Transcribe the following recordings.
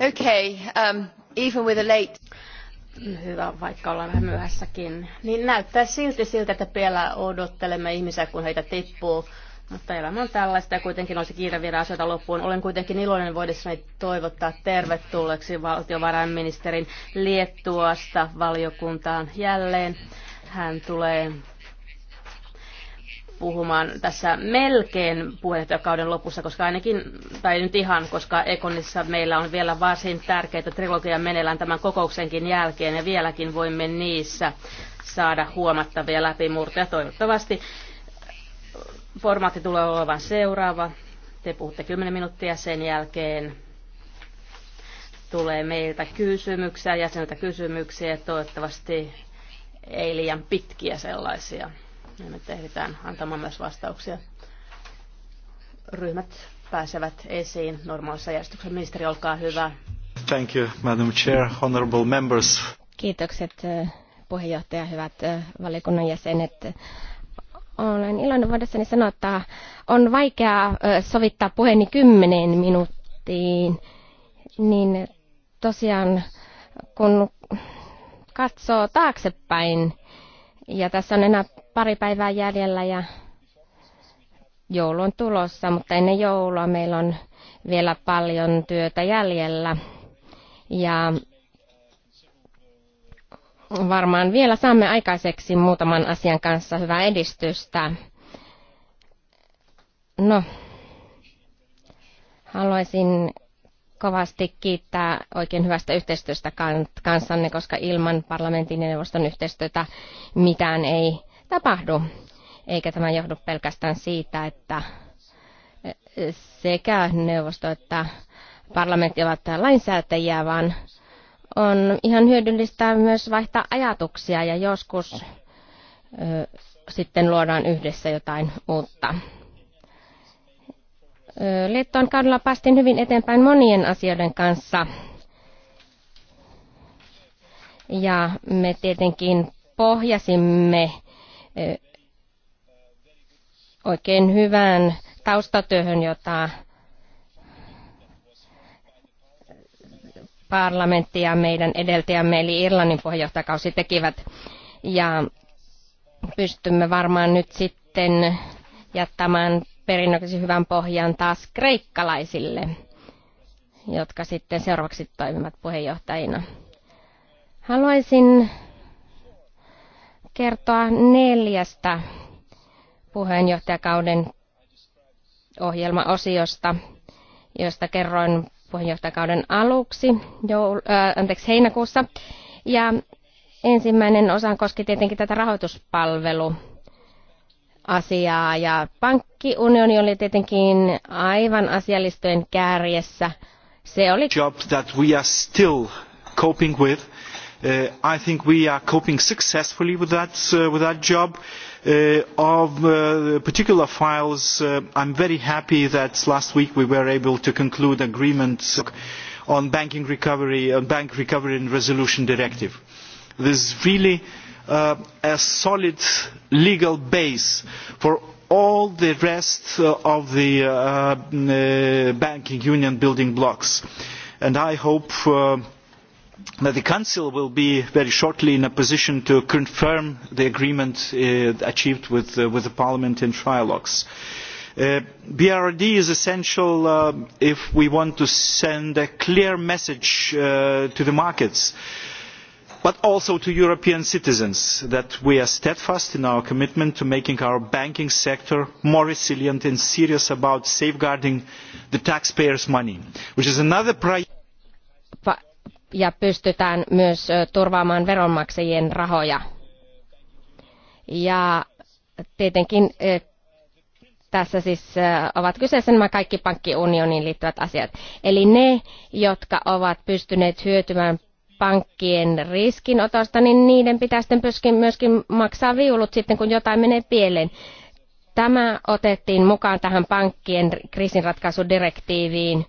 Um, even with a late... Hyvä, vaikka ollaan vähän myöhässäkin. Niin näyttää silti siltä, että vielä odottelemme ihmisiä, kun heitä tippuu. Mutta elämä on tällaista ja kuitenkin olisi kiire viedä asioita loppuun. Olen kuitenkin iloinen voidessani toivottaa tervetulleeksi valtiovarainministerin Liettuasta valiokuntaan jälleen. Hän tulee puhumaan tässä melkein puheenjohtajakauden lopussa, koska ainakin, tai nyt ihan, koska Ekonissa meillä on vielä varsin tärkeitä trilogia meneillään tämän kokouksenkin jälkeen, ja vieläkin voimme niissä saada huomattavia läpimurtoja. Toivottavasti formaatti tulee olevan seuraava. Te puhutte 10 minuuttia sen jälkeen tulee meiltä kysymyksiä, jäseniltä kysymyksiä, toivottavasti ei liian pitkiä sellaisia ja että ehditään antamaan myös vastauksia. Ryhmät pääsevät esiin normaalissa järjestyksessä. Ministeri, olkaa hyvä. Thank you, Madam Chair, honorable members. Kiitokset eh, puheenjohtaja, hyvät eh, valiokunnan jäsenet. Olen iloinen voidessani sanoa, että on vaikeaa eh, sovittaa puheeni kymmeneen minuuttiin. Niin tosiaan, kun katsoo taaksepäin, ja tässä on enää pari päivää jäljellä ja joulu on tulossa, mutta ennen joulua meillä on vielä paljon työtä jäljellä. Ja varmaan vielä saamme aikaiseksi muutaman asian kanssa hyvää edistystä. No, haluaisin kovasti kiittää oikein hyvästä yhteistyöstä kanssanne, koska ilman parlamentin ja neuvoston yhteistyötä mitään ei tapahdu. Eikä tämä johdu pelkästään siitä, että sekä neuvosto että parlamentti ovat lainsäätäjiä, vaan on ihan hyödyllistä myös vaihtaa ajatuksia ja joskus ö, sitten luodaan yhdessä jotain uutta. Liittoon kaudella päästiin hyvin eteenpäin monien asioiden kanssa. Ja me tietenkin pohjasimme oikein hyvään taustatyöhön, jota parlamentti ja meidän edeltäjämme eli Irlannin puheenjohtajakausi tekivät. Ja pystymme varmaan nyt sitten jättämään perinnöksi hyvän pohjan taas kreikkalaisille, jotka sitten seuraavaksi toimivat puheenjohtajina. Haluaisin kertoa neljästä puheenjohtajakauden ohjelmaosiosta, josta kerroin puheenjohtajakauden aluksi, joul, äh, anteeksi, heinäkuussa. Ja ensimmäinen osa koski tietenkin tätä rahoituspalvelua asiaa ja pankkiunioni oli tietenkin aivan asialistojen kärjessä. Se oli job that we are still coping with. Uh, I think we are coping successfully with that, uh, with that job. Uh, of uh, particular files, uh, I'm very happy that last week we were able to conclude agreements on banking recovery, on bank recovery and resolution directive. This is really uh, Uh, a solid legal base for all the rest uh, of the uh, banking union building blocks. And I hope that the Council will be very shortly in a position to confirm the agreement achieved with, with, Parliament in trialogues. BRD is essential if we want to send a clear message to the markets but also to european citizens that we are steadfast in our commitment to making our banking sector more resilient and serious about safeguarding the taxpayers' money which is another ja pystytään myös turvaamaan veronmaksajien rahoja. Ja tietenkin tässä siis ovat kyseessä nämä kaikki pankkiunioniin liittyvät asiat. Eli ne, jotka ovat pystyneet hyötymään pankkien riskinotosta, niin niiden pitää sitten myöskin, myöskin maksaa viulut sitten, kun jotain menee pieleen. Tämä otettiin mukaan tähän pankkien kriisinratkaisudirektiiviin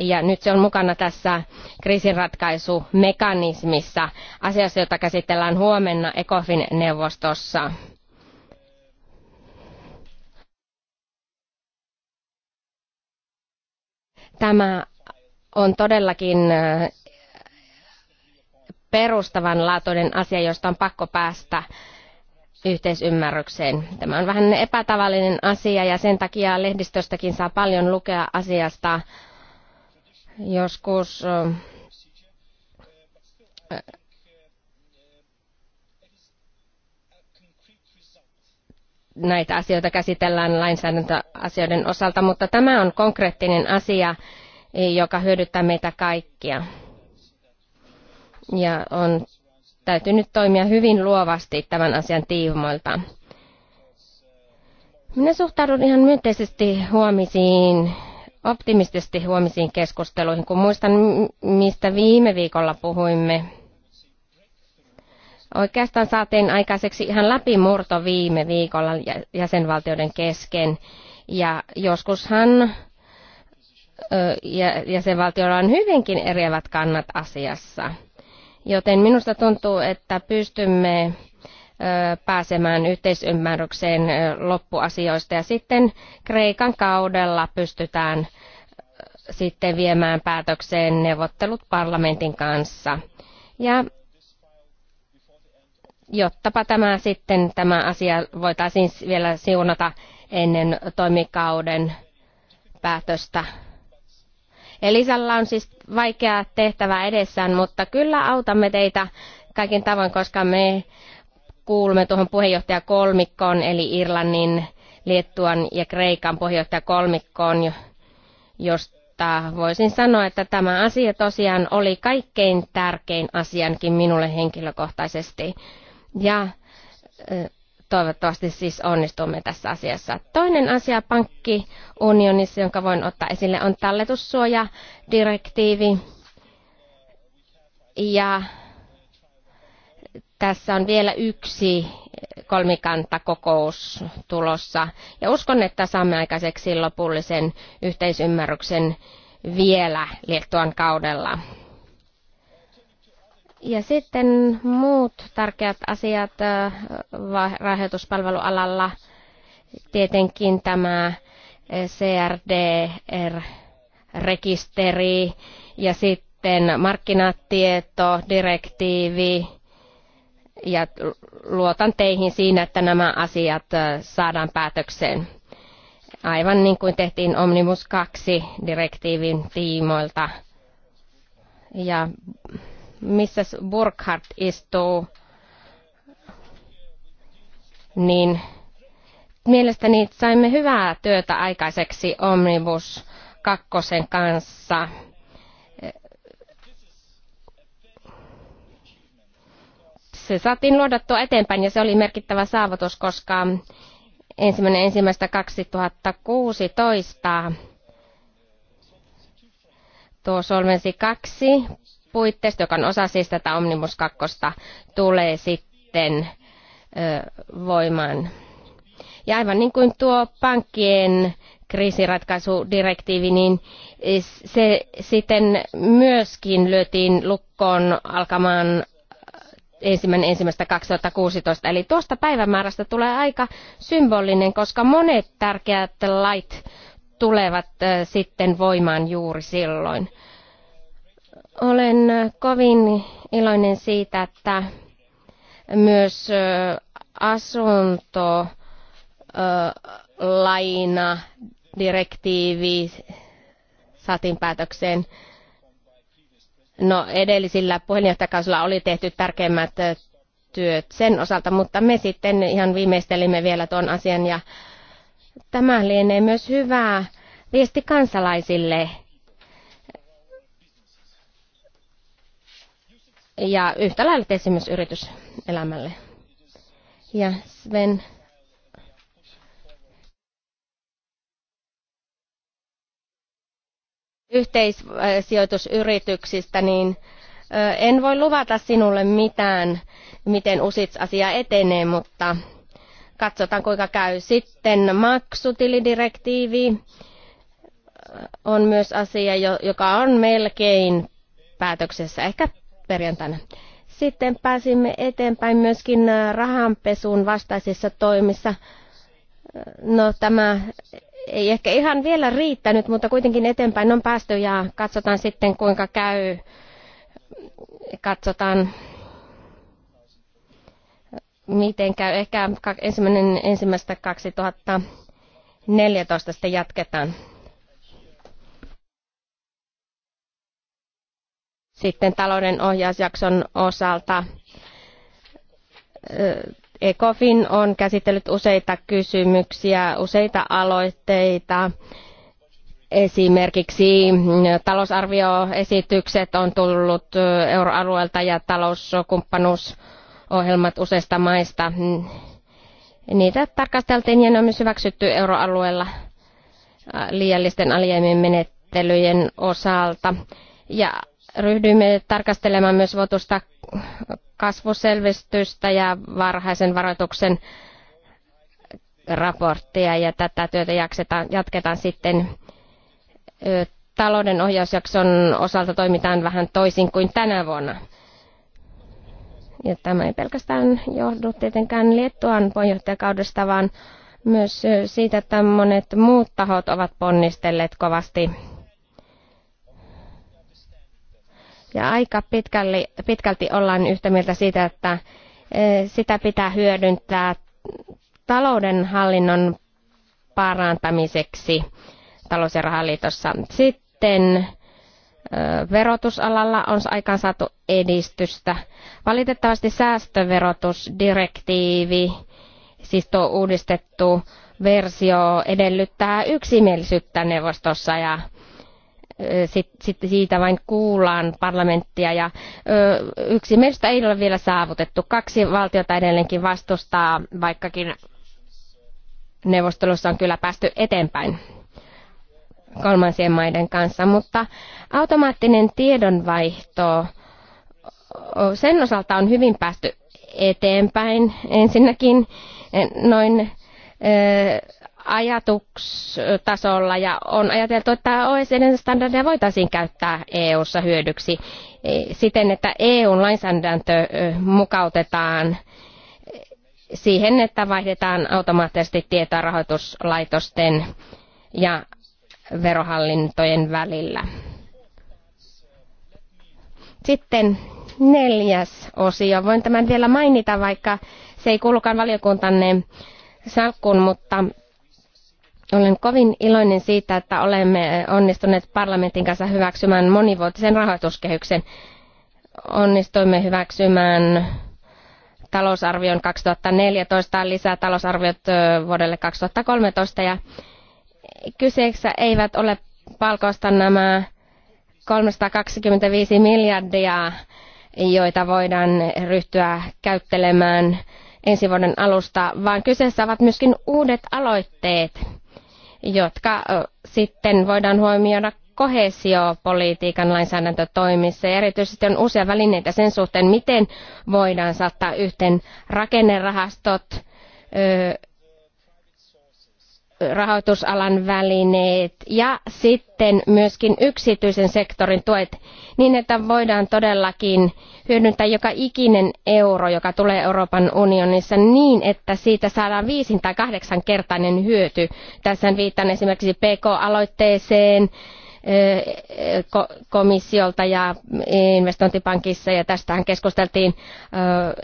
ja nyt se on mukana tässä kriisinratkaisumekanismissa, asiassa, jota käsitellään huomenna ECOFIN neuvostossa. Tämä on todellakin perustavanlaatuinen asia, josta on pakko päästä yhteisymmärrykseen. Tämä on vähän epätavallinen asia ja sen takia lehdistöstäkin saa paljon lukea asiasta. Joskus näitä asioita käsitellään lainsäädäntöasioiden osalta, mutta tämä on konkreettinen asia, joka hyödyttää meitä kaikkia ja on täytynyt toimia hyvin luovasti tämän asian tiimoilta. Minä suhtaudun ihan myönteisesti huomisiin, optimistisesti huomisiin keskusteluihin, kun muistan, mistä viime viikolla puhuimme. Oikeastaan saatiin aikaiseksi ihan läpimurto viime viikolla jäsenvaltioiden kesken. Ja joskushan jäsenvaltioilla on hyvinkin eriävät kannat asiassa. Joten minusta tuntuu, että pystymme pääsemään yhteisymmärrykseen loppuasioista ja sitten Kreikan kaudella pystytään sitten viemään päätökseen neuvottelut parlamentin kanssa. Ja jottapa tämä sitten tämä asia voitaisiin vielä siunata ennen toimikauden päätöstä. Elisalla on siis vaikea tehtävä edessään, mutta kyllä autamme teitä kaikin tavoin, koska me kuulumme tuohon puheenjohtajakolmikkoon, eli Irlannin, Liettuan ja Kreikan puheenjohtajakolmikkoon, josta voisin sanoa, että tämä asia tosiaan oli kaikkein tärkein asiankin minulle henkilökohtaisesti. Ja toivottavasti siis onnistumme tässä asiassa. Toinen asia pankkiunionissa, jonka voin ottaa esille, on talletussuojadirektiivi. Ja tässä on vielä yksi kolmikantakokous tulossa. Ja uskon, että saamme aikaiseksi lopullisen yhteisymmärryksen vielä Liettuan kaudella. Ja sitten muut tärkeät asiat rahoituspalvelualalla, tietenkin tämä CRDR-rekisteri ja sitten markkinatieto, direktiivi ja luotan teihin siinä, että nämä asiat saadaan päätökseen. Aivan niin kuin tehtiin Omnibus 2 direktiivin tiimoilta. Ja Mrs. Burkhardt istuu, niin mielestäni saimme hyvää työtä aikaiseksi Omnibus kakkosen kanssa. Se saatiin luodattua eteenpäin ja se oli merkittävä saavutus, koska ensimmäinen ensimmäistä 2016 tuo Solvensi 2 puitteista, joka on osa siis tätä Omnibus 2, tulee sitten voimaan. Ja aivan niin kuin tuo pankkien kriisiratkaisudirektiivi, niin se sitten myöskin lyötiin lukkoon alkamaan ensimmäinen ensimmäistä 2016. Eli tuosta päivämäärästä tulee aika symbolinen, koska monet tärkeät lait tulevat sitten voimaan juuri silloin. Olen kovin iloinen siitä, että myös asunto laina direktiivi saatiin päätökseen. No edellisillä puheenjohtajakausilla oli tehty tärkeimmät työt sen osalta, mutta me sitten ihan viimeistelimme vielä tuon asian ja tämä lienee myös hyvää viesti kansalaisille ja yhtä lailla tietysti myös yrityselämälle. Ja Sven, yhteissijoitusyrityksistä, niin en voi luvata sinulle mitään, miten USITS-asia etenee, mutta katsotaan kuinka käy. Sitten maksutilidirektiivi on myös asia, joka on melkein päätöksessä. Ehkä perjantaina. Sitten pääsimme eteenpäin myöskin äh, rahanpesun vastaisissa toimissa. Äh, no tämä ei ehkä ihan vielä riittänyt, mutta kuitenkin eteenpäin on päästy ja katsotaan sitten kuinka käy. Katsotaan miten käy. Ehkä ensimmäinen ensimmäistä 2014 sitten jatketaan. Sitten talouden ohjausjakson osalta ECOFIN on käsitellyt useita kysymyksiä, useita aloitteita. Esimerkiksi mm, talousarvioesitykset on tullut euroalueelta ja talouskumppanuusohjelmat useista maista. Mm, niitä tarkasteltiin ja ne on myös hyväksytty euroalueella liiallisten alijäämien menettelyjen osalta. Ja ryhdyimme tarkastelemaan myös vuotuista kasvuselvistystä ja varhaisen varoituksen raporttia ja tätä työtä jaksetaan, jatketaan sitten talouden ohjausjakson osalta toimitaan vähän toisin kuin tänä vuonna. Ja tämä ei pelkästään johdu tietenkään Liettuan puheenjohtajakaudesta, vaan myös siitä, että monet muut tahot ovat ponnistelleet kovasti Ja aika pitkälti, pitkälti ollaan yhtä mieltä siitä, että eh, sitä pitää hyödyntää talouden hallinnon parantamiseksi talous- ja rahaliitossa. Sitten eh, verotusalalla on aikaansaatu edistystä. Valitettavasti säästöverotusdirektiivi, siis tuo uudistettu versio, edellyttää yksimielisyyttä neuvostossa ja sitten siitä vain kuullaan parlamenttia ja yksimielistä ei ole vielä saavutettu. Kaksi valtiota edelleenkin vastustaa, vaikkakin neuvostelussa on kyllä päästy eteenpäin kolmansien maiden kanssa, mutta automaattinen tiedonvaihto, sen osalta on hyvin päästy eteenpäin. Ensinnäkin eh, noin eh, ajatustasolla ja on ajateltu, että oecd standardeja voitaisiin käyttää EU-ssa hyödyksi eh, siten, että EU-lainsäädäntö eh, mukautetaan siihen, että vaihdetaan automaattisesti tietoa rahoituslaitosten ja verohallintojen välillä. Sitten neljäs osio. Voin tämän vielä mainita, vaikka se ei kuulukaan valiokuntanne salkkuun, mutta olen kovin iloinen siitä, että olemme eh, onnistuneet parlamentin kanssa hyväksymään monivuotisen rahoituskehyksen. Onnistuimme hyväksymään talousarvion 2014, lisää talousarviot vuodelle 2013 ja kyseessä eivät ole palkoista nämä 325 miljardia, joita voidaan ryhtyä käyttelemään ensi vuoden alusta, vaan kyseessä ovat myöskin uudet aloitteet jotka sitten voidaan huomioida kohesiopolitiikan lainsäädäntötoimissa ja erityisesti on usea välineitä sen suhteen, miten voidaan saattaa yhteen rakennerahastot, rahoitusalan välineet ja sitten myöskin yksityisen sektorin tuet niin, että voidaan todellakin hyödyntää joka ikinen euro, joka tulee Euroopan unionissa niin, että siitä saadaan viisin tai kahdeksankertainen hyöty. Tässä viittaan esimerkiksi PK-aloitteeseen komissiolta ja investointipankissa ja tästähän keskusteltiin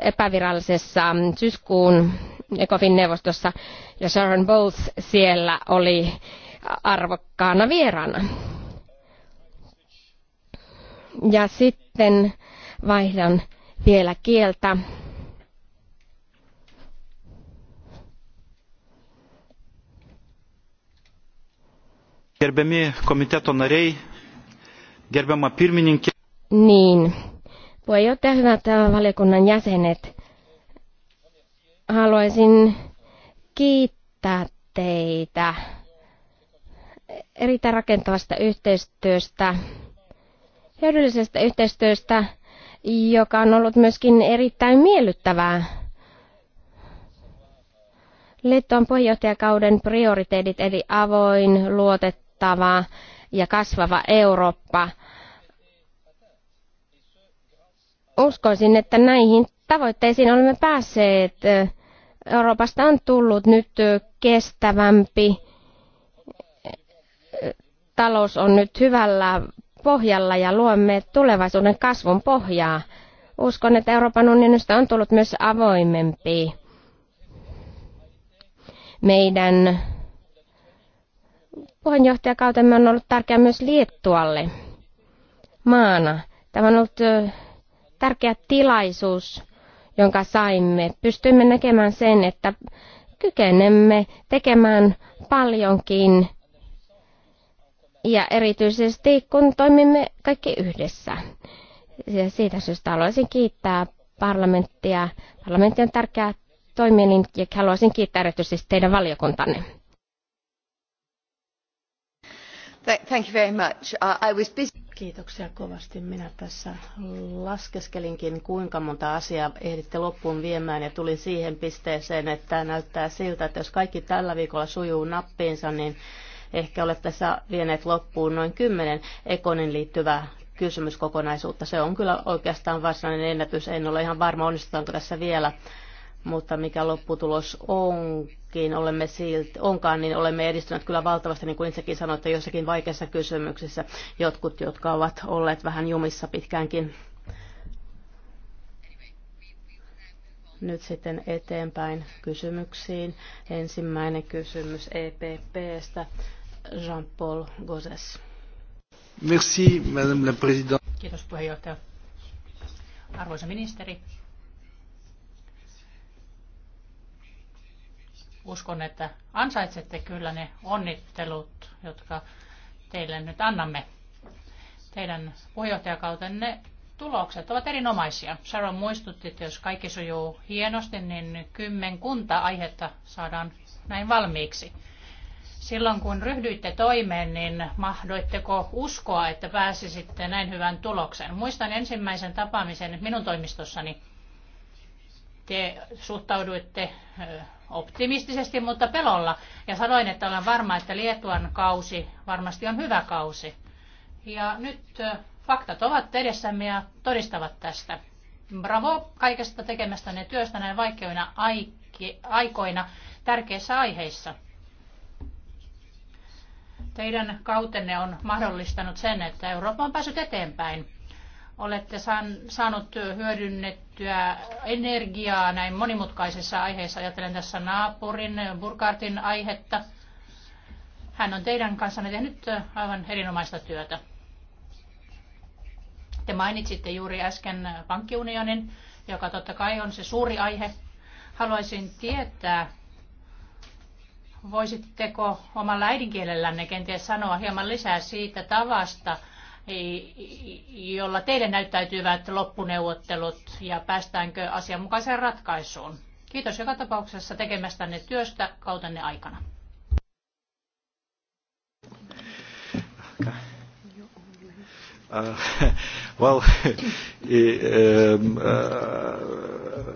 epävirallisessa syyskuun ECOFIN neuvostossa ja Sharon Bowles siellä oli arvokkaana vieraana. Ja sitten vaihdan vielä kieltä. Gerbiami komiteto narei, gerbiama pirmininkė. Niin. Puheenjohtaja, hyvät valiokunnan jäsenet haluaisin kiittää teitä erittäin rakentavasta yhteistyöstä, hyödyllisestä yhteistyöstä, joka on ollut myöskin erittäin miellyttävää. Liittoon puheenjohtajakauden prioriteetit eli avoin, luotettava ja kasvava Eurooppa. Uskoisin, että näihin tavoitteisiin olemme päässeet Euroopasta on tullut nyt kestävämpi. Talous on nyt hyvällä pohjalla ja luomme tulevaisuuden kasvun pohjaa. Uskon, että Euroopan unionista on tullut myös avoimempi. Meidän puheenjohtajakautemme on ollut tärkeä myös Liettualle maana. Tämä on ollut tärkeä tilaisuus jonka saimme, pystymme näkemään sen, että kykenemme tekemään paljonkin ja erityisesti kun toimimme kaikki yhdessä. Ja siitä syystä haluaisin kiittää parlamenttia. Parlamentti on tärkeä toimielin ja haluaisin kiittää erityisesti teidän valiokuntanne. Uh, Kiitoksia kovasti. Minä tässä laskeskelinkin, kuinka monta asiaa ehditte loppuun viemään ja tulin siihen pisteeseen, että näyttää siltä, että jos kaikki tällä viikolla sujuu nappiinsa, niin ehkä olette tässä vieneet loppuun noin kymmenen Ekonin liittyvää kysymyskokonaisuutta. Se on kyllä oikeastaan varsinainen ennätys. En ole ihan varma, onnistutaanko tässä vielä mutta mikä lopputulos onkin, olemme silti, onkaan, niin olemme edistyneet kyllä valtavasti, niin kuin itsekin että jossakin vaikeissa kysymyksissä jotkut, jotka ovat olleet vähän jumissa pitkäänkin. Nyt sitten eteenpäin kysymyksiin. Ensimmäinen kysymys EPPstä. Jean-Paul Gozes. Merci, Madame la Présidente. Kiitos puheenjohtaja. Arvoisa ministeri, uskon, että ansaitsette kyllä ne onnittelut, jotka teille nyt annamme. Teidän puheenjohtajakautenne tulokset ovat erinomaisia. Sharon muistutti, että jos kaikki sujuu hienosti, niin kymmenkunta aihetta saadaan näin valmiiksi. Silloin kun ryhdyitte toimeen, niin mahdoitteko uskoa, että pääsisitte näin hyvän tulokseen? Muistan ensimmäisen tapaamisen minun toimistossani. Te suhtauduitte optimistisesti, mutta pelolla. Ja sanoin, että olen varma, että Lietuan kausi varmasti on hyvä kausi. Ja nyt faktat ovat edessämme ja todistavat tästä. Bravo kaikesta tekemästäne työstä näin vaikeina aikoina tärkeissä aiheissa. Teidän kautenne on mahdollistanut sen, että Eurooppa on päässyt eteenpäin olette saanut hyödynnettyä energiaa näin monimutkaisessa aiheessa. Ajattelen tässä naapurin Burkartin aihetta. Hän on teidän kanssanne tehnyt aivan erinomaista työtä. Te mainitsitte juuri äsken pankkiunionin, joka totta kai on se suuri aihe. Haluaisin tietää, voisitteko omalla äidinkielellänne kenties sanoa hieman lisää siitä tavasta, jolla teille näyttäytyvät loppuneuvottelut ja päästäänkö asianmukaiseen ratkaisuun. Kiitos joka tapauksessa tekemästänne työstä kautenne aikana. Uh, well, um, uh, uh,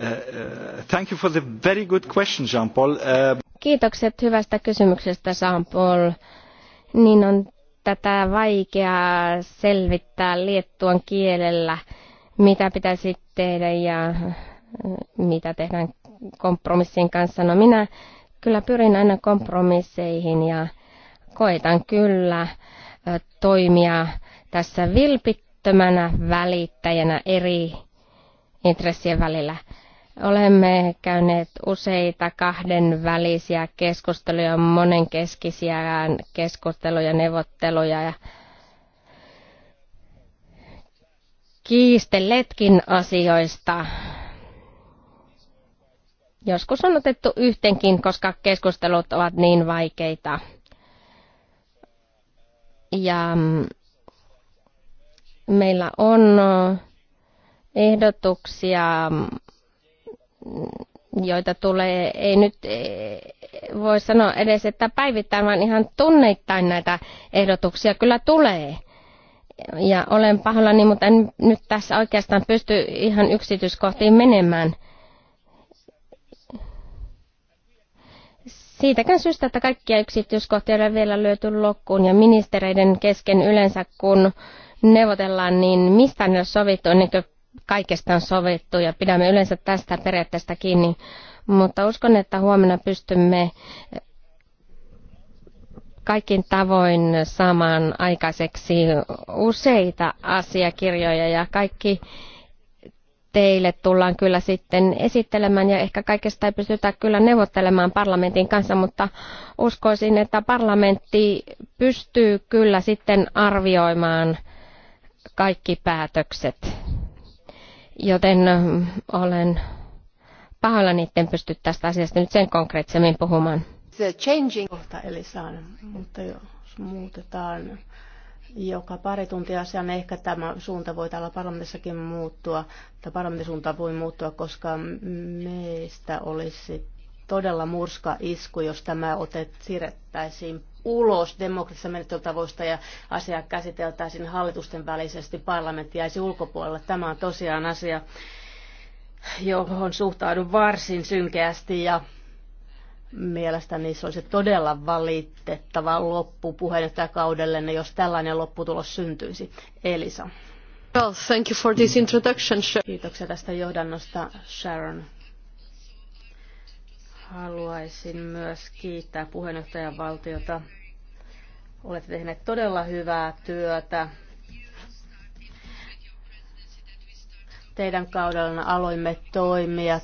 uh, thank you for the very good question, Jean-Paul. Uh, Kiitokset hyvästä kysymyksestä, Jean-Paul. Niin on tätä vaikeaa selvittää liettuan kielellä, mitä pitäisi tehdä ja mm, mitä tehdään kompromissin kanssa. No minä kyllä pyrin aina kompromisseihin ja koitan kyllä toimia tässä vilpittömänä välittäjänä eri intressien välillä. Olemme käyneet useita kahdenvälisiä keskusteluja, monenkeskisiä keskusteluja, neuvotteluja ja kiistelletkin asioista. Joskus on otettu yhtenkin, koska keskustelut ovat niin vaikeita. Ja mm, meillä on ehdotuksia mm, joita tulee, ei nyt e, voi sanoa edes, että päivittäin, vaan ihan tunneittain näitä ehdotuksia kyllä tulee. Ja olen pahoillani, mutta en nyt tässä oikeastaan pysty ihan yksityiskohtiin menemään. Siitäkään syystä, että kaikkia yksityiskohtia ei ole vielä löyty loppuun ja ministereiden kesken yleensä, kun neuvotellaan, niin mistä ne on sovittu ennen kuin kaikesta on sovittu ja pidämme yleensä tästä periaatteesta kiinni. Mutta uskon, että huomenna pystymme kaikin tavoin saamaan aikaiseksi useita asiakirjoja ja kaikki teille tullaan kyllä sitten esittelemään ja ehkä kaikesta ei pystytä kyllä neuvottelemaan parlamentin kanssa, mutta uskoisin, että parlamentti pystyy kyllä sitten arvioimaan kaikki päätökset. Joten olen pahoillani, etten pysty tästä asiasta nyt sen konkreettisemmin puhumaan. Se changing kohta eli saan, mutta jos muutetaan joka pari tuntia asiaan, niin ehkä tämä suunta voi täällä parlamentissakin muuttua, tai parlamentin suunta voi muuttua, koska meistä olisi todella murska isku, jos tämä otet siirrettäisiin ulos demokratisista menettelytavoista ja asiaa käsiteltäisiin hallitusten välisesti, parlamentti jäisi ulkopuolelle. Tämä on tosiaan asia, johon suhtaudun varsin synkeästi ja mielestäni se olisi todella valitettava loppu puheenjohtajakaudellenne, jos tällainen lopputulos syntyisi. Elisa. Well, thank you for this introduction. Kiitoksia tästä johdannosta, Sharon. Haluaisin myös kiittää puheenjohtajan valtiota. Olette tehneet todella hyvää työtä. Teidän kaudellanne aloimme toimia äh,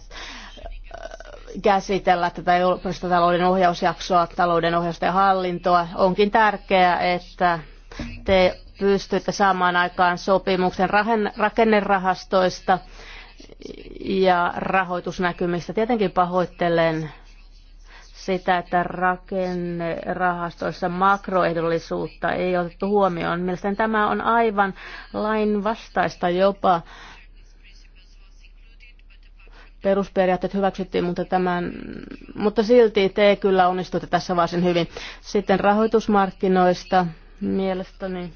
käsitellä tätä julkista talouden ohjausjaksoa, talouden ohjausta ja hallintoa. Onkin tärkeää, että te pystytte saamaan aikaan sopimuksen rakennerahastoista ja rahoitusnäkymistä. Tietenkin pahoittelen sitä, että rakennerahastoissa makroehdollisuutta ei otettu huomioon. Mielestäni tämä on aivan lainvastaista jopa. Perusperiaatteet hyväksyttiin, mutta, tämän, mutta silti te kyllä onnistuitte tässä varsin hyvin. Sitten rahoitusmarkkinoista mielestäni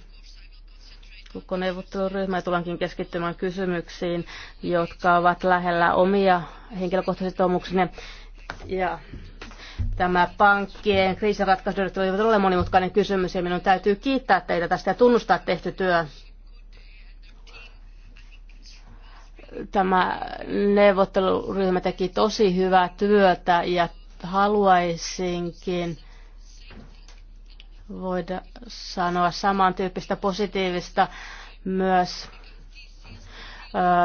koko neuvotteluryhmä ja tullaankin keskittymään kysymyksiin, jotka ovat lähellä omia henkilökohtaisia sitoumuksia ja Tämä pankkien kriisinratkaisudirektiivi oli todella monimutkainen kysymys ja minun täytyy kiittää teitä tästä ja tunnustaa tehty työ. Tämä neuvotteluryhmä teki tosi hyvää työtä ja haluaisinkin voida sanoa samantyyppistä positiivista myös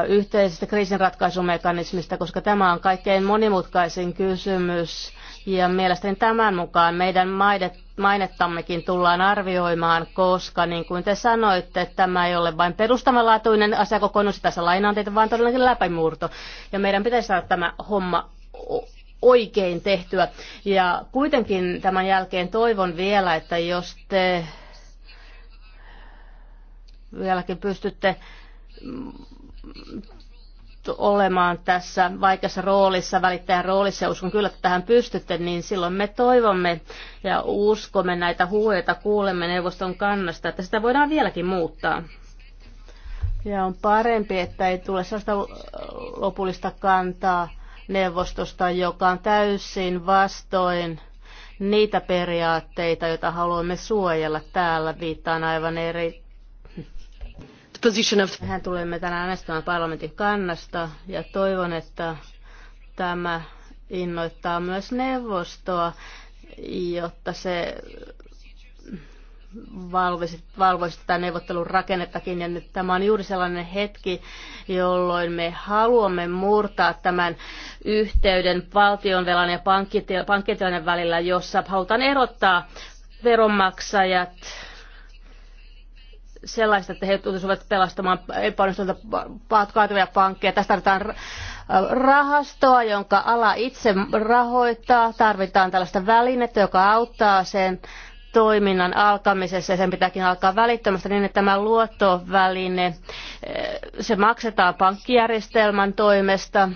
yhteisestä kriisinratkaisumekanismista, koska tämä on kaikkein monimutkaisin kysymys ja mielestäni tämän mukaan meidän maidet, mainettammekin tullaan arvioimaan, koska niin kuin te sanoitte, tämä ei ole vain perustavanlaatuinen asiakokonaisuus, tässä lainaan teitä, vaan todellakin läpimurto. Ja meidän pitäisi saada tämä homma oikein tehtyä. Ja kuitenkin tämän jälkeen toivon vielä, että jos te vieläkin pystytte olemaan tässä vaikeassa roolissa, välittäjän roolissa, ja uskon kyllä, että tähän pystytte, niin silloin me toivomme ja uskomme näitä huojoita, kuulemme neuvoston kannasta, että sitä voidaan vieläkin muuttaa. Ja on parempi, että ei tule sellaista lopullista kantaa neuvostosta, joka on täysin vastoin niitä periaatteita, joita haluamme suojella täällä. Viittaan aivan eri position of... Mehän tulemme tänään äänestämään parlamentin kannasta ja toivon, että tämä innoittaa myös neuvostoa, jotta se valvoisi, valvoisi tätä neuvottelun rakennettakin. Ja nyt tämä on juuri sellainen hetki, jolloin me haluamme murtaa tämän yhteyden valtionvelan ja pankkitilan välillä, jossa halutaan erottaa veronmaksajat sellaista, että he tulisivat pelastamaan epäonnistuneita kaatuvia pankkeja. Tässä tarvitaan rahastoa, jonka ala itse rahoittaa. Tarvitaan tällaista välinettä, joka auttaa sen toiminnan alkamisessa ja sen pitääkin alkaa välittömästi niin, että tämä luottoväline, eh, se maksetaan pankkijärjestelmän toimesta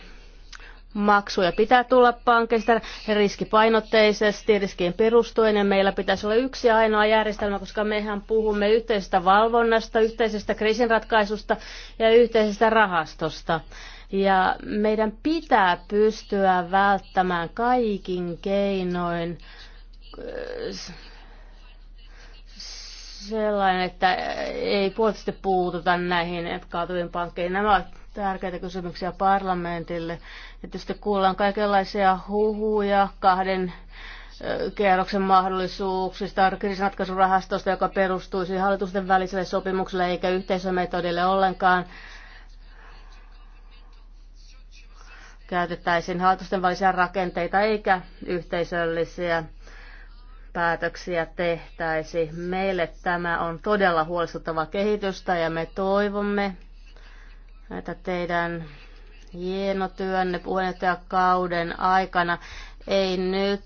maksuja pitää tulla pankista riskipainotteisesti, riskien perustuen, ja meillä pitäisi olla yksi ainoa järjestelmä, koska mehän puhumme yhteisestä valvonnasta, yhteisestä kriisinratkaisusta ja yhteisestä rahastosta. Ja meidän pitää pystyä välttämään kaikin keinoin sellainen, että ei puolesti puututa näihin kaatuviin pankkeihin. Nämä ovat tärkeitä kysymyksiä parlamentille Tietysti kuullaan kaikenlaisia huhuja kahden kierroksen mahdollisuuksista, kriisinratkaisurahastosta, joka perustuisi hallitusten väliselle sopimukselle eikä yhteisömetodille ollenkaan. Käytettäisiin hallitusten välisiä rakenteita eikä yhteisöllisiä päätöksiä tehtäisi. Meille tämä on todella huolestuttava kehitystä ja me toivomme, että teidän hieno työnne puheenjohtajakauden aikana. Ei nyt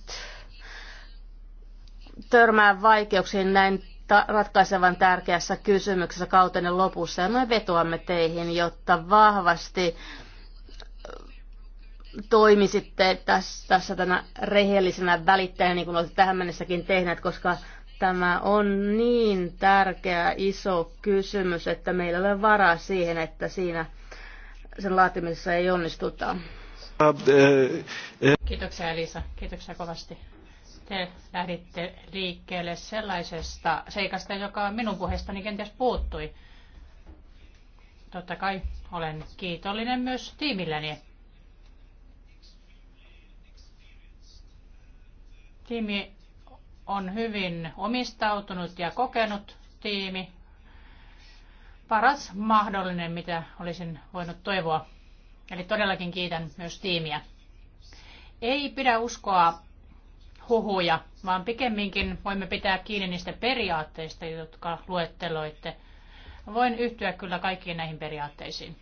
törmää vaikeuksiin näin ratkaisevan tärkeässä kysymyksessä kautenne lopussa. Ja me vetoamme teihin, jotta vahvasti toimisitte tässä, tässä tänä rehellisenä välittäjänä, niin kuin olette tähän mennessäkin tehneet, koska tämä on niin tärkeä iso kysymys, että meillä ei ole varaa siihen, että siinä – sen laatimisessa ei onnistuta. Kiitoksia Elisa, kiitoksia kovasti. Te lähditte liikkeelle sellaisesta seikasta, joka minun puheestani kenties puuttui. Totta kai olen kiitollinen myös tiimilläni. Tiimi on hyvin omistautunut ja kokenut tiimi, paras mahdollinen, mitä olisin voinut toivoa. Eli todellakin kiitän myös tiimiä. Ei pidä uskoa huhuja, vaan pikemminkin voimme pitää kiinni niistä periaatteista, jotka luetteloitte. Voin yhtyä kyllä kaikkiin näihin periaatteisiin.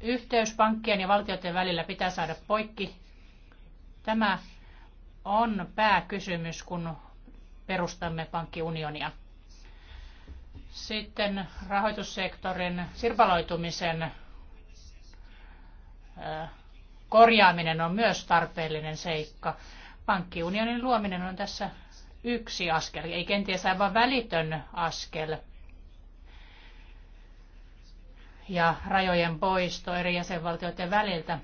Yhteys pankkien ja valtioiden välillä pitää saada poikki. Tämä on pääkysymys, kun perustamme pankkiunionia. Sitten rahoitussektorin sirpaloitumisen korjaaminen on myös tarpeellinen seikka. Pankkiunionin luominen on tässä yksi askel, ei kenties aivan välitön askel. Ja rajojen poisto eri jäsenvaltioiden väliltä.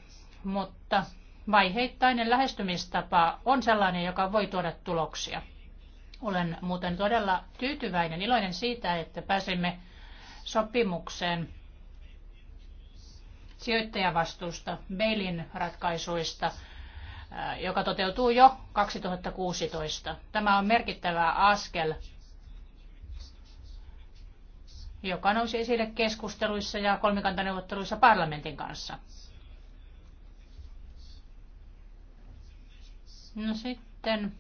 Mutta vaiheittainen lähestymistapa on sellainen, joka voi tuoda tuloksia. Olen muuten todella tyytyväinen, iloinen siitä, että pääsimme sopimukseen sijoittajavastuusta, Bailin ratkaisuista, äh, joka toteutuu jo 2016. Tämä on merkittävä askel, joka nousi esille keskusteluissa ja kolmikantaneuvotteluissa parlamentin kanssa. No sitten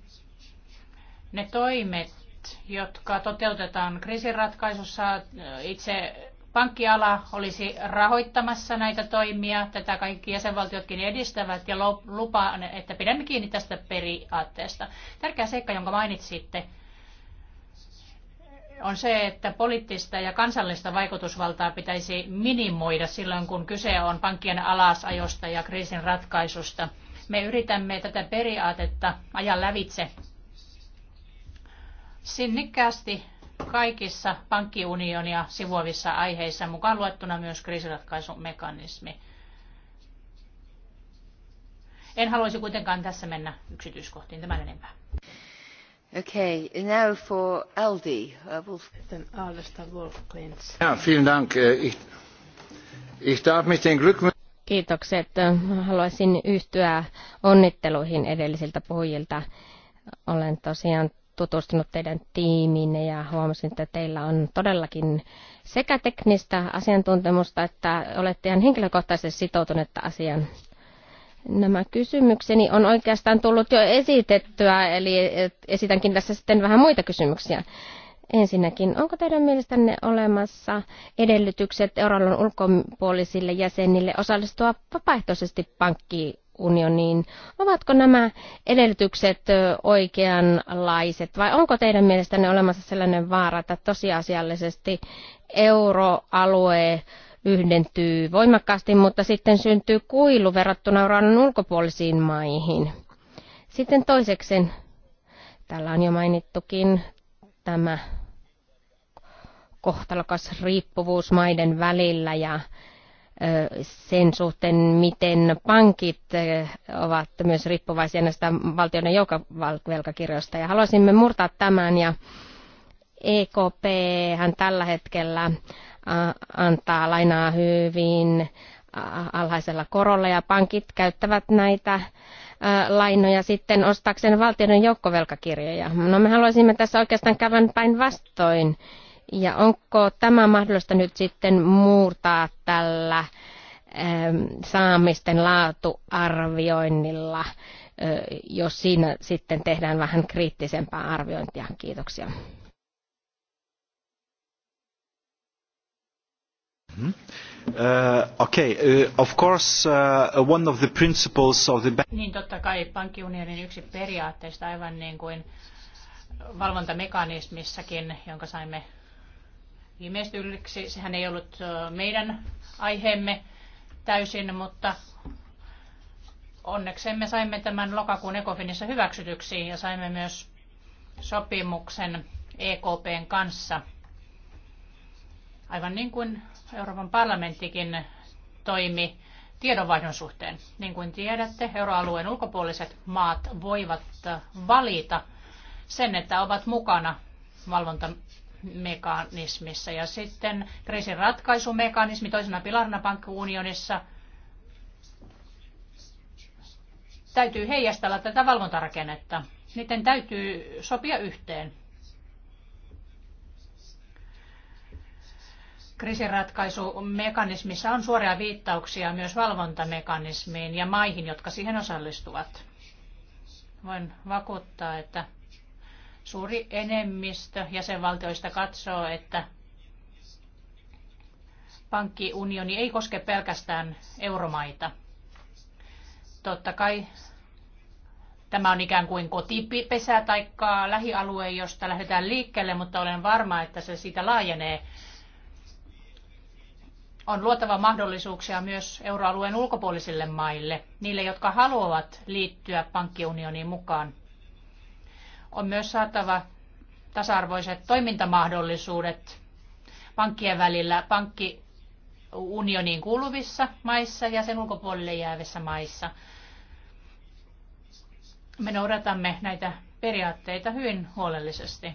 ne toimet, jotka toteutetaan kriisiratkaisussa, itse pankkiala olisi rahoittamassa näitä toimia. Tätä kaikki jäsenvaltiotkin edistävät ja lupaan, että pidämme kiinni tästä periaatteesta. Tärkeä seikka, jonka mainitsitte, on se, että poliittista ja kansallista vaikutusvaltaa pitäisi minimoida silloin, kun kyse on pankkien alasajosta ja kriisin ratkaisusta. Me yritämme tätä periaatetta ajan lävitse sinnikkäästi kaikissa pankkiunionia sivuavissa aiheissa, mukaan luettuna myös kriisiratkaisumekanismi. En haluaisi kuitenkaan tässä mennä yksityiskohtiin tämän enempää. Okay, now for Aldi. Uh, Wolf. Aldesta Ja, vielen Dank. Äh, ich, ich darf mich den Glück... Kiitokset. Haluaisin yhtyä onnitteluihin edellisiltä puhujilta. Olen tosiaan tutustunut teidän tiimiinne ja huomasin, että teillä on todellakin sekä teknistä asiantuntemusta, että olette ihan henkilökohtaisesti sitoutunutta asiaan. Nämä kysymykseni on oikeastaan tullut jo esitettyä, eli esitänkin tässä sitten vähän muita kysymyksiä. Ensinnäkin, onko teidän mielestänne olemassa edellytykset euroalueen ulkopuolisille jäsenille osallistua vapaaehtoisesti pankki unioniin. Ovatko nämä edellytykset oikeanlaiset vai onko teidän mielestänne olemassa sellainen vaara, että tosiasiallisesti euroalue yhdentyy voimakkaasti, mutta sitten syntyy kuilu verrattuna euron ulkopuolisiin maihin? Sitten toiseksi, täällä on jo mainittukin tämä kohtalokas riippuvuus maiden välillä ja sen suhteen, miten pankit ovat myös riippuvaisia näistä valtioiden joukovelkakirjoista. Ja haluaisimme murtaa tämän ja EKP hän tällä hetkellä antaa lainaa hyvin alhaisella korolla ja pankit käyttävät näitä lainoja sitten ostaakseen valtioiden joukkovelkakirjoja. No me haluaisimme tässä oikeastaan käydä päinvastoin. vastoin ja onko tämä mahdollista nyt sitten muurtaa tällä ähm, saamisten laatuarvioinnilla, jos siinä sitten tehdään vähän kriittisempää arviointia. Kiitoksia. Hmm? uh, okay, uh, of course, uh, one of the principles of the bank. Niin totta kai pankkiunionin yksi periaatteista aivan niin kuin valvontamekanismissakin, jonka saimme viimeistylliksi. Sehän ei ollut meidän aiheemme täysin, mutta onneksi me saimme tämän lokakuun ekofinissa hyväksytyksi ja saimme myös sopimuksen EKPn kanssa. Aivan niin kuin Euroopan parlamenttikin toimi tiedonvaihdon suhteen. Niin kuin tiedätte, euroalueen ulkopuoliset maat voivat valita sen, että ovat mukana valvonta mekanismissa. Ja sitten kriisin ratkaisumekanismi toisena pilarina pankkiunionissa täytyy heijastella tätä valvontarakennetta. Niiden täytyy sopia yhteen. Kriisinratkaisumekanismissa on suoria viittauksia myös valvontamekanismiin ja maihin, jotka siihen osallistuvat. Voin vakuuttaa, että Suuri enemmistö jäsenvaltioista katsoo, että pankkiunioni ei koske pelkästään euromaita. Totta kai tämä on ikään kuin kotipesä tai lähialue, josta lähdetään liikkeelle, mutta olen varma, että se siitä laajenee. On luotava mahdollisuuksia myös euroalueen ulkopuolisille maille, niille, jotka haluavat liittyä pankkiunioniin mukaan. On myös saatava tasa-arvoiset toimintamahdollisuudet pankkien välillä pankkiunioniin kuuluvissa maissa ja sen ulkopuolelle jäävissä maissa. Me noudatamme näitä periaatteita hyvin huolellisesti.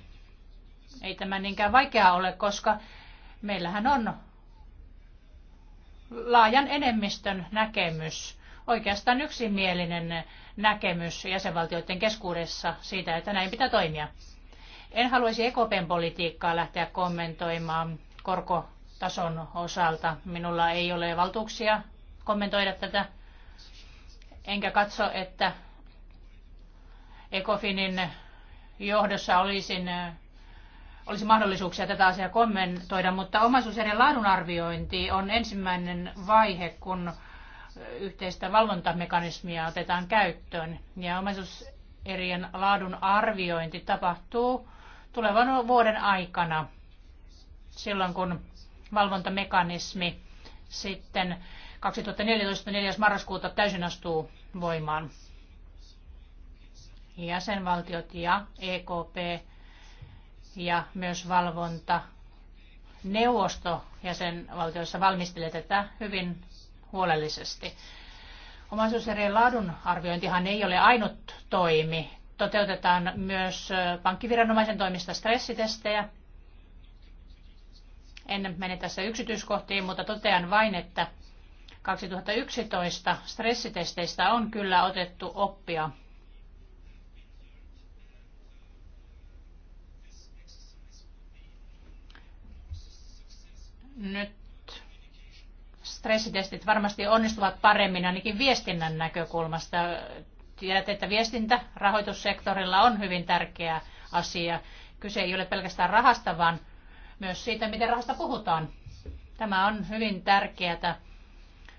Ei tämä niinkään vaikeaa ole, koska meillähän on laajan enemmistön näkemys oikeastaan yksimielinen näkemys jäsenvaltioiden keskuudessa siitä, että näin pitää toimia. En haluaisi EKPn politiikkaa lähteä kommentoimaan korkotason osalta. Minulla ei ole valtuuksia kommentoida tätä, enkä katso, että ECOFINin johdossa olisin, olisi mahdollisuuksia tätä asiaa kommentoida, mutta omaisuuserien laadunarviointi on ensimmäinen vaihe, kun yhteistä valvontamekanismia otetaan käyttöön. Ja omaisuuserien laadun arviointi tapahtuu tulevan vuoden aikana, silloin kun valvontamekanismi sitten 2014 4. marraskuuta täysin astuu voimaan. Jäsenvaltiot ja EKP ja myös valvonta neuvosto jäsenvaltioissa valmistelee tätä hyvin huolellisesti. Omaisuuserien laadun arviointihan ei ole ainut toimi. Toteutetaan myös pankkiviranomaisen toimista stressitestejä. En mene tässä yksityiskohtiin, mutta totean vain, että 2011 stressitesteistä on kyllä otettu oppia. Nyt stressitestit varmasti onnistuvat paremmin ainakin viestinnän näkökulmasta. Tiedät, että viestintä rahoitussektorilla on hyvin tärkeä asia. Kyse ei ole pelkästään rahasta, vaan myös siitä, miten rahasta puhutaan. Tämä on hyvin tärkeää,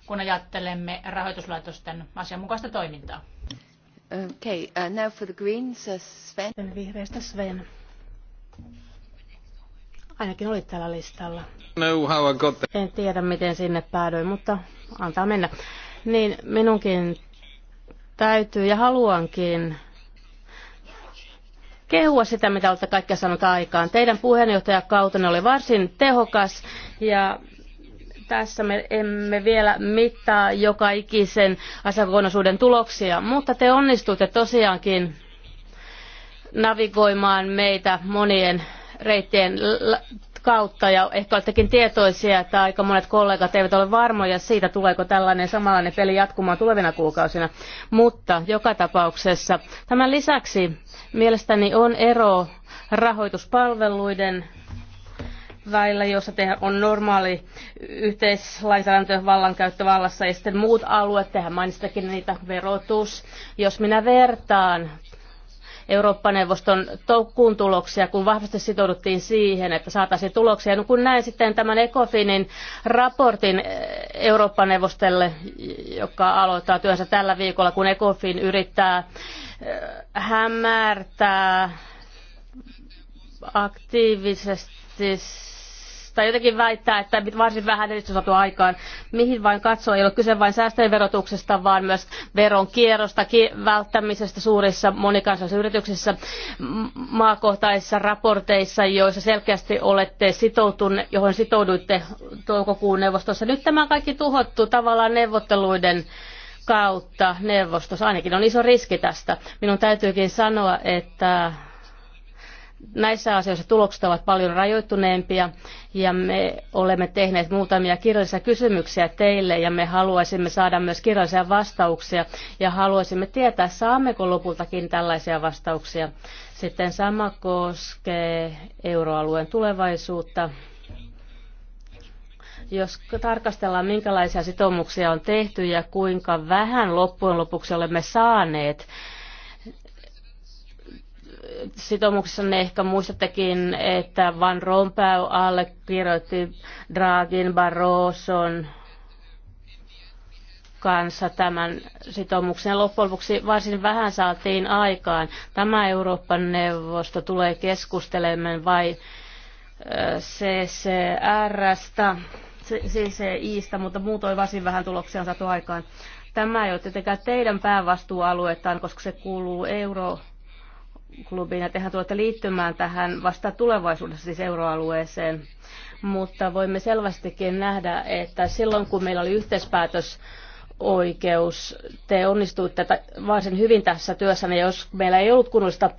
kun ajattelemme rahoituslaitosten asianmukaista toimintaa. Okay, uh, now for the Greens, uh, Sven. Sven. Ainakin olit tällä listalla. No, how I got En tiedä, miten sinne päädyin, mutta antaa mennä. Niin minunkin täytyy ja haluankin kehua sitä, mitä olette kaikkea sanonut aikaan. Teidän puheenjohtajakautenne oli varsin tehokas ja tässä me emme vielä mittaa joka ikisen asiakokonaisuuden tuloksia, mutta te onnistutte tosiaankin navigoimaan meitä monien reittien kautta ja ehkä olettekin tietoisia, että aika monet kollegat eivät ole varmoja siitä, tuleeko tällainen samanlainen peli jatkumaan tulevina kuukausina. Mutta joka tapauksessa tämän lisäksi mielestäni on ero rahoituspalveluiden väillä, jossa on normaali yhteislainsäädäntö vallankäyttö vallassa ja sitten muut alueet, tehän mainitsittekin niitä verotus. Jos minä vertaan Eurooppa-neuvoston toukokuun tuloksia, kun vahvasti sitouduttiin siihen, että saataisiin tuloksia. No kun näin sitten tämän ECOFINin raportin eh, Eurooppa-neuvostolle, joka aloittaa työnsä tällä viikolla, kun ECOFIN yrittää eh, hämärtää aktiivisesti tai jotenkin väittää, että varsin vähän edistystä saatu aikaan. Mihin vain katsoo, ei ole kyse vain säästöjen verotuksesta, vaan myös veron kierrosta, välttämisestä suurissa monikansallisissa yrityksissä, maakohtaisissa raporteissa, joissa selkeästi olette sitoutuneet, johon sitouduitte toukokuun neuvostossa. Nyt tämä on kaikki tuhottu tavallaan neuvotteluiden kautta neuvostossa. Ainakin on iso riski tästä. Minun täytyykin sanoa, että näissä asioissa tulokset ovat paljon rajoittuneempia ja me olemme tehneet muutamia kirjallisia kysymyksiä teille ja me haluaisimme saada myös kirjallisia vastauksia ja haluaisimme tietää, saammeko lopultakin tällaisia vastauksia. Sitten sama koskee euroalueen tulevaisuutta. Jos tarkastellaan, minkälaisia sitoumuksia on tehty ja kuinka vähän loppujen lopuksi olemme saaneet ne ehkä muistattekin, että Van Rompuy allekirjoitti Draghin Barroson kanssa tämän sitoumuksen. Loppujen lopuksi varsin vähän saatiin aikaan. Tämä Euroopan neuvosto tulee keskustelemaan vai CCRstä, CCIstä, mutta muutoin varsin vähän tuloksia on saatu aikaan. Tämä ei ole tietenkään teidän päävastuualuettaan, koska se kuuluu euro klubiin ja tehän tulette liittymään tähän vasta tulevaisuudessa siis euroalueeseen. Mutta voimme selvästikin nähdä, että silloin kun meillä oli yhteispäätös oikeus, te onnistuitte varsin hyvin tässä työssä, niin jos meillä ei ollut kunnollista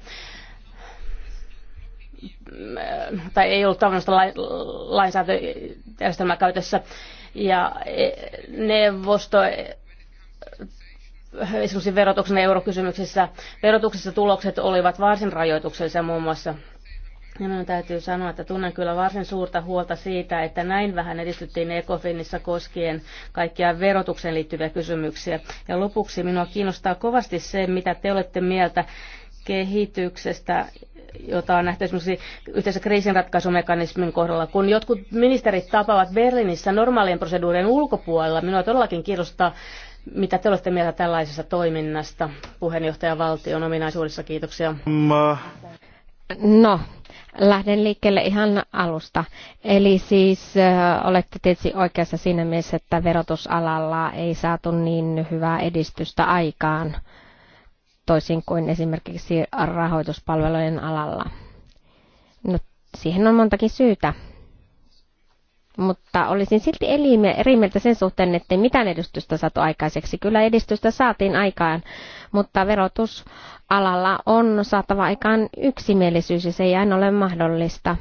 tai ei ollut tämmöistä lainsäädäntöjärjestelmää käytössä, ja e- neuvosto esimerkiksi verotuksen eurokysymyksissä. Verotuksessa tulokset olivat varsin rajoituksellisia muun muassa. Ja minun täytyy sanoa, että tunnen kyllä varsin suurta huolta siitä, että näin vähän edistyttiin Ecofinissa koskien kaikkia verotukseen liittyviä kysymyksiä. Ja lopuksi minua kiinnostaa kovasti se, mitä te olette mieltä kehityksestä jota on nähty esimerkiksi yhteisen kriisinratkaisumekanismin kohdalla. Kun jotkut ministerit tapaavat Berliinissä normaalien proseduurien ulkopuolella, minua todellakin kiinnostaa mitä te olette mieltä tällaisesta toiminnasta On ominaisuudessa? Kiitoksia. Mä... No, lähden liikkeelle ihan alusta. Eli siis äh, olette tietysti oikeassa siinä mielessä, että verotusalalla ei saatu niin hyvää edistystä aikaan, toisin kuin esimerkiksi rahoituspalvelujen alalla. No, siihen on montakin syytä mutta olisin silti eri mieltä sen suhteen, että mitään edistystä saatu aikaiseksi. Kyllä edistystä saatiin aikaan, mutta verotusalalla on saatava aikaan yksimielisyys ja se ei aina ole mahdollista.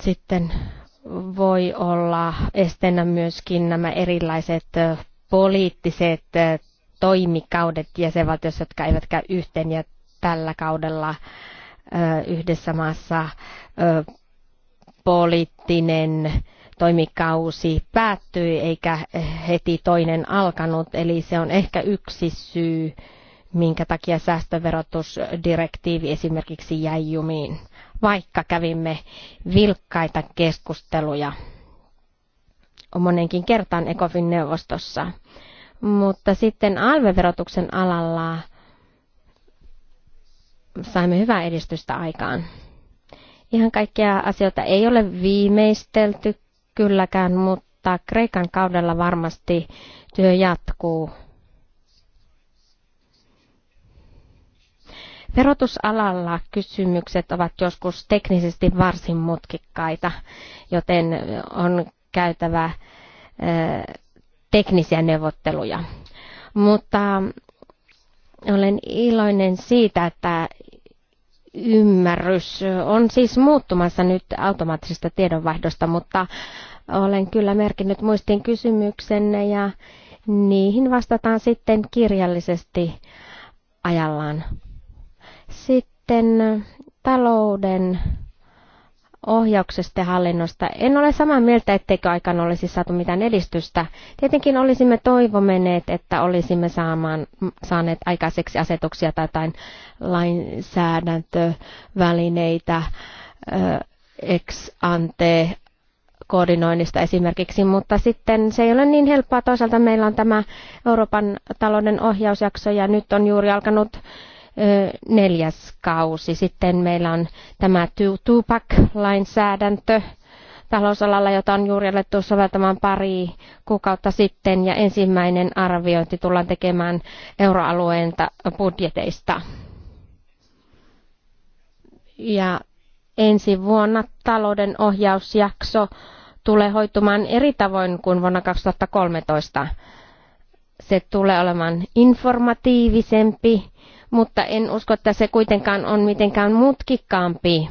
Sitten voi olla estenä myöskin nämä erilaiset poliittiset toimikaudet jäsenvaltiossa, jotka eivät käy yhteen ja tällä kaudella yhdessä maassa poliittinen toimikausi päättyi eikä heti toinen alkanut, eli se on ehkä yksi syy, minkä takia säästöverotusdirektiivi esimerkiksi jäi jumiin, vaikka kävimme vilkkaita keskusteluja monenkin kertaan ECOFIN-neuvostossa. Mutta sitten alveverotuksen alalla saimme hyvää edistystä aikaan. Ihan kaikkia asioita ei ole viimeistelty kylläkään, mutta Kreikan kaudella varmasti työ jatkuu. Verotusalalla kysymykset ovat joskus teknisesti varsin mutkikkaita, joten on käytävä teknisiä neuvotteluja. Mutta olen iloinen siitä, että ymmärrys on siis muuttumassa nyt automaattisesta tiedonvaihdosta, mutta olen kyllä merkinnyt muistin kysymyksenne ja niihin vastataan sitten kirjallisesti ajallaan. Sitten talouden ohjauksesta ja hallinnosta. En ole samaa mieltä, etteikö aikaan olisi saatu mitään edistystä. Tietenkin olisimme toivomeneet, että olisimme saamaan, saaneet aikaiseksi asetuksia tai jotain lainsäädäntövälineitä ex ante koordinoinnista esimerkiksi, mutta sitten se ei ole niin helppoa. Toisaalta meillä on tämä Euroopan talouden ohjausjakso ja nyt on juuri alkanut neljäs kausi. Sitten meillä on tämä Tupac-lainsäädäntö talousalalla, jota on juuri alettu soveltamaan pari kuukautta sitten, ja ensimmäinen arviointi tullaan tekemään euroalueen budjeteista. Ja ensi vuonna talouden ohjausjakso tulee hoitumaan eri tavoin kuin vuonna 2013. Se tulee olemaan informatiivisempi, mutta en usko, että se kuitenkaan on mitenkään mutkikkaampi.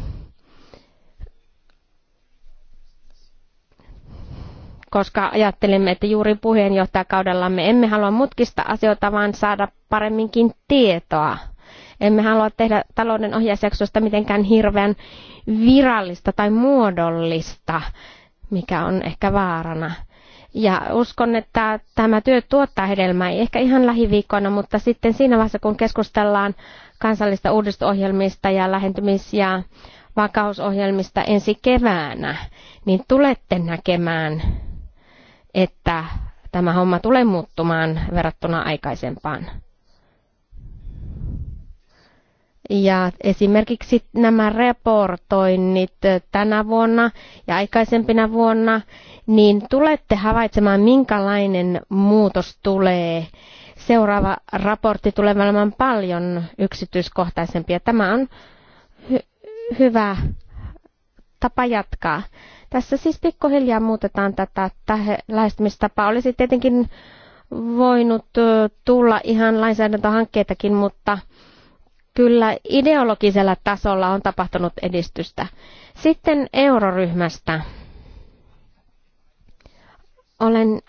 koska ajattelemme, että juuri puheenjohtajakaudellamme emme halua mutkista asioita, vaan saada paremminkin tietoa. Emme halua tehdä talouden ohjausjaksosta mitenkään hirveän virallista tai muodollista, mikä on ehkä vaarana. Ja uskon, että tämä työ tuottaa hedelmää, ei ehkä ihan lähiviikkoina, mutta sitten siinä vaiheessa, kun keskustellaan kansallista uudistusohjelmista ja lähentymis- ja vakausohjelmista ensi keväänä, niin tulette näkemään, että tämä homma tulee muuttumaan verrattuna aikaisempaan. Ja esimerkiksi nämä raportoinnit tänä vuonna ja aikaisempina vuonna, niin tulette havaitsemaan, minkälainen muutos tulee. Seuraava raportti tulee olemaan paljon yksityiskohtaisempi ja tämä on hy- hyvä tapa jatkaa. Tässä siis pikkuhiljaa muutetaan tätä lähestymistapaa. Olisi tietenkin voinut tulla ihan lainsäädäntöhankkeitakin, mutta kyllä ideologisella tasolla on tapahtunut edistystä. Sitten euroryhmästä. Olen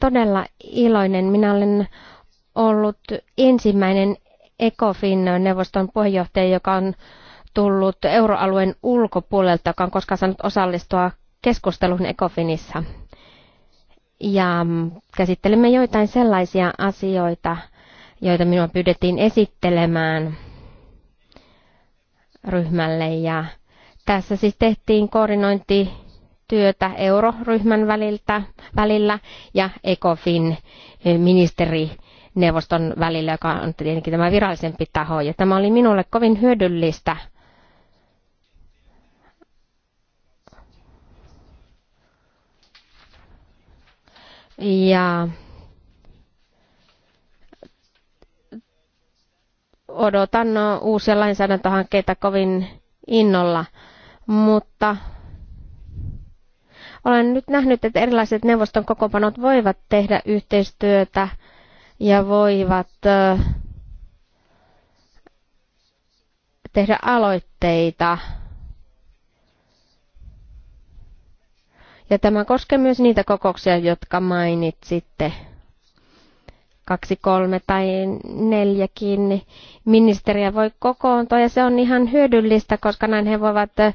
todella iloinen. Minä olen ollut ensimmäinen ECOFIN-neuvoston puheenjohtaja, joka on tullut euroalueen ulkopuolelta, joka on koskaan saanut osallistua keskusteluun ECOFINissa. Ja käsittelemme joitain sellaisia asioita, joita minua pyydettiin esittelemään ryhmälle. Ja tässä siis tehtiin koordinointityötä euroryhmän väliltä, välillä ja ECOFIN eh, ministerineuvoston välillä, joka on tietenkin tämä virallisempi taho. Ja tämä oli minulle kovin hyödyllistä Ja odotan no, uusia lainsäädäntöhankkeita kovin innolla, mutta olen nyt nähnyt, että erilaiset neuvoston kokoonpanot voivat tehdä yhteistyötä ja voivat tehdä aloitteita. Ja tämä koskee myös niitä kokouksia, jotka mainitsitte kaksi, kolme tai neljäkin ministeriä voi kokoontua ja se on ihan hyödyllistä, koska näin he voivat eh,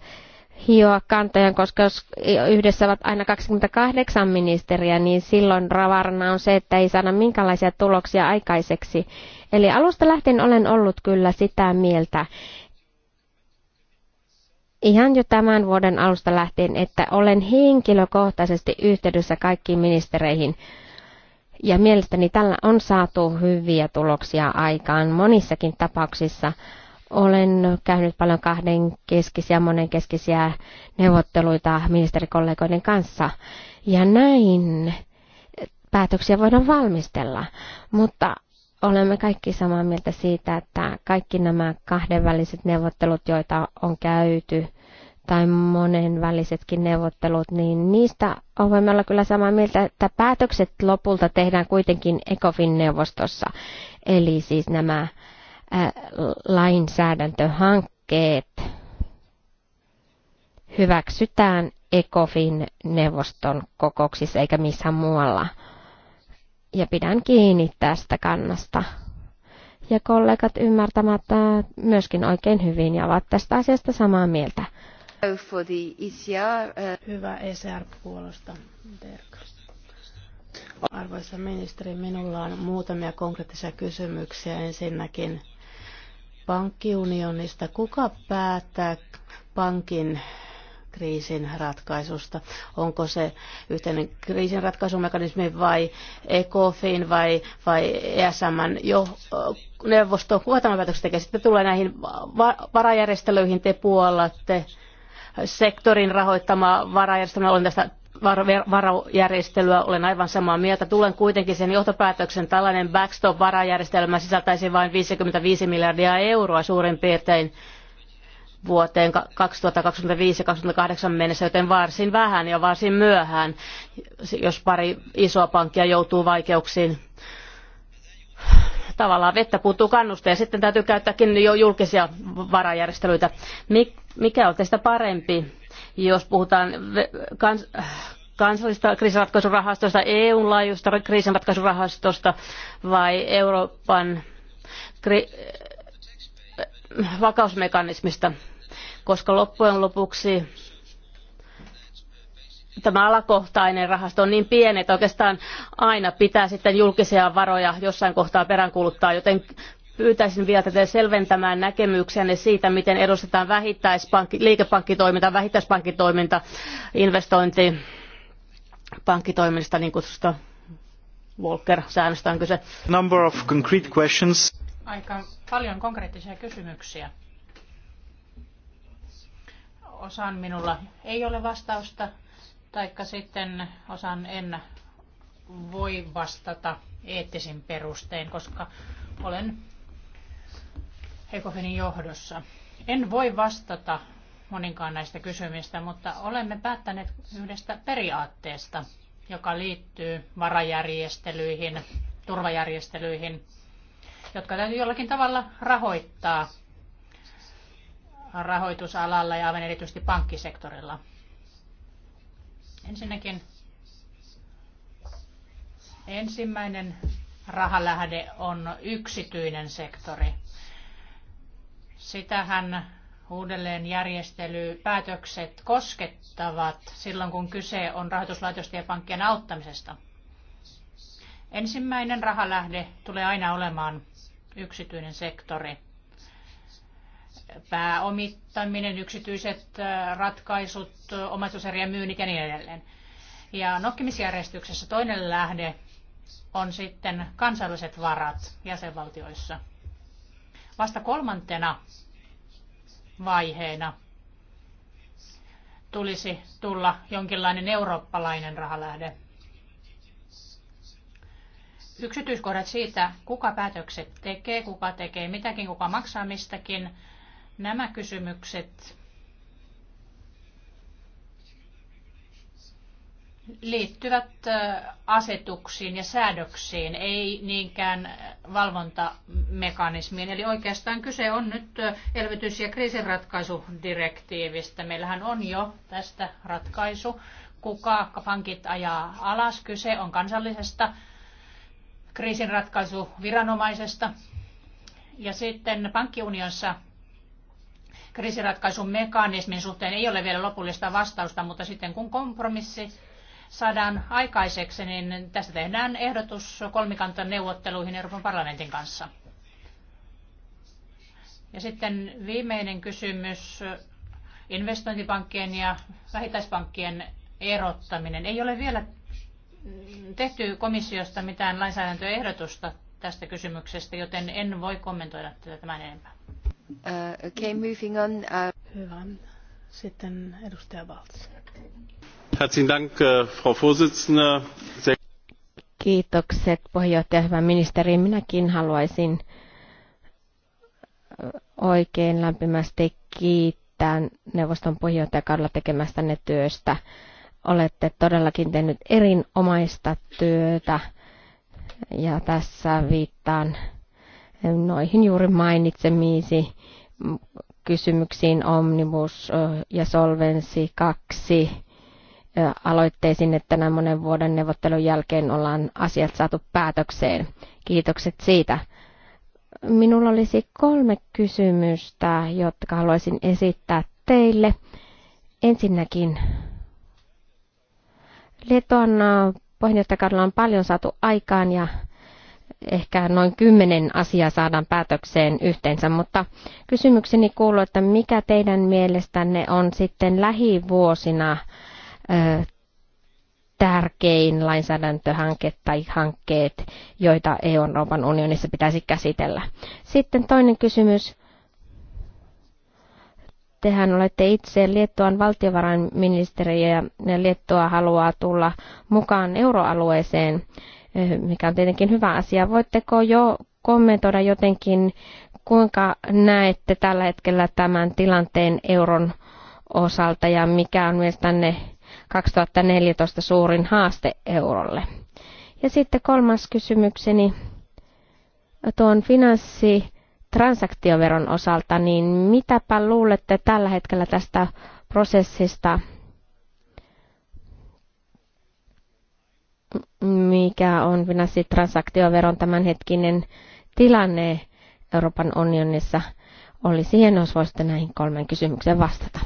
hioa kantoja, koska jos yhdessä ovat aina 28 ministeriä, niin silloin ravarna on se, että ei saada minkälaisia tuloksia aikaiseksi. Eli alusta lähtien olen ollut kyllä sitä mieltä, ihan jo tämän vuoden alusta lähtien, että olen henkilökohtaisesti yhteydessä kaikkiin ministereihin ja mielestäni tällä on saatu hyviä tuloksia aikaan monissakin tapauksissa. Olen käynyt paljon kahdenkeskisiä, monenkeskisiä neuvotteluita ministerikollegoiden kanssa. Ja näin päätöksiä voidaan valmistella. Mutta olemme kaikki samaa mieltä siitä, että kaikki nämä kahdenväliset neuvottelut, joita on käyty, tai monenvälisetkin neuvottelut, niin niistä voimme olla kyllä samaa mieltä, että päätökset lopulta tehdään kuitenkin ECOFIN neuvostossa. Eli siis nämä ää, äh, lainsäädäntöhankkeet hyväksytään ECOFIN neuvoston kokouksissa eikä missään muualla. Ja pidän kiinni tästä kannasta ja kollegat ymmärtämättä myöskin oikein hyvin ja ovat tästä asiasta samaa mieltä. E uh, Hyvä ECR-puolosta, Arvoisa ministeri, minulla on muutamia konkreettisia kysymyksiä. Ensinnäkin pankkiunionista. Kuka päättää pankin kriisin ratkaisusta? Onko se yhteinen kriisin ratkaisumekanismi vai ECOFIN vai, vai ESMn jo, äh, neuvosto? Kuka tämän päätöksen tekee? Sitten tulee näihin varajärjestelyihin, te puolatte sektorin rahoittama varajärjestelmä. Olen tästä varajärjestelyä olen aivan samaa mieltä. Tulen kuitenkin sen johtopäätöksen, tällainen backstop-varajärjestelmä sisältäisi vain 55 miljardia euroa suurin piirtein vuoteen 2025-2028 mennessä, joten varsin vähän ja varsin myöhään, jos pari isoa pankkia joutuu vaikeuksiin tavallaan vettä puuttuu kannusta ja sitten täytyy käyttääkin jo julkisia varajärjestelyitä. Mikä on teistä parempi, jos puhutaan kans- kansallisesta kriisinratkaisurahastosta, EUn laajuista kriisinratkaisurahastosta vai Euroopan kri- vakausmekanismista? Koska loppujen lopuksi tämä alakohtainen rahasto on niin pieni, että oikeastaan aina pitää sitten julkisia varoja jossain kohtaa peräänkuuluttaa, joten pyytäisin vielä tätä selventämään näkemyksenne siitä, miten edustetaan vähittäispankki, liikepankkitoiminta, vähittäispankkitoiminta, investointi, pankkitoiminnasta niin kutsusta Walker-säännöstä on kyse. Number of concrete questions. Aika paljon konkreettisia kysymyksiä. Osaan minulla ei ole vastausta, taikka sitten osan en voi vastata eettisin perustein, koska olen Ekofinin johdossa. En voi vastata moninkaan näistä kysymistä, mutta olemme päättäneet yhdestä periaatteesta, joka liittyy varajärjestelyihin, turvajärjestelyihin, jotka täytyy jollakin tavalla rahoittaa rahoitusalalla ja aivan erityisesti pankkisektorilla. Ensinnäkin ensimmäinen rahalähde on yksityinen sektori. Sitähän uudelleenjärjestelypäätökset koskettavat silloin, kun kyse on rahoituslaitosten ja pankkien auttamisesta. Ensimmäinen rahalähde tulee aina olemaan yksityinen sektori pääomittaminen, yksityiset äh, ratkaisut, omaisuuserien myynnit ja niin edelleen. Ja nokkimisjärjestyksessä toinen lähde on sitten kansalliset varat jäsenvaltioissa. Vasta kolmantena vaiheena tulisi tulla jonkinlainen eurooppalainen rahalähde. Yksityiskohdat siitä, kuka päätökset tekee, kuka tekee mitäkin, kuka maksaa mistäkin, Nämä kysymykset liittyvät asetuksiin ja säädöksiin, ei niinkään valvontamekanismiin. Eli oikeastaan kyse on nyt elvytys- ja kriisinratkaisudirektiivistä. Meillähän on jo tästä ratkaisu, kuka pankit ajaa alas. Kyse on kansallisesta kriisinratkaisuviranomaisesta. Ja sitten pankkiunionissa kriisiratkaisun mekanismin suhteen ei ole vielä lopullista vastausta, mutta sitten kun kompromissi saadaan aikaiseksi, niin tästä tehdään ehdotus kolmikantaneuvotteluihin Euroopan parlamentin kanssa. Ja sitten viimeinen kysymys, investointipankkien ja vähittäispankkien erottaminen. Ei ole vielä tehty komissiosta mitään lainsäädäntöehdotusta tästä kysymyksestä, joten en voi kommentoida tätä tämän enempää. Uh, okay, moving on. Uh... Hyvä. Sitten edustaja Valts. Herzlichen Dank, äh, Frau Vorsitzende. Kiitokset puheenjohtaja, hyvä ministeri. Minäkin haluaisin äh, oikein lämpimästi kiittää neuvoston puheenjohtajakaudella tekemästänne työstä. Olette todellakin tehnyt erinomaista työtä ja tässä viittaan noihin juuri mainitsemiisi kysymyksiin Omnibus ja Solvensi 2 aloitteisiin, että näin monen vuoden neuvottelun jälkeen ollaan asiat saatu päätökseen. Kiitokset siitä. Minulla olisi kolme kysymystä, jotka haluaisin esittää teille. Ensinnäkin Liettuan puheenjohtajakaudella on paljon saatu aikaan ja ehkä noin kymmenen asiaa saadaan päätökseen yhteensä, mutta kysymykseni kuuluu, että mikä teidän mielestänne on sitten lähivuosina ö, tärkein lainsäädäntöhanke tai hankkeet, joita Euroopan unionissa pitäisi käsitellä. Sitten toinen kysymys. Tehän olette itse Liettuan valtiovarainministeriö ja Liettua haluaa tulla mukaan euroalueeseen. Eh, mikä on tietenkin hyvä asia. Voitteko jo kommentoida jotenkin, kuinka näette tällä hetkellä tämän tilanteen euron osalta ja mikä on tänne 2014 suurin haaste eurolle? Ja sitten kolmas kysymykseni tuon transaktioveron osalta, niin mitäpä luulette tällä hetkellä tästä prosessista mikä on finanssitransaktioveron tämänhetkinen tilanne Euroopan unionissa. Olisi hienoa, jos voisitte näihin kolmeen kysymykseen vastata.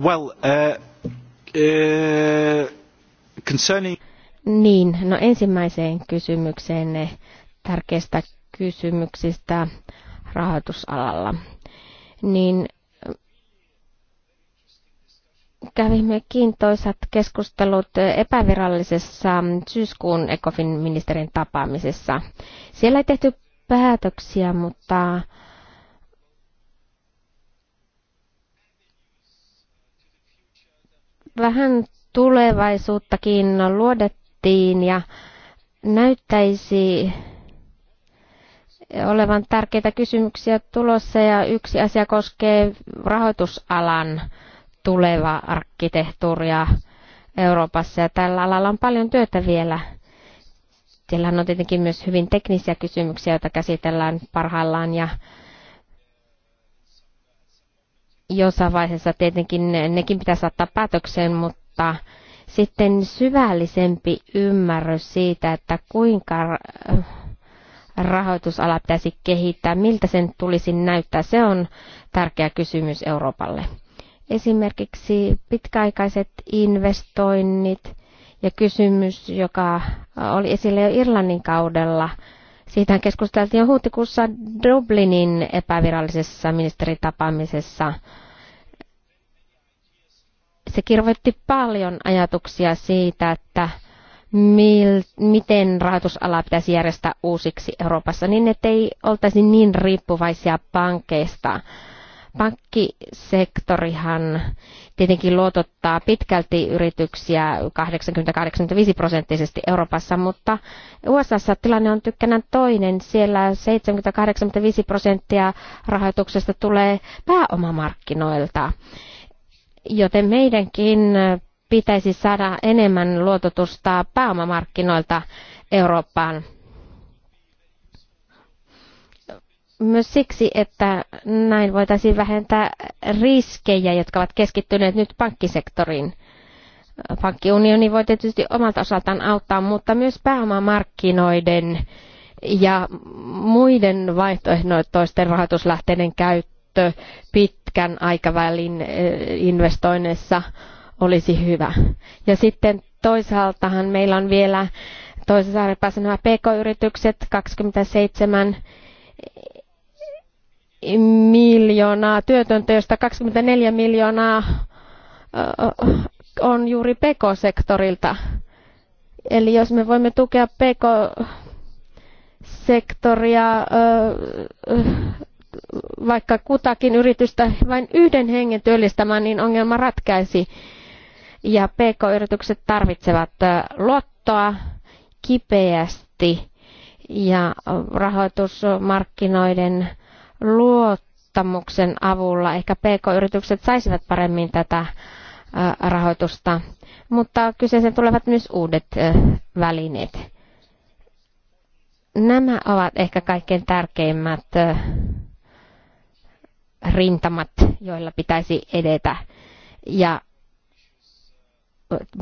Well, uh, uh, concerning... Niin, no ensimmäiseen kysymykseen tärkeistä kysymyksistä rahoitusalalla. Niin kävimme kiintoisat keskustelut epävirallisessa syyskuun ECOFIN ministerin tapaamisessa. Siellä ei tehty päätöksiä, mutta vähän tulevaisuuttakin luodettiin ja näyttäisi olevan tärkeitä kysymyksiä tulossa ja yksi asia koskee rahoitusalan tuleva arkkitehtuuria Euroopassa ja tällä alalla on paljon työtä vielä. Siellä on tietenkin myös hyvin teknisiä kysymyksiä, joita käsitellään parhaillaan ja jossain vaiheessa tietenkin nekin pitää saattaa päätökseen, mutta sitten syvällisempi ymmärrys siitä, että kuinka rahoitusala pitäisi kehittää, miltä sen tulisi näyttää, se on tärkeä kysymys Euroopalle. Esimerkiksi pitkäaikaiset investoinnit ja kysymys, joka oli esille jo Irlannin kaudella. Siitä keskusteltiin jo huhtikuussa Dublinin epävirallisessa ministeritapaamisessa. Se kirvoitti paljon ajatuksia siitä, että mil, miten rahoitusala pitäisi järjestää uusiksi Euroopassa niin, ettei oltaisi niin riippuvaisia pankeista Pankkisektorihan tietenkin luotottaa pitkälti yrityksiä 80-85 prosenttisesti Euroopassa, mutta USAssa tilanne on tykkänä toinen. Siellä 70-85 prosenttia rahoituksesta tulee pääomamarkkinoilta, joten meidänkin pitäisi saada enemmän luototusta pääomamarkkinoilta Eurooppaan. myös siksi, että näin voitaisiin vähentää riskejä, jotka ovat keskittyneet nyt pankkisektoriin. Pankkiunioni voi tietysti omalta osaltaan auttaa, mutta myös pääomamarkkinoiden ja muiden vaihtoehtoisten rahoituslähteiden käyttö pitkän aikavälin eh, investoinneissa olisi hyvä. Ja sitten toisaaltahan meillä on vielä toisessa nämä pk-yritykset, 27 miljoonaa työtöntä, joista 24 miljoonaa on juuri PK-sektorilta. Eli jos me voimme tukea PK-sektoria vaikka kutakin yritystä vain yhden hengen työllistämään, niin ongelma ratkaisi. Ja PK-yritykset tarvitsevat luottoa kipeästi ja rahoitusmarkkinoiden luottamuksen avulla ehkä PK-yritykset saisivat paremmin tätä rahoitusta, mutta kyseeseen tulevat myös uudet välineet. Nämä ovat ehkä kaikkein tärkeimmät rintamat, joilla pitäisi edetä. Ja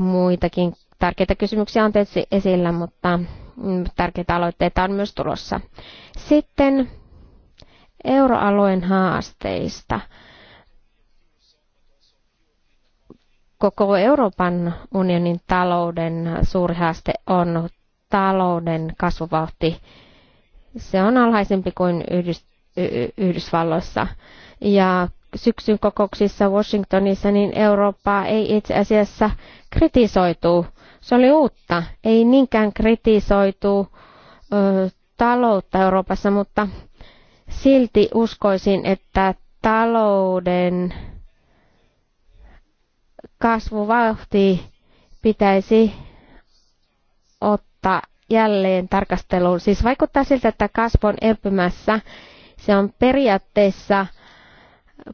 muitakin tärkeitä kysymyksiä on tietysti esillä, mutta mm, tärkeitä aloitteita on myös tulossa. Sitten euroalueen haasteista. Koko Euroopan unionin talouden suuri haaste on talouden kasvuvauhti. Se on alhaisempi kuin Yhdysvalloissa. Ja syksyn kokouksissa Washingtonissa, niin Eurooppaa ei itse asiassa kritisoitu. Se oli uutta. Ei niinkään kritisoitu ö, taloutta Euroopassa, mutta Silti uskoisin, että talouden kasvuvauhti pitäisi ottaa jälleen tarkasteluun. Siis vaikuttaa siltä, että kasvu on elpymässä. Se on periaatteessa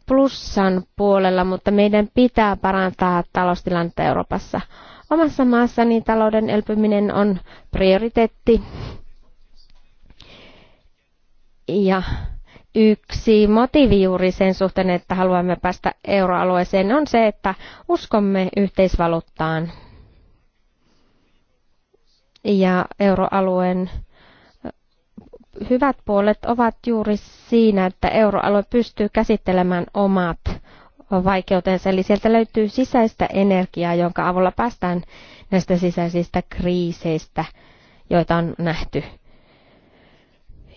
plussan puolella, mutta meidän pitää parantaa taloustilannetta Euroopassa. Omassa maassani talouden elpyminen on prioriteetti ja yksi motiivi juuri sen suhteen, että haluamme päästä euroalueeseen, on se, että uskomme yhteisvaluuttaan ja euroalueen hyvät puolet ovat juuri siinä, että euroalue pystyy käsittelemään omat vaikeutensa. Eli sieltä löytyy sisäistä energiaa, jonka avulla päästään näistä sisäisistä kriiseistä, joita on nähty.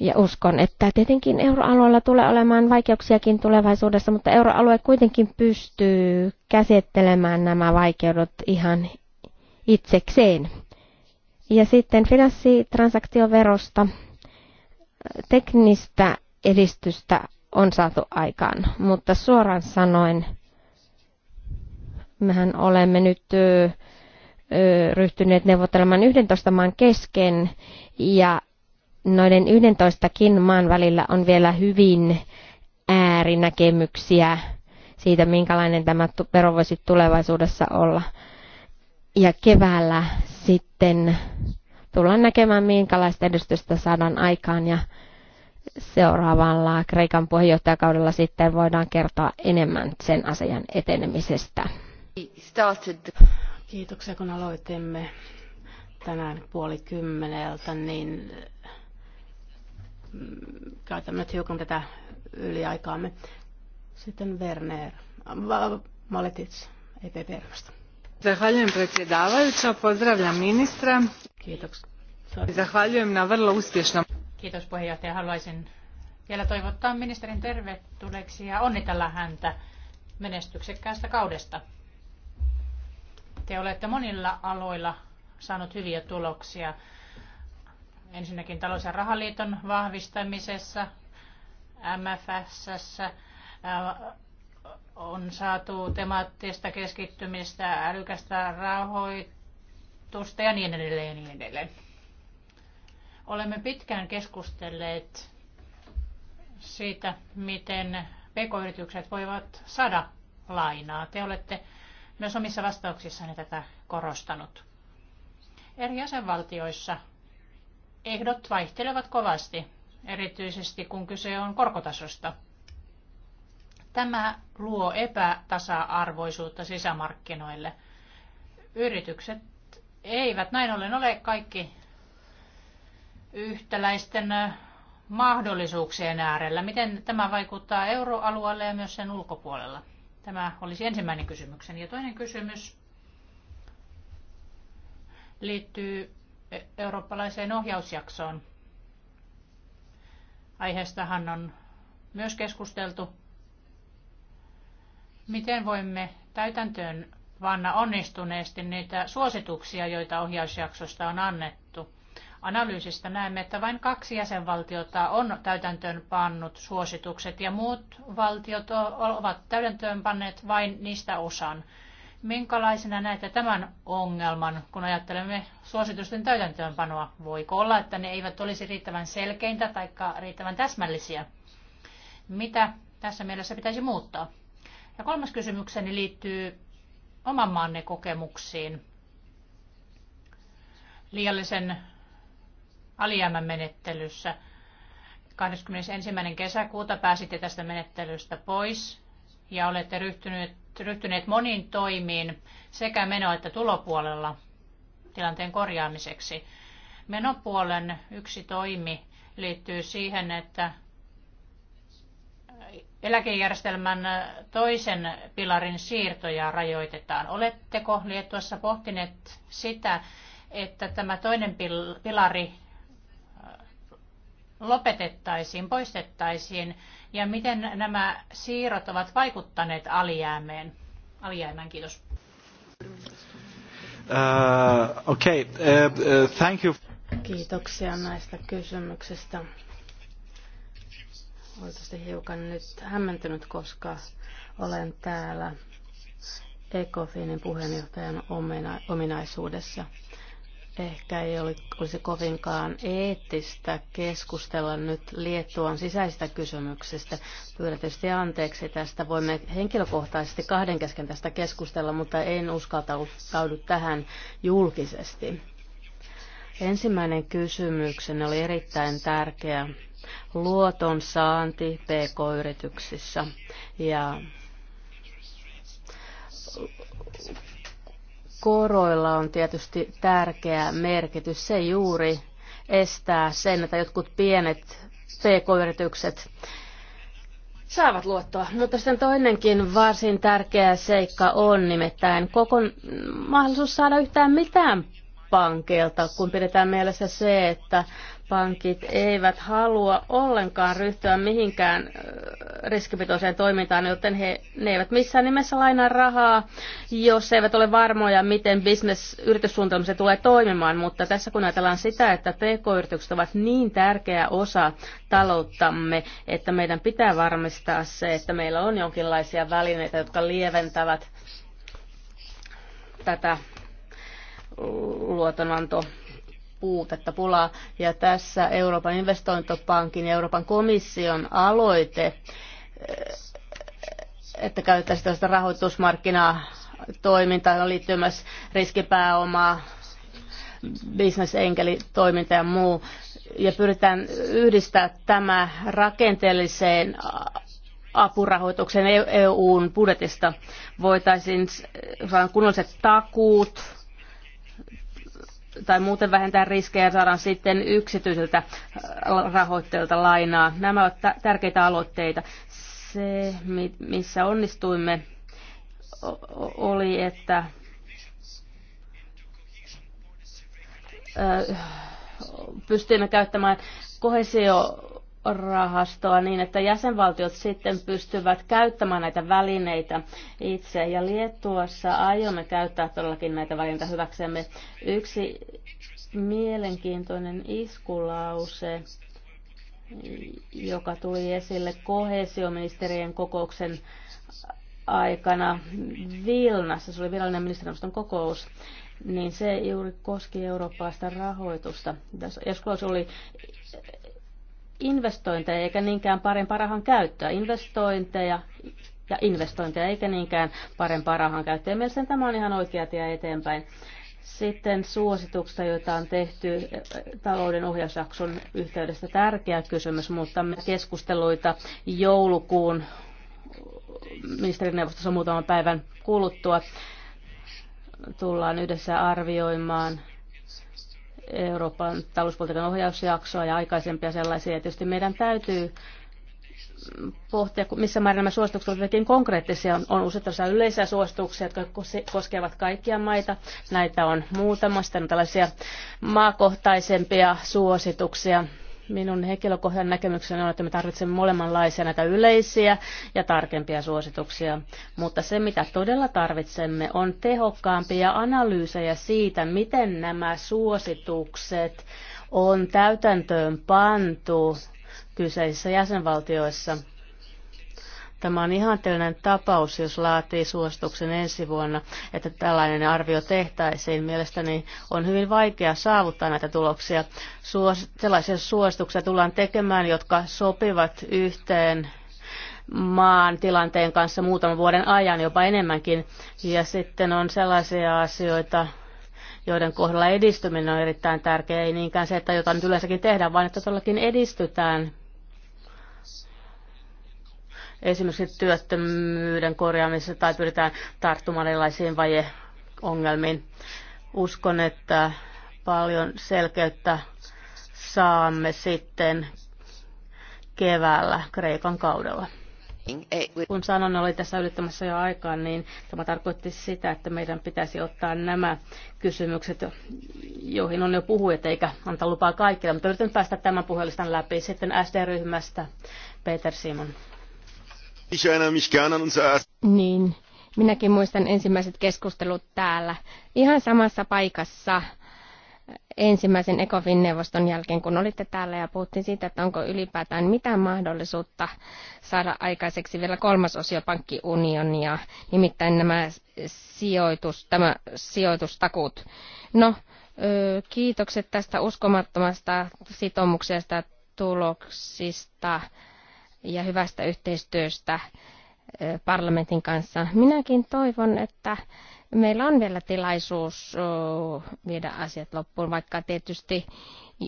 Ja uskon, että tietenkin euroalueella tulee olemaan vaikeuksiakin tulevaisuudessa, mutta euroalue kuitenkin pystyy käsittelemään nämä vaikeudet ihan itsekseen. Ja sitten finanssitransaktioverosta. Teknistä edistystä on saatu aikaan, mutta suoraan sanoen mehän olemme nyt ryhtyneet neuvottelemaan 11 maan kesken ja noiden 11 maan välillä on vielä hyvin äärinäkemyksiä siitä, minkälainen tämä vero voisi tulevaisuudessa olla. Ja keväällä sitten tullaan näkemään, minkälaista edistystä saadaan aikaan ja seuraavalla Kreikan puheenjohtajakaudella sitten voidaan kertoa enemmän sen asian etenemisestä. Kiitoksia kun aloitimme tänään puoli kymmeneltä, niin käytämme nyt hiukan tätä yliaikaamme. Sitten Werner, Maletic, EPP-ryhmästä. Zahvaljujem predsjedavajuća, pozdravljam ministra. Kiitoksia. Zahvaljujem na vrlo uspješnom. Kiitos puheenjohtaja. Haluaisin vielä toivottaa ministerin tervetulleeksi ja onnitella häntä menestyksekkäästä kaudesta. Te olette monilla aloilla saanut hyviä tuloksia. Ensinnäkin talous- ja rahaliiton vahvistamisessa, MFSssä, äh, on saatu temaattista keskittymistä, älykästä rahoitusta ja niin edelleen ja niin edelleen. Olemme pitkään keskustelleet siitä, miten pk-yritykset voivat saada lainaa. Te olette myös omissa vastauksissanne tätä korostanut. Eri jäsenvaltioissa ehdot vaihtelevat kovasti, erityisesti kun kyse on korkotasosta. Tämä luo epätasa-arvoisuutta sisämarkkinoille. Yritykset eivät näin ollen ole kaikki yhtäläisten mahdollisuuksien äärellä. Miten tämä vaikuttaa euroalueelle ja myös sen ulkopuolella? Tämä olisi ensimmäinen kysymykseni. Ja toinen kysymys liittyy eurooppalaiseen ohjausjaksoon. Aiheestahan on myös keskusteltu. Miten voimme täytäntöön vanna onnistuneesti niitä suosituksia, joita ohjausjaksosta on annettu? Analyysistä näemme, että vain kaksi jäsenvaltiota on täytäntöön pannut suositukset ja muut valtiot ovat täytäntöön panneet vain niistä osan. Minkälaisena näette tämän ongelman, kun ajattelemme suositusten täytäntöönpanoa? Voiko olla, että ne eivät olisi riittävän selkeintä tai riittävän täsmällisiä? Mitä tässä mielessä pitäisi muuttaa? Ja kolmas kysymykseni liittyy oman maanne kokemuksiin liiallisen alijäämän menettelyssä. 21. kesäkuuta pääsitte tästä menettelystä pois ja olette ryhtyneet ryhtyneet moniin toimiin sekä meno- että tulopuolella tilanteen korjaamiseksi. Menopuolen yksi toimi liittyy siihen, että eläkejärjestelmän toisen pilarin siirtoja rajoitetaan. Oletteko Liettuassa pohtineet sitä, että tämä toinen pilari lopetettaisiin, poistettaisiin ja miten nämä siirrot ovat vaikuttaneet alijäämeen? Alijäämään, kiitos. Uh, okay. uh, uh, thank you. Kiitoksia näistä kysymyksistä. Olen hiukan nyt hämmentynyt, koska olen täällä ECOFINin puheenjohtajan ominaisuudessa. Ehkä ei olisi kovinkaan eettistä keskustella nyt Liettuan sisäisistä kysymyksistä. Pyydän tietysti anteeksi tästä. Voimme henkilökohtaisesti kahden kesken tästä keskustella, mutta en uskaltaudu tähän julkisesti. Ensimmäinen kysymyksen oli erittäin tärkeä. Luoton saanti PK-yrityksissä ja Koroilla on tietysti tärkeä merkitys. Se juuri estää sen, että jotkut pienet pk-yritykset saavat luottoa. Mutta sitten toinenkin varsin tärkeä seikka on nimittäin koko mahdollisuus saada yhtään mitään pankeilta, kun pidetään mielessä se, että pankit eivät halua ollenkaan ryhtyä mihinkään riskipitoiseen toimintaan, joten he, ne eivät missään nimessä lainaa rahaa, jos eivät ole varmoja, miten business se tulee toimimaan. Mutta tässä kun ajatellaan sitä, että pk-yritykset ovat niin tärkeä osa talouttamme, että meidän pitää varmistaa se, että meillä on jonkinlaisia välineitä, jotka lieventävät tätä luotonantoa puutetta, pulaa. Ja tässä Euroopan investointopankin ja Euroopan komission aloite, että käytettäisiin tällaista rahoitusmarkkinaa toimintaan liittyy myös riskipääomaa, bisnesenkelitoiminta ja muu. Ja pyritään yhdistää tämä rakenteelliseen apurahoituksen e- EUn budjetista voitaisiin saada kunnolliset takuut tai muuten vähentää riskejä ja saadaan sitten yksityiseltä äh, rahoittajalta lainaa. Nämä ovat tärkeitä aloitteita. Se, missä onnistuimme, oli, että äh, pystyimme käyttämään kohesio rahastoa niin, että jäsenvaltiot sitten pystyvät käyttämään näitä välineitä itse. Ja Liettuassa aiomme käyttää todellakin näitä välineitä hyväksemme. Yksi mielenkiintoinen iskulause, joka tuli esille kohesioministerien kokouksen aikana Vilnassa, se oli virallinen ministerineuvoston kokous, niin se juuri koski eurooppalaista rahoitusta. Tässä oli investointeja eikä niinkään parempaa rahan käyttöä. Investointeja ja investointeja eikä niinkään parempaa rahan käyttöä. Mielestäni tämä on ihan oikea tie eteenpäin. Sitten suosituksista, joita on tehty eh, talouden ohjausjakson yhteydestä tärkeä kysymys, mutta me keskusteluita joulukuun ministerineuvostossa muutaman päivän kuluttua tullaan yhdessä arvioimaan Euroopan talouspolitiikan ohjausjaksoa ja aikaisempia sellaisia. Tietysti meidän täytyy pohtia, missä määrin nämä suositukset ovat jotenkin konkreettisia. On useita yleisiä suosituksia, jotka koskevat kaikkia maita. Näitä on muutama. Sitten on tällaisia maakohtaisempia suosituksia Minun henkilökohtainen näkemykseni on, että me tarvitsemme molemmanlaisia näitä yleisiä ja tarkempia suosituksia, mutta se mitä todella tarvitsemme on tehokkaampia analyysejä siitä, miten nämä suositukset on täytäntöön pantu kyseisissä jäsenvaltioissa – Tämä on tällainen tapaus, jos laatii suosituksen ensi vuonna, että tällainen arvio tehtäisiin. Mielestäni on hyvin vaikea saavuttaa näitä tuloksia. Suos, sellaisia suosituksia tullaan tekemään, jotka sopivat yhteen maan tilanteen kanssa muutaman vuoden ajan, jopa enemmänkin. Ja sitten on sellaisia asioita, joiden kohdalla edistyminen on erittäin tärkeää. Ei niinkään se, että jotain nyt yleensäkin tehdään, vaan että todellakin edistytään esimerkiksi työttömyyden korjaamisessa tai pyritään tarttumaan erilaisiin vajeongelmiin. Uskon, että paljon selkeyttä saamme sitten keväällä Kreikan kaudella. Kun sanon, oli tässä ylittämässä jo aikaa, niin tämä tarkoitti sitä, että meidän pitäisi ottaa nämä kysymykset, joihin on jo puhujat, eikä antaa lupaa kaikille. Mutta yritän päästä tämän puhelistan läpi. Sitten SD-ryhmästä Peter Simon. Niin, minäkin muistan ensimmäiset keskustelut täällä. Ihan samassa paikassa eh, ensimmäisen ECOFIN-neuvoston jälkeen, kun olitte täällä ja puhuttiin siitä, että onko ylipäätään mitään mahdollisuutta saada aikaiseksi vielä kolmas osio pankkiunionia, nimittäin nämä sijoitus, tämä sijoitustakuut. No, kiitokset tästä uskomattomasta sitoumuksesta tuloksista ja hyvästä yhteistyöstä parlamentin kanssa. Minäkin toivon, että meillä on vielä tilaisuus viedä asiat loppuun, vaikka tietysti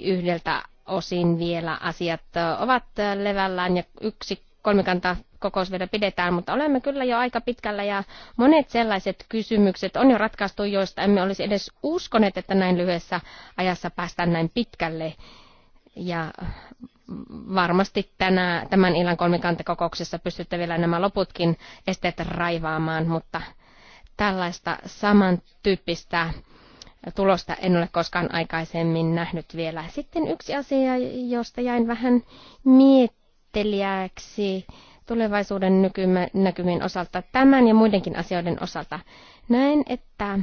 yhdeltä osin vielä asiat ovat levällään ja yksi kolmikanta kokous vielä pidetään, mutta olemme kyllä jo aika pitkällä ja monet sellaiset kysymykset on jo ratkaistu, joista emme olisi edes uskoneet, että näin lyhyessä ajassa päästään näin pitkälle. Ja varmasti tänä, tämän illan kolmikantakokouksessa pystytte vielä nämä loputkin esteet raivaamaan, mutta tällaista samantyyppistä tulosta en ole koskaan aikaisemmin nähnyt vielä. Sitten yksi asia, josta jäin vähän miettelijäksi tulevaisuuden näkymien osalta, tämän ja muidenkin asioiden osalta. Näen, että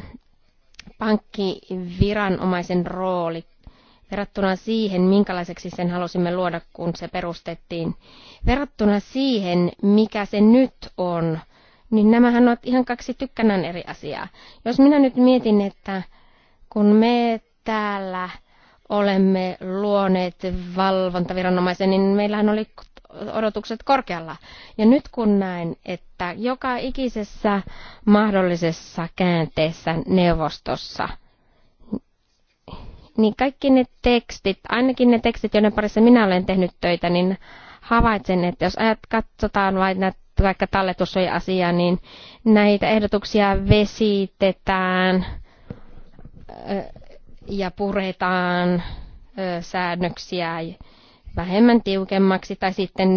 pankkiviranomaisen rooli verrattuna siihen, minkälaiseksi sen halusimme luoda, kun se perustettiin. Verrattuna siihen, mikä se nyt on, niin nämähän ovat ihan kaksi tykkänään eri asiaa. Jos minä nyt mietin, että kun me täällä olemme luoneet valvontaviranomaisen, niin meillähän oli odotukset korkealla. Ja nyt kun näen, että joka ikisessä mahdollisessa käänteessä neuvostossa – niin kaikki ne tekstit, ainakin ne tekstit, joiden parissa minä olen tehnyt töitä, niin havaitsen, että jos ajat katsotaan vain vaikka talletussuoja asia, niin näitä ehdotuksia vesitetään ja puretaan säännöksiä vähemmän tiukemmaksi tai sitten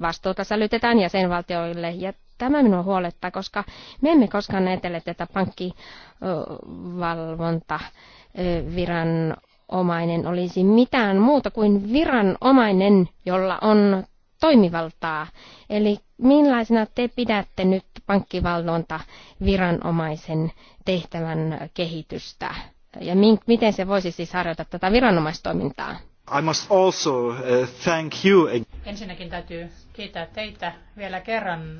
vastuuta sälytetään jäsenvaltioille ja tämä minua huolettaa, koska me emme koskaan ajatelle tätä pankkivalvonta viranomainen olisi mitään muuta kuin viranomainen, jolla on toimivaltaa. Eli millaisena te pidätte nyt pankkivalvonta viranomaisen tehtävän kehitystä? Ja miten se voisi siis harjoittaa tätä viranomaistoimintaa? I must also uh, thank you. Ensinnäkin täytyy kiittää teitä vielä kerran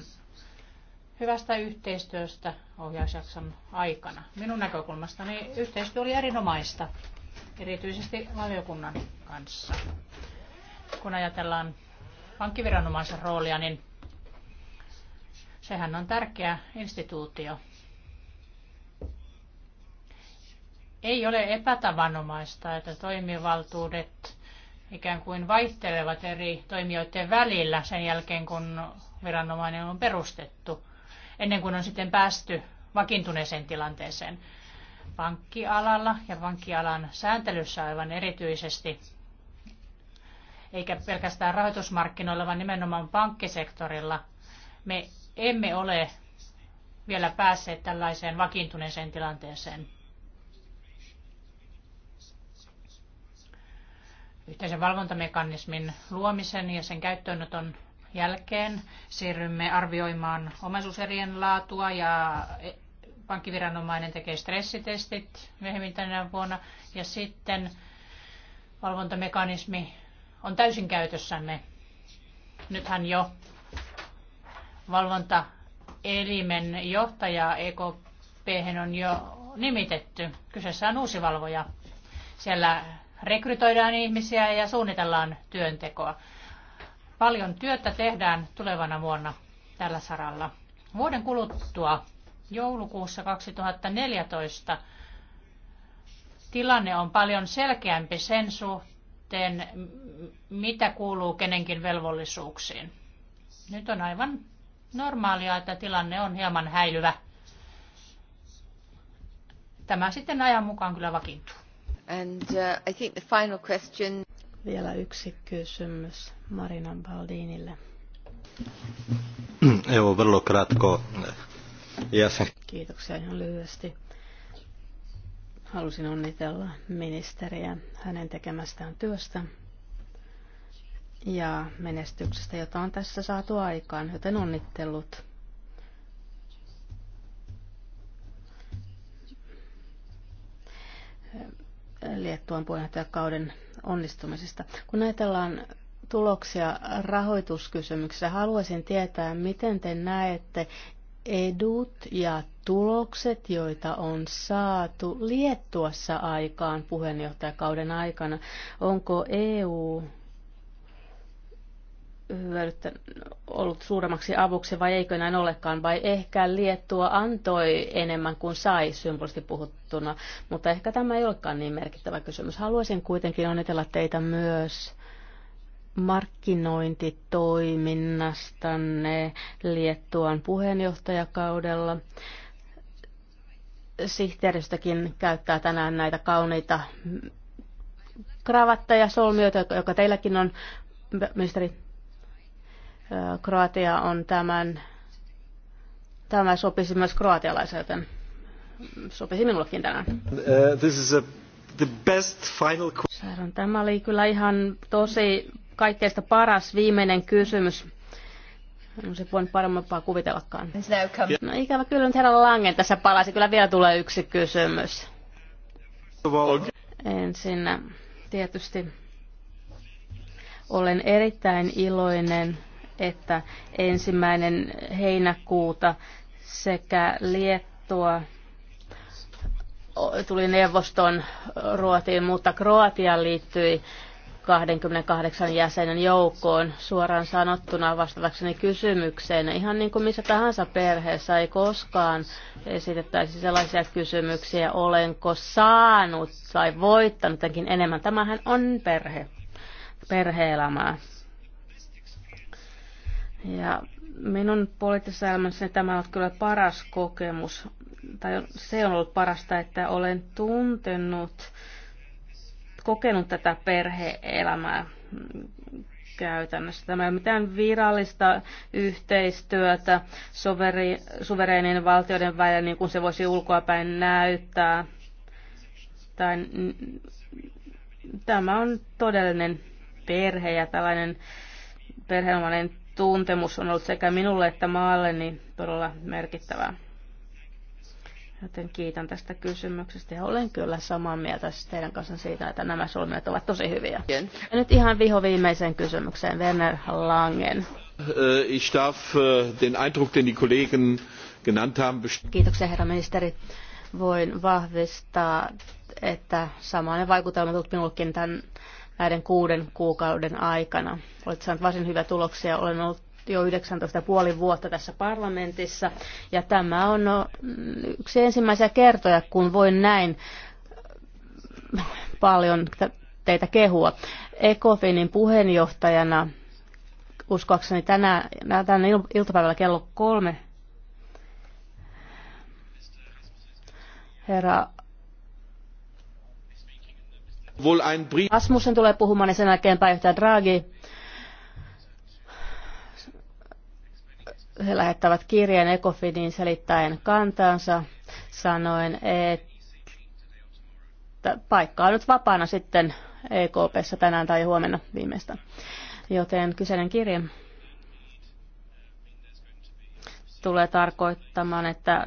hyvästä yhteistyöstä ohjausjakson aikana. Minun näkökulmastani yhteistyö oli erinomaista, erityisesti valiokunnan kanssa. Kun ajatellaan pankkiviranomaisen roolia, niin sehän on tärkeä instituutio. Ei ole epätavanomaista, että toimivaltuudet ikään kuin vaihtelevat eri toimijoiden välillä sen jälkeen, kun viranomainen on perustettu ennen kuin on sitten päästy vakiintuneeseen tilanteeseen. Pankkialalla ja pankkialan sääntelyssä aivan erityisesti, eikä pelkästään rahoitusmarkkinoilla, vaan nimenomaan pankkisektorilla, me emme ole vielä päässeet tällaiseen vakiintuneeseen tilanteeseen. Yhteisen valvontamekanismin luomisen ja sen käyttöönoton jälkeen siirrymme arvioimaan omaisuuserien laatua ja e, pankkiviranomainen tekee stressitestit myöhemmin tänä vuonna ja sitten valvontamekanismi on täysin käytössämme. Nythän jo valvontaelimen johtaja EKP on jo nimitetty. Kyseessä on uusi valvoja. Siellä rekrytoidaan ihmisiä ja suunnitellaan työntekoa. Paljon työtä tehdään tulevana vuonna tällä saralla. Vuoden kuluttua joulukuussa 2014 tilanne on paljon selkeämpi sen suhteen, mitä kuuluu kenenkin velvollisuuksiin. Nyt on aivan normaalia, että tilanne on hieman häilyvä. Tämä sitten ajan mukaan kyllä vakiintuu. And uh, I think the final question... Vielä yksi kysymys Marina Baldinille. Joo, vello kratko. Kiitoksia ihan lyhyesti. Halusin onnitella ministeriä hänen tekemästään työstä ja menestyksestä, jota on tässä saatu aikaan, joten onnittelut. Liettuan puheenjohtajakauden onnistumisista. Kun ajatellaan tuloksia rahoituskysymyksessä, haluaisin tietää, miten te näette edut ja tulokset, joita on saatu Liettuassa aikaan puheenjohtajakauden aikana. Onko EU ollut suuremmaksi avuksi vai eikö näin olekaan, vai ehkä Liettua antoi enemmän kuin sai symbolisesti puhuttuna, mutta ehkä tämä ei olekaan niin merkittävä kysymys. Haluaisin kuitenkin onnitella teitä myös markkinointitoiminnastanne Liettuan puheenjohtajakaudella. Sihteeristökin käyttää tänään näitä kauniita kravatteja, solmioita, joka teilläkin on, ministeri Kroatia on tämän, tämä sopisi myös kroatialaiselle, joten sopisi minullekin tänään. Uh, this is a, the best final... Saron, tämä oli kyllä ihan tosi kaikkeista paras viimeinen kysymys. No se voin parempaa kuvitellakaan. No, no ikävä kyllä nyt herran Langen tässä palasi. Kyllä vielä tulee yksi kysymys. Okay. Ensin äh, tietysti olen erittäin iloinen että ensimmäinen heinäkuuta sekä Liettua tuli neuvoston Ruotiin, mutta Kroatia liittyi 28 jäsenen joukkoon suoraan sanottuna vastatakseni kysymykseen. Ihan niin kuin missä tahansa perheessä ei koskaan esitettäisi sellaisia kysymyksiä, olenko saanut tai voittanut jotenkin enemmän. Tämähän on perhe, perheelämää. Ja minun poliittisessa elämässäni tämä on kyllä paras kokemus, tai se on ollut parasta, että olen tuntenut, kokenut tätä perhe-elämää käytännössä. Tämä ei ole mitään virallista yhteistyötä soveri, valtioiden välillä, niin kuin se voisi ulkoapäin näyttää. Tai, tämä on todellinen perhe ja tällainen perheenomainen tuntemus on ollut sekä minulle että maalle niin todella merkittävää. Joten kiitän tästä kysymyksestä ja olen kyllä samaa mieltä siis teidän kanssa siitä, että nämä solmiot ovat tosi hyviä. Ja nyt ihan viho viimeiseen kysymykseen, Werner Langen. Äh, ich darf äh, den Eindruck, den die Kollegen genannt haben, Kiitoksia herra ministeri. Voin vahvistaa, että samainen vaikutelma tullut minullekin tämän näiden kuuden kuukauden aikana. Olet saanut varsin hyviä tuloksia. Olen ollut jo 19,5 vuotta tässä parlamentissa ja tämä on yksi ensimmäisiä kertoja, kun voin näin paljon teitä kehua. Ecofinin puheenjohtajana uskoakseni tänä, tänä iltapäivällä kello kolme herra Asmussen tulee puhumaan ja sen jälkeen pääjohtaja Draghi. He lähettävät kirjeen ecofiniin selittäen kantaansa sanoen, että paikka on nyt vapaana sitten EKPssä tänään tai huomenna viimeistään. Joten kyseinen kirje tulee tarkoittamaan, että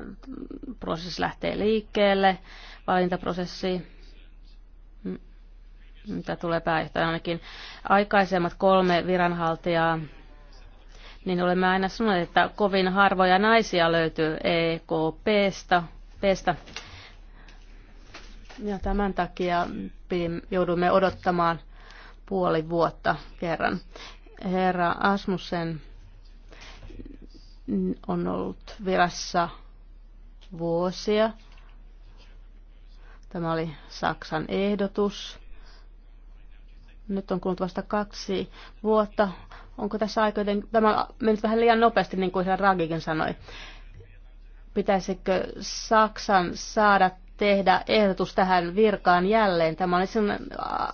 prosessi lähtee liikkeelle, valintaprosessi mitä tulee pääjohtajan ainakin aikaisemmat kolme viranhaltijaa, niin olemme aina sanoneet, että kovin harvoja naisia löytyy EKPstä. stä. Ja tämän takia joudumme odottamaan puoli vuotta kerran. Herra Asmussen on ollut virassa vuosia. Tämä oli Saksan ehdotus. Nyt on kulunut vasta kaksi vuotta. Onko tässä aika joten tämä on mennyt vähän liian nopeasti, niin kuin Ragikin sanoi. Pitäisikö Saksan saada tehdä ehdotus tähän virkaan jälleen? Tämä oli sellainen äh,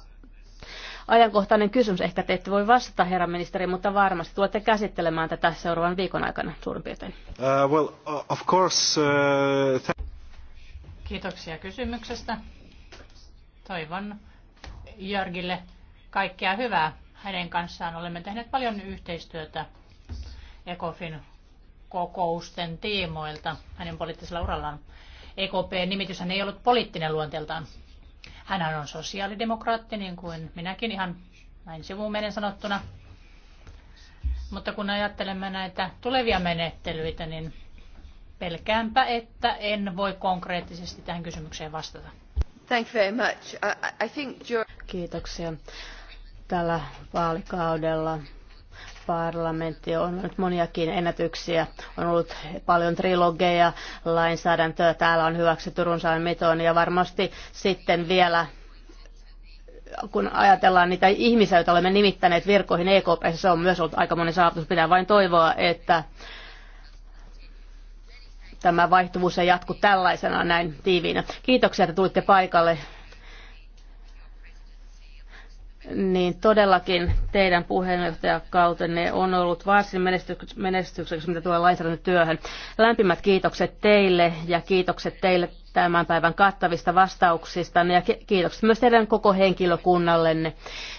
ajankohtainen kysymys. Ehkä te ette voi vastata, herra ministeri, mutta varmasti tulette käsittelemään tätä seuraavan viikon aikana suurin piirtein. Uh, well, uh, of course, uh, Kiitoksia kysymyksestä. Toivon Jörgille kaikkea hyvää hänen kanssaan. Olemme tehneet paljon yhteistyötä ECOFIN kokousten tiimoilta hänen poliittisella urallaan. ekp hän ei ollut poliittinen luonteeltaan. Hän on sosiaalidemokraatti, niin kuin minäkin ihan näin sivuun menen sanottuna. Mutta kun ajattelemme näitä tulevia menettelyitä, niin pelkäänpä, että en voi konkreettisesti tähän kysymykseen vastata. Thank you very much. I think Kiitoksia tällä vaalikaudella parlamentti on ollut moniakin ennätyksiä. On ollut paljon trilogeja, lainsäädäntöä täällä on hyväksytty runsaan mitoon ja varmasti sitten vielä kun ajatellaan niitä ihmisiä, joita olemme nimittäneet virkoihin EKP, se on myös ollut aika moni saavutus. Pitää vain toivoa, että tämä vaihtuvuus ei jatku tällaisena näin tiiviinä. Kiitoksia, että tulitte paikalle niin todellakin teidän puheenjohtajakautenne on ollut varsin menestykseksi, mitä tulee lainsäädäntötyöhön. Lämpimät kiitokset teille ja kiitokset teille tämän päivän kattavista vastauksista ja kiitokset myös teidän koko henkilökunnallenne.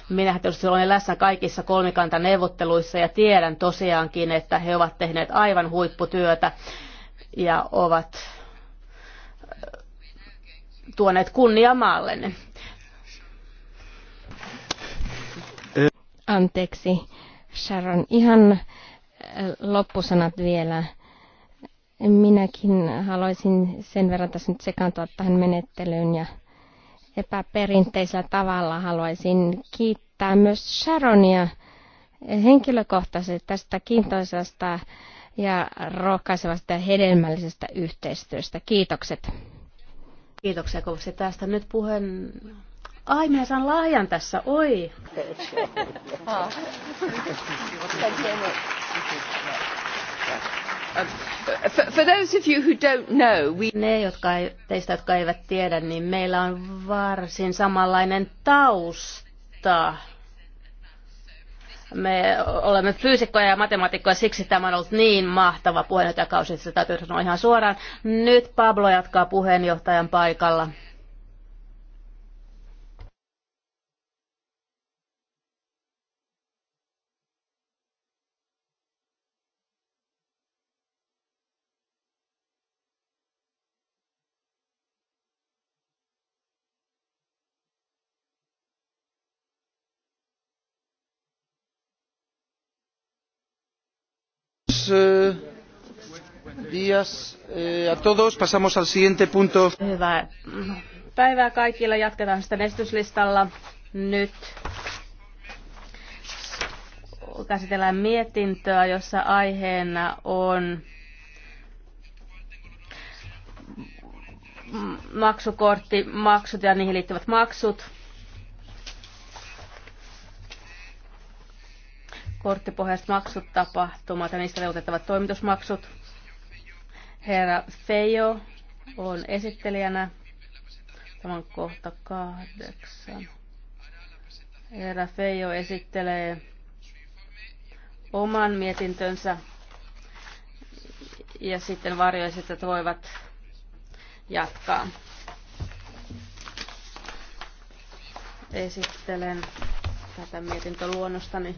Minä tietysti olen läsnä kaikissa kolmikantaneuvotteluissa ja tiedän tosiaankin, että he ovat tehneet aivan huipputyötä ja ovat äh, tuoneet kunnia maallenne. Anteeksi, Sharon. Ihan äh, loppusanat vielä. Minäkin haluaisin sen verran tässä nyt sekaantua tähän menettelyyn ja epäperinteisellä tavalla haluaisin kiittää myös Sharonia henkilökohtaisesti tästä kiintoisasta ja rohkaisevasta ja hedelmällisestä yhteistyöstä. Kiitokset. Kiitoksia kovasti tästä. Nyt puheen Ai, minä saan lahjan tässä, oi. For those of you who don't know, we... Ne, jotka ei, teistä, jotka eivät tiedä, niin meillä on varsin samanlainen tausta. Me olemme fyysikkoja ja matemaatikkoja, siksi tämä on ollut niin mahtava puheenjohtajakausi, että se täytyy sanoa ihan suoraan. Nyt Pablo jatkaa puheenjohtajan paikalla. Eh, días eh, a todos. Pasamos al siguiente punto. Hyvää päivää kaikilla. Jatketaan sitä esityslistalla nyt. Käsitellään mietintöä, jossa aiheena on maksukortti, maksut ja niihin liittyvät maksut. korttipohjaiset maksut tapahtumat ja niistä leutettavat toimitusmaksut. Herra Feijo on esittelijänä. Tämä on kohta kahdeksan. Herra Feijo esittelee oman mietintönsä ja sitten varjoiset voivat jatkaa. Esittelen tätä mietintöluonnostani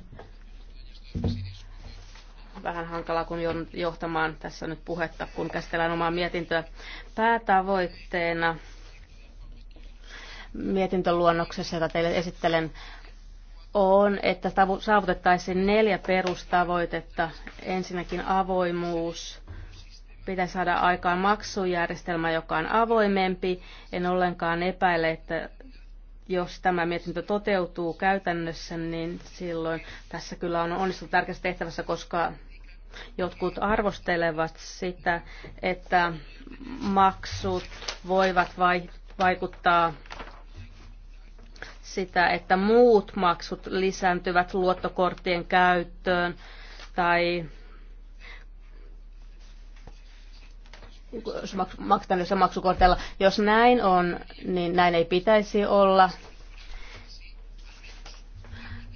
vähän hankalaa, kun joudun johtamaan tässä nyt puhetta, kun käsitellään omaa mietintöä. Päätavoitteena mietintöluonnoksessa, jota teille esittelen, on, että saavutettaisiin neljä perustavoitetta. Ensinnäkin avoimuus. pitäisi saada aikaan maksujärjestelmä, joka on avoimempi. En ollenkaan epäile, että jos tämä mietintö toteutuu käytännössä, niin silloin tässä kyllä on onnistunut tärkeässä tehtävässä, koska jotkut arvostelevat sitä, että maksut voivat vaikuttaa sitä, että muut maksut lisääntyvät luottokorttien käyttöön tai maksetaan jossain maksukortilla. Jos näin on, niin näin ei pitäisi olla.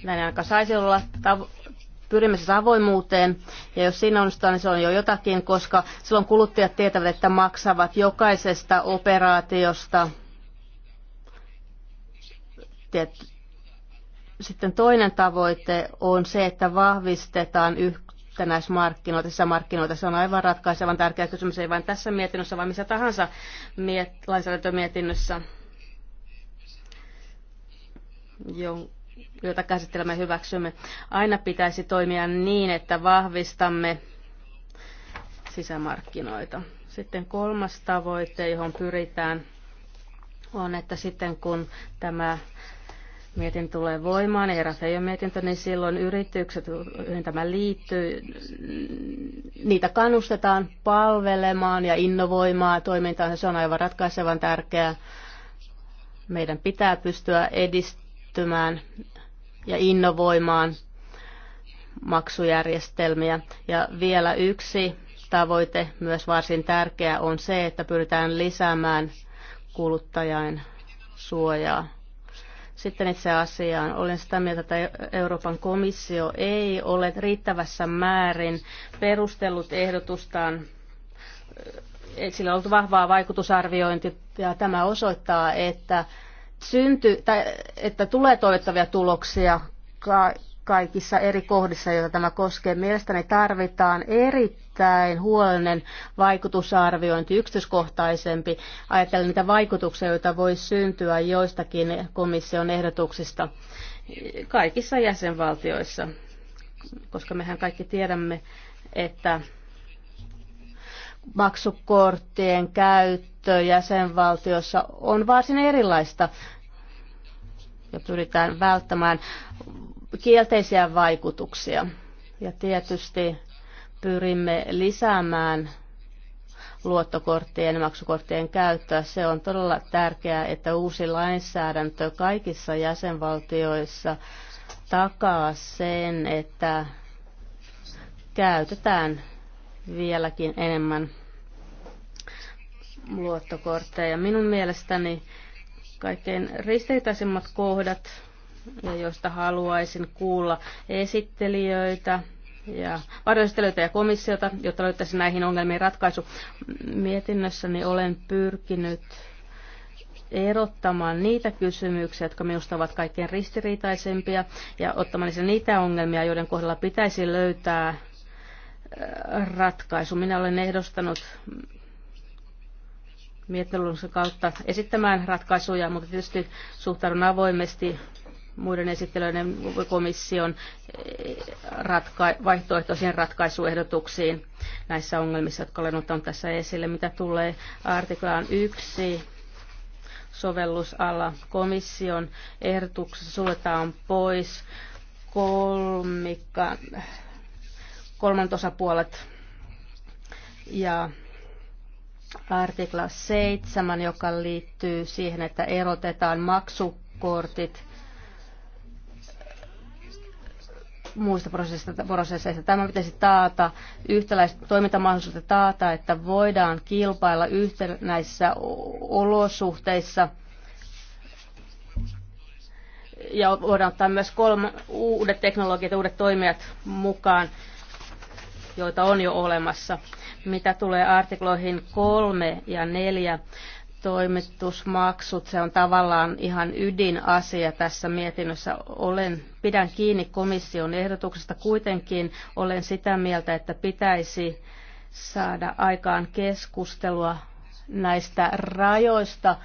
Näin aika saisi olla. Tav- pyrimme siis avoimuuteen, ja jos siinä onnistutaan, niin se on jo jotakin, koska silloin kuluttajat tietävät, että maksavat jokaisesta operaatiosta. Sitten toinen tavoite on se, että vahvistetaan yhtenäismarkkinoita, sisämarkkinoita. Se on aivan ratkaisevan tärkeä kysymys, ei vain tässä mietinnössä, vaan missä tahansa miet- lainsäädäntömietinnössä, jota käsittelemme hyväksymme. Aina pitäisi toimia niin, että vahvistamme sisämarkkinoita. Sitten kolmas tavoite, johon pyritään, on, että sitten kun tämä mietin tulee voimaan, ja ole mietintö, niin silloin yritykset, joihin tämä liittyy, niitä kannustetaan palvelemaan ja innovoimaan toimintaansa. Se on aivan ratkaisevan tärkeää. Meidän pitää pystyä edistymään ja innovoimaan maksujärjestelmiä. Ja vielä yksi tavoite, myös varsin tärkeä, on se, että pyritään lisäämään kuluttajain suojaa sitten itse asiaan olen sitä mieltä, että Euroopan komissio ei ole riittävässä määrin perustellut ehdotustaan sillä on ollut vahvaa vaikutusarviointi ja tämä osoittaa, että, synty, tai, että tulee toivottavia tuloksia kaikissa eri kohdissa, joita tämä koskee. Mielestäni tarvitaan erittäin huolellinen vaikutusarviointi, yksityiskohtaisempi. Ajatellen niitä vaikutuksia, joita voi syntyä joistakin komission ehdotuksista kaikissa jäsenvaltioissa, koska mehän kaikki tiedämme, että maksukorttien käyttö jäsenvaltiossa on varsin erilaista ja pyritään välttämään kielteisiä vaikutuksia. Ja tietysti pyrimme lisäämään luottokorttien ja maksukorttien käyttöä. Se on todella tärkeää, että uusi lainsäädäntö kaikissa jäsenvaltioissa takaa sen, että käytetään vieläkin enemmän luottokortteja. Minun mielestäni kaikkein ristiriitaisimmat kohdat ja josta haluaisin kuulla esittelijöitä ja varoistelijoita ja komissiota, jotta löytäisi näihin ongelmiin ratkaisu. Mietinnössäni olen pyrkinyt erottamaan niitä kysymyksiä, jotka minusta ovat kaikkein ristiriitaisempia, ja ottamaan niitä ongelmia, joiden kohdalla pitäisi löytää äh, ratkaisu. Minä olen ehdostanut miettelunsa kautta esittämään ratkaisuja, mutta tietysti suhtaudun avoimesti muiden esittelyiden komission eh, ratka- vaihtoehtoisiin ratkaisuehdotuksiin näissä ongelmissa, jotka olen ottanut tässä esille. Mitä tulee artiklaan 1, sovellusala komission ehdotuksessa suljetaan pois kolmikka, kolmant osapuolet ja artikla 7, joka liittyy siihen, että erotetaan maksukortit muista prosesseista. Tämä pitäisi taata yhtäläiset toimintamahdollisuudet taata, että voidaan kilpailla yhtenäisissä olosuhteissa ja voidaan ottaa myös kolme, uudet teknologiat ja uudet toimijat mukaan, joita on jo olemassa. Mitä tulee artikloihin kolme ja neljä toimitusmaksut, se on tavallaan ihan ydinasia tässä mietinnössä. Olen, pidän kiinni komission ehdotuksesta, kuitenkin olen sitä mieltä, että pitäisi saada aikaan keskustelua näistä rajoista,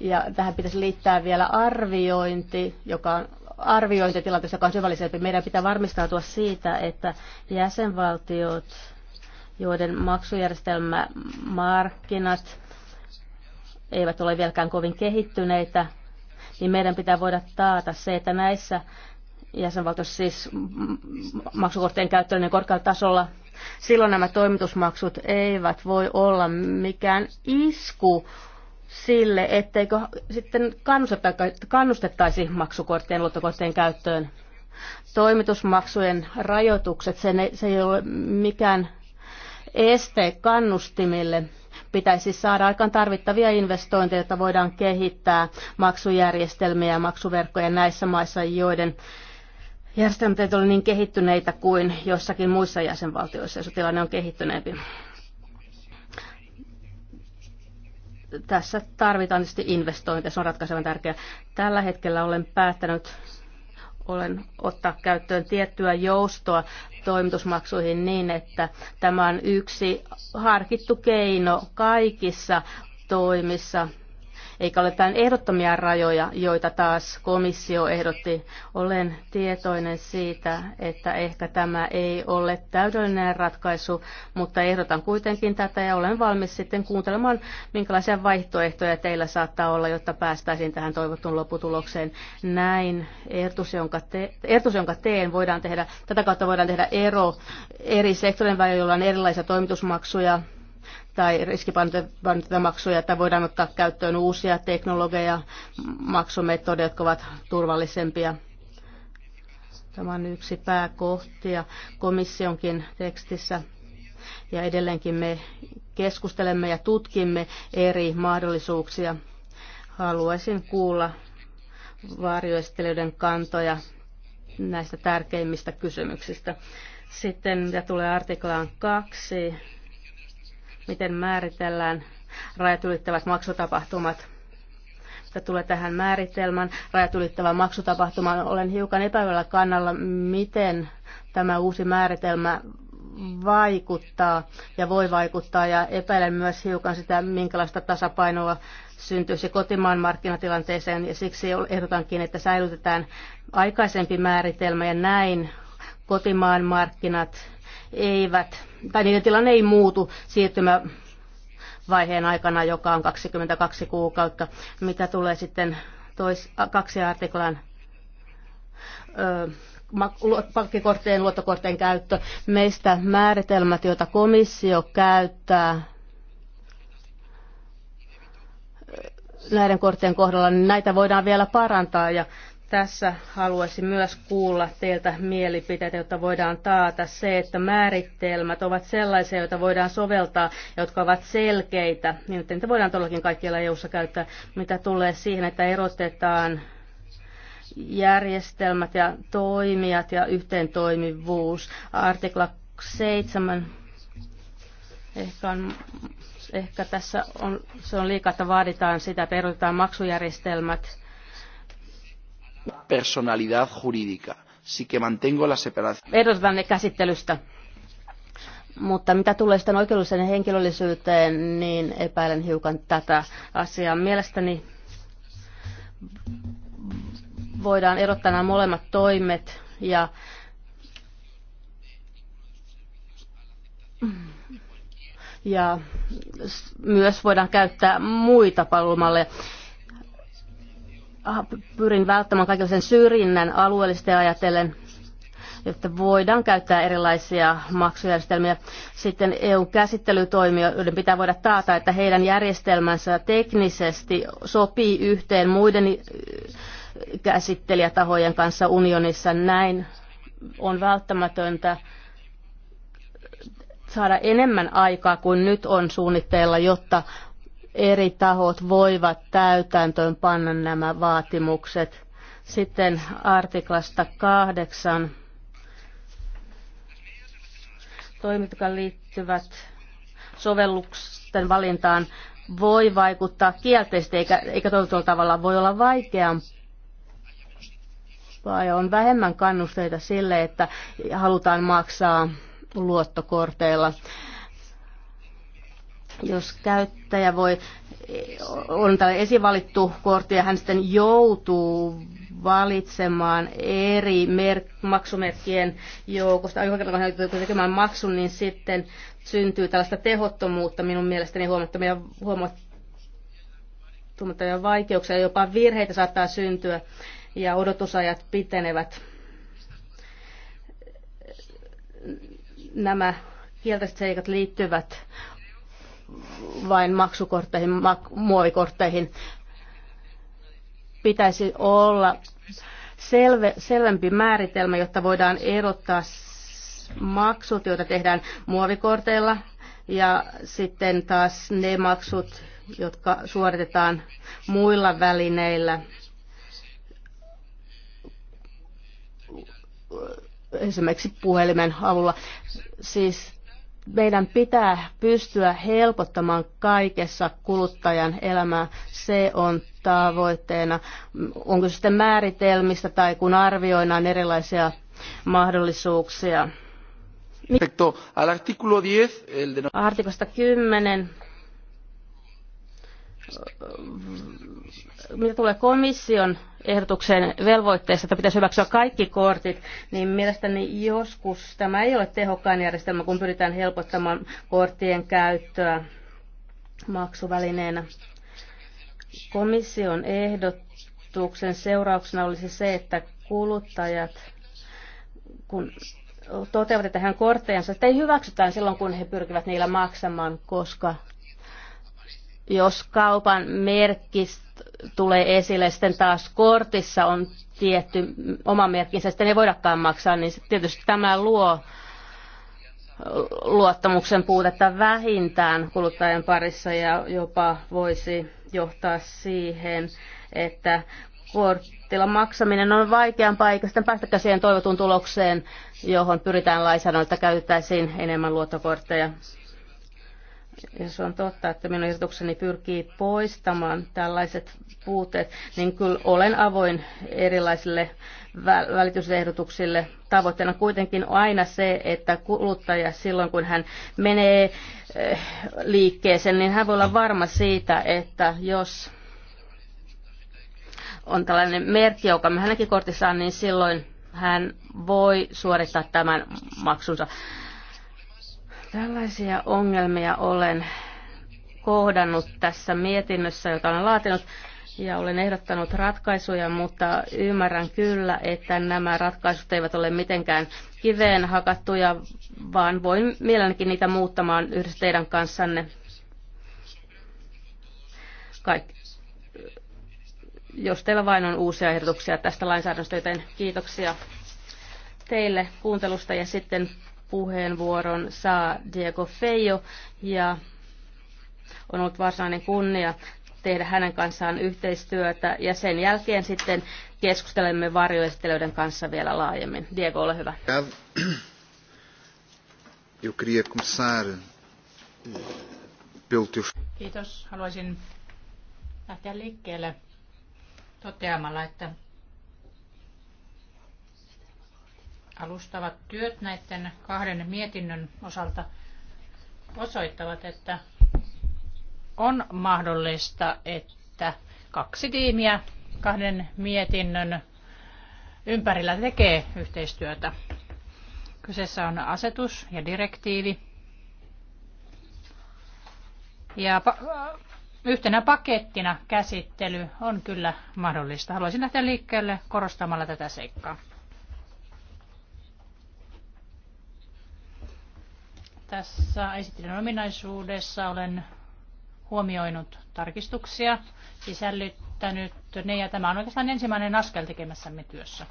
ja tähän pitäisi liittää vielä arviointi, joka on arviointitilanteessa, joka on syvällisempi. Meidän pitää varmistautua siitä, että jäsenvaltiot, joiden maksujärjestelmä, markkinat, eivät ole vieläkään kovin kehittyneitä, niin meidän pitää voida taata se, että näissä jäsenvaltioissa siis maksukorttien käyttöinen niin korkealla tasolla, silloin nämä toimitusmaksut eivät voi olla mikään isku sille, etteikö sitten kannustettaisi maksukorttien luottokorttien käyttöön. Toimitusmaksujen rajoitukset, se ei ole mikään este kannustimille pitäisi saada aikaan tarvittavia investointeja, joita voidaan kehittää maksujärjestelmiä ja maksuverkkoja näissä maissa, joiden järjestelmät eivät ole niin kehittyneitä kuin jossakin muissa jäsenvaltioissa, jossa tilanne on kehittyneempi. Tässä tarvitaan tietysti investointeja, se on ratkaisevan tärkeää. Tällä hetkellä olen päättänyt olen ottaa käyttöön tiettyä joustoa toimitusmaksuihin niin, että tämä on yksi harkittu keino kaikissa toimissa eikä ole tämän ehdottomia rajoja, joita taas komissio ehdotti. Olen tietoinen siitä, että ehkä tämä ei ole täydellinen ratkaisu, mutta ehdotan kuitenkin tätä ja olen valmis sitten kuuntelemaan, minkälaisia vaihtoehtoja teillä saattaa olla, jotta päästäisiin tähän toivottuun lopputulokseen. Näin ehdotus, jonka, te, ehdotus, jonka teen, voidaan tehdä, tätä kautta voidaan tehdä ero eri sektorin välillä, joilla on erilaisia toimitusmaksuja, tai riskipainotemaksuja, tai voidaan ottaa käyttöön uusia teknologeja, maksumetodeja, jotka ovat turvallisempia. Tämä on yksi pääkohtia komissionkin tekstissä. Ja edelleenkin me keskustelemme ja tutkimme eri mahdollisuuksia. Haluaisin kuulla varjoistelijoiden kantoja näistä tärkeimmistä kysymyksistä. Sitten mitä tulee artiklaan kaksi, miten määritellään rajat ylittävät maksutapahtumat. Mitä tulee tähän määritelmän rajat ylittävän maksutapahtumaan, olen hiukan epäilyllä kannalla, miten tämä uusi määritelmä vaikuttaa ja voi vaikuttaa ja epäilen myös hiukan sitä, minkälaista tasapainoa syntyisi kotimaan markkinatilanteeseen ja siksi ehdotankin, että säilytetään aikaisempi määritelmä ja näin kotimaan markkinat eivät, tai niiden tilanne ei muutu siirtymä vaiheen aikana, joka on 22 kuukautta, mitä tulee sitten tois, kaksi artiklan öö, pankkikorttien luottokorttien käyttö. Meistä määritelmät, joita komissio käyttää näiden korttien kohdalla, niin näitä voidaan vielä parantaa ja tässä haluaisin myös kuulla teiltä mielipiteitä, jotta voidaan taata se, että määritelmät ovat sellaisia, joita voidaan soveltaa, jotka ovat selkeitä, niin että niitä voidaan todellakin kaikkialla EU-ssa käyttää, mitä tulee siihen, että erotetaan järjestelmät ja toimijat ja yhteentoimivuus. Artikla 7 ehkä, on, ehkä tässä on, se on liikaa, että vaaditaan sitä, että erotetaan maksujärjestelmät personalidad jurídica. Sí que mantengo la separación. Ehdotan ne käsittelystä. Mutta mitä tulee sitten oikeudelliseen henkilöllisyyteen, niin epäilen hiukan tätä asiaa. Mielestäni voidaan erottaa nämä molemmat toimet ja ja myös voidaan käyttää muita palvelumalleja pyrin välttämään sen syrjinnän alueellisesti ajatellen, jotta voidaan käyttää erilaisia maksujärjestelmiä. Sitten EU-käsittelytoimijoiden pitää voida taata, että heidän järjestelmänsä teknisesti sopii yhteen muiden käsittelijätahojen kanssa unionissa. Näin on välttämätöntä saada enemmän aikaa kuin nyt on suunnitteilla, jotta eri tahot voivat täytäntöön panna nämä vaatimukset. Sitten artiklasta kahdeksan toimit, jotka liittyvät sovellusten valintaan, voi vaikuttaa kielteisesti, eikä, eikä toivottavalla tavalla voi olla vaikeampaa ja on vähemmän kannusteita sille, että halutaan maksaa luottokorteilla. Jos käyttäjä voi, on tällä esivalittu kortti ja hän sitten joutuu valitsemaan eri mer- maksumerkkien joukosta, joka kerran kun tekemään maksun, niin sitten syntyy tällaista tehottomuutta minun mielestäni huomattomia, huomattomia vaikeuksia, jopa virheitä saattaa syntyä ja odotusajat pitenevät. Nämä kieltäiset seikat liittyvät vain maksukortteihin, mak- muovikortteihin. Pitäisi olla selve, selvempi määritelmä, jotta voidaan erottaa maksut, joita tehdään muovikorteilla, ja sitten taas ne maksut, jotka suoritetaan muilla välineillä. esimerkiksi puhelimen avulla. Siis meidän pitää pystyä helpottamaan kaikessa kuluttajan elämää. Se on tavoitteena. Onko se sitten määritelmistä tai kun arvioidaan erilaisia mahdollisuuksia. Artikosta 10 mitä tulee komission ehdotukseen velvoitteesta, että pitäisi hyväksyä kaikki kortit, niin mielestäni joskus tämä ei ole tehokkain järjestelmä, kun pyritään helpottamaan korttien käyttöä maksuvälineenä. Komission ehdotuksen seurauksena olisi se, että kuluttajat, kun toteutetaan korttejansa, että ei hyväksytään silloin, kun he pyrkivät niillä maksamaan, koska jos kaupan merkki tulee esille, sitten taas kortissa on tietty oma merkkinsä, sitten ei voidakaan maksaa, niin tietysti tämä luo luottamuksen puutetta vähintään kuluttajan parissa ja jopa voisi johtaa siihen, että kortilla maksaminen on vaikeampaa, eikä sitten päästäkään siihen toivotun tulokseen, johon pyritään lainsäädännöltä käytettäisiin enemmän luottokortteja ja se on totta, että minun ehdotukseni pyrkii poistamaan tällaiset puutteet, niin kyllä olen avoin erilaisille välitysehdotuksille. Tavoitteena kuitenkin on aina se, että kuluttaja silloin, kun hän menee eh, liikkeeseen, niin hän voi olla varma siitä, että jos on tällainen merkki, joka hänenkin kortissaan, niin silloin hän voi suorittaa tämän maksunsa Tällaisia ongelmia olen kohdannut tässä mietinnössä, jota olen laatinut, ja olen ehdottanut ratkaisuja, mutta ymmärrän kyllä, että nämä ratkaisut eivät ole mitenkään kiveen hakattuja, vaan voin mielelläni niitä muuttamaan yhdessä teidän kanssanne. Kaik- Jos teillä vain on uusia ehdotuksia tästä lainsäädännöstä, joten kiitoksia teille kuuntelusta ja sitten puheenvuoron saa Diego Feijo ja on ollut varsinainen kunnia tehdä hänen kanssaan yhteistyötä ja sen jälkeen sitten keskustelemme varjoesittelyiden kanssa vielä laajemmin. Diego, ole hyvä. Eh, Kiitos. Haluaisin lähteä liikkeelle toteamalla, että Alustavat työt näiden kahden mietinnön osalta osoittavat, että on mahdollista, että kaksi tiimiä kahden mietinnön ympärillä tekee yhteistyötä. Kyseessä on asetus ja direktiivi. Ja pa- yhtenä pakettina käsittely on kyllä mahdollista. Haluaisin lähteä liikkeelle korostamalla tätä seikkaa. Tässä esittelyn ominaisuudessa olen huomioinut tarkistuksia, sisällyttänyt ne ja tämä on oikeastaan ensimmäinen askel tekemässämme työssä.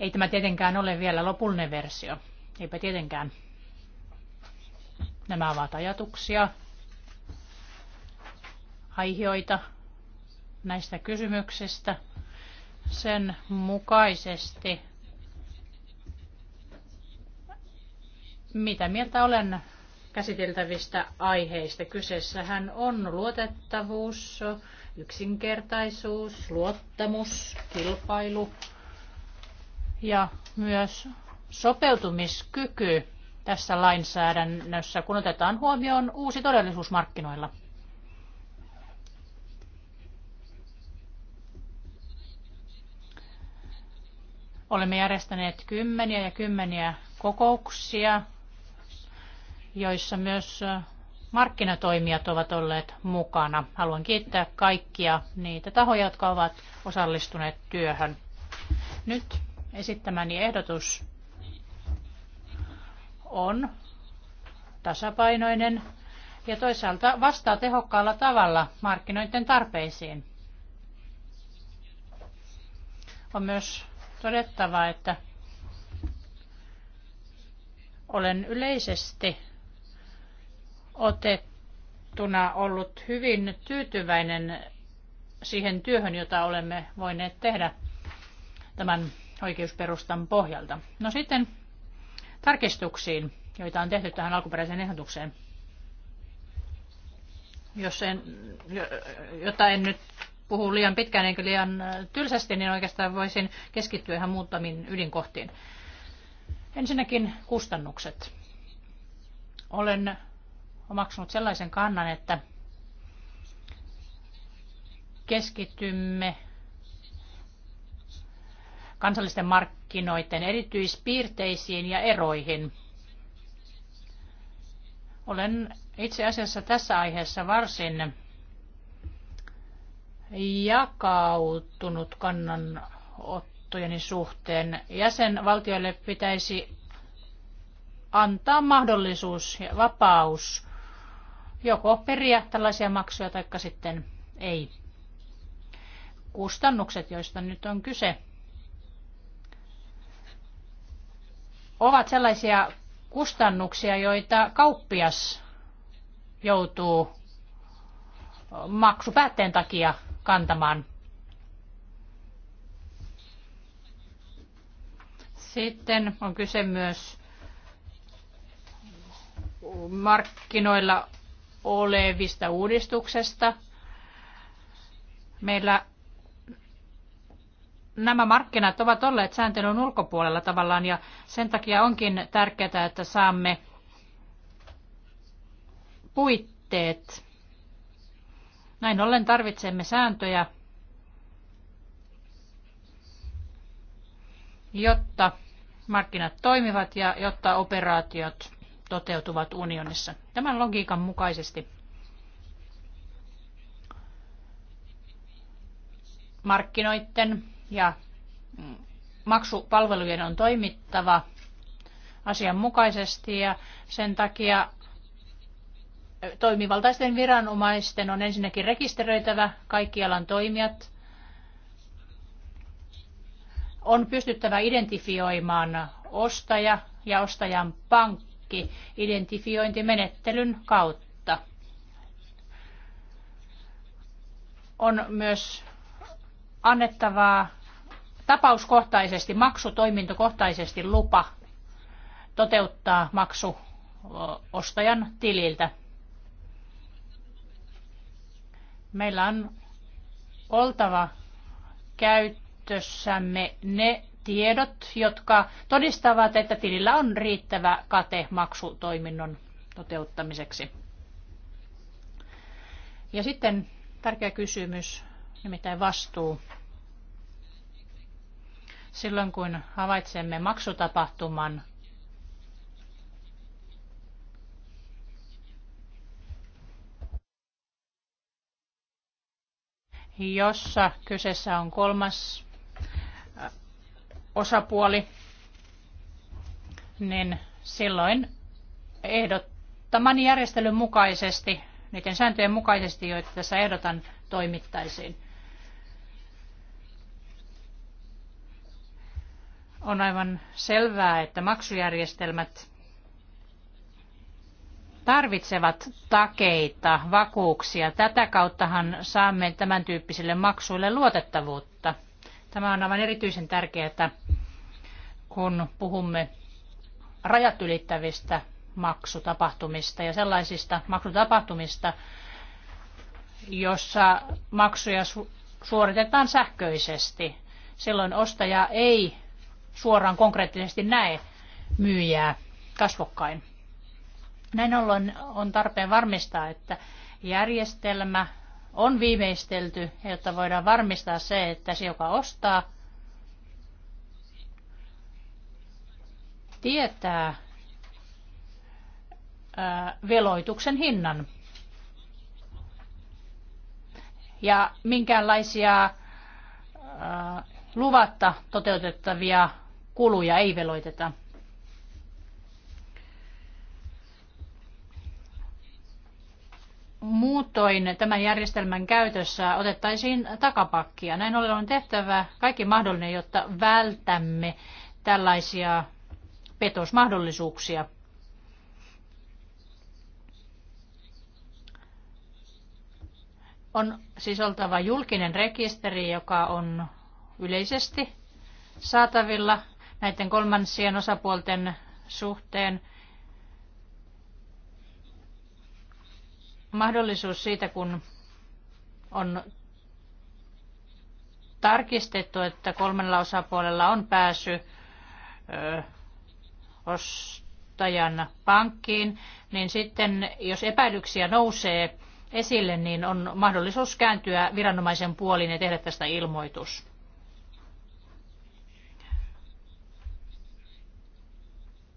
Ei tämä tietenkään ole vielä lopullinen versio. Eipä tietenkään. Nämä ovat ajatuksia, aiheita näistä kysymyksistä. Sen mukaisesti Mitä mieltä olen käsiteltävistä aiheista? Kyseessähän on luotettavuus, yksinkertaisuus, luottamus, kilpailu ja myös sopeutumiskyky tässä lainsäädännössä, kun otetaan huomioon uusi todellisuus markkinoilla. Olemme järjestäneet kymmeniä ja kymmeniä kokouksia joissa myös markkinatoimijat ovat olleet mukana. Haluan kiittää kaikkia niitä tahoja, jotka ovat osallistuneet työhön. Nyt esittämäni ehdotus on tasapainoinen ja toisaalta vastaa tehokkaalla tavalla markkinoiden tarpeisiin. On myös todettava, että olen yleisesti otettuna ollut hyvin tyytyväinen siihen työhön, jota olemme voineet tehdä tämän oikeusperustan pohjalta. No sitten tarkistuksiin, joita on tehty tähän alkuperäiseen ehdotukseen. Jos en, jota en nyt puhu liian pitkään eikä liian tylsästi, niin oikeastaan voisin keskittyä ihan muutamiin ydinkohtiin. Ensinnäkin kustannukset. Olen omaksunut sellaisen kannan, että keskitymme kansallisten markkinoiden erityispiirteisiin ja eroihin. Olen itse asiassa tässä aiheessa varsin jakautunut kannanottojeni suhteen. Jäsenvaltioille pitäisi antaa mahdollisuus ja vapaus joko periä tällaisia maksuja tai sitten ei. Kustannukset, joista nyt on kyse, ovat sellaisia kustannuksia, joita kauppias joutuu maksupäätteen takia kantamaan. Sitten on kyse myös markkinoilla olevista uudistuksesta. Meillä nämä markkinat ovat olleet sääntelyn ulkopuolella tavallaan ja sen takia onkin tärkeää, että saamme puitteet. Näin ollen tarvitsemme sääntöjä, jotta markkinat toimivat ja jotta operaatiot toteutuvat unionissa. Tämän logiikan mukaisesti markkinoiden ja maksupalvelujen on toimittava asianmukaisesti ja sen takia toimivaltaisten viranomaisten on ensinnäkin rekisteröitävä kaikki alan toimijat, on pystyttävä identifioimaan ostaja ja ostajan pankki kaikki identifiointimenettelyn kautta. On myös annettavaa tapauskohtaisesti, maksutoimintokohtaisesti lupa toteuttaa maksu ostajan tililtä. Meillä on oltava käyttössämme ne tiedot, jotka todistavat, että tilillä on riittävä kate maksutoiminnon toteuttamiseksi. Ja sitten tärkeä kysymys, nimittäin vastuu. Silloin kun havaitsemme maksutapahtuman, jossa kyseessä on kolmas osapuoli, niin silloin ehdottoman järjestelyn mukaisesti, niiden sääntöjen mukaisesti, joita tässä ehdotan, toimittaisiin. On aivan selvää, että maksujärjestelmät tarvitsevat takeita, vakuuksia. Tätä kauttahan saamme tämän tyyppisille maksuille luotettavuutta – Tämä on aivan erityisen tärkeää, kun puhumme rajat ylittävistä maksutapahtumista ja sellaisista maksutapahtumista, jossa maksuja suoritetaan sähköisesti. Silloin ostaja ei suoraan konkreettisesti näe myyjää kasvokkain. Näin ollen on tarpeen varmistaa, että järjestelmä on viimeistelty, jotta voidaan varmistaa se, että se, joka ostaa, tietää veloituksen hinnan. Ja minkäänlaisia luvatta toteutettavia kuluja ei veloiteta. Muutoin tämän järjestelmän käytössä otettaisiin takapakkia. Näin ollen on tehtävä kaikki mahdollinen, jotta vältämme tällaisia petosmahdollisuuksia. On siis oltava julkinen rekisteri, joka on yleisesti saatavilla näiden kolmansien osapuolten suhteen. mahdollisuus siitä, kun on tarkistettu, että kolmella osapuolella on pääsy ostajan pankkiin, niin sitten jos epäilyksiä nousee esille, niin on mahdollisuus kääntyä viranomaisen puoliin ja tehdä tästä ilmoitus.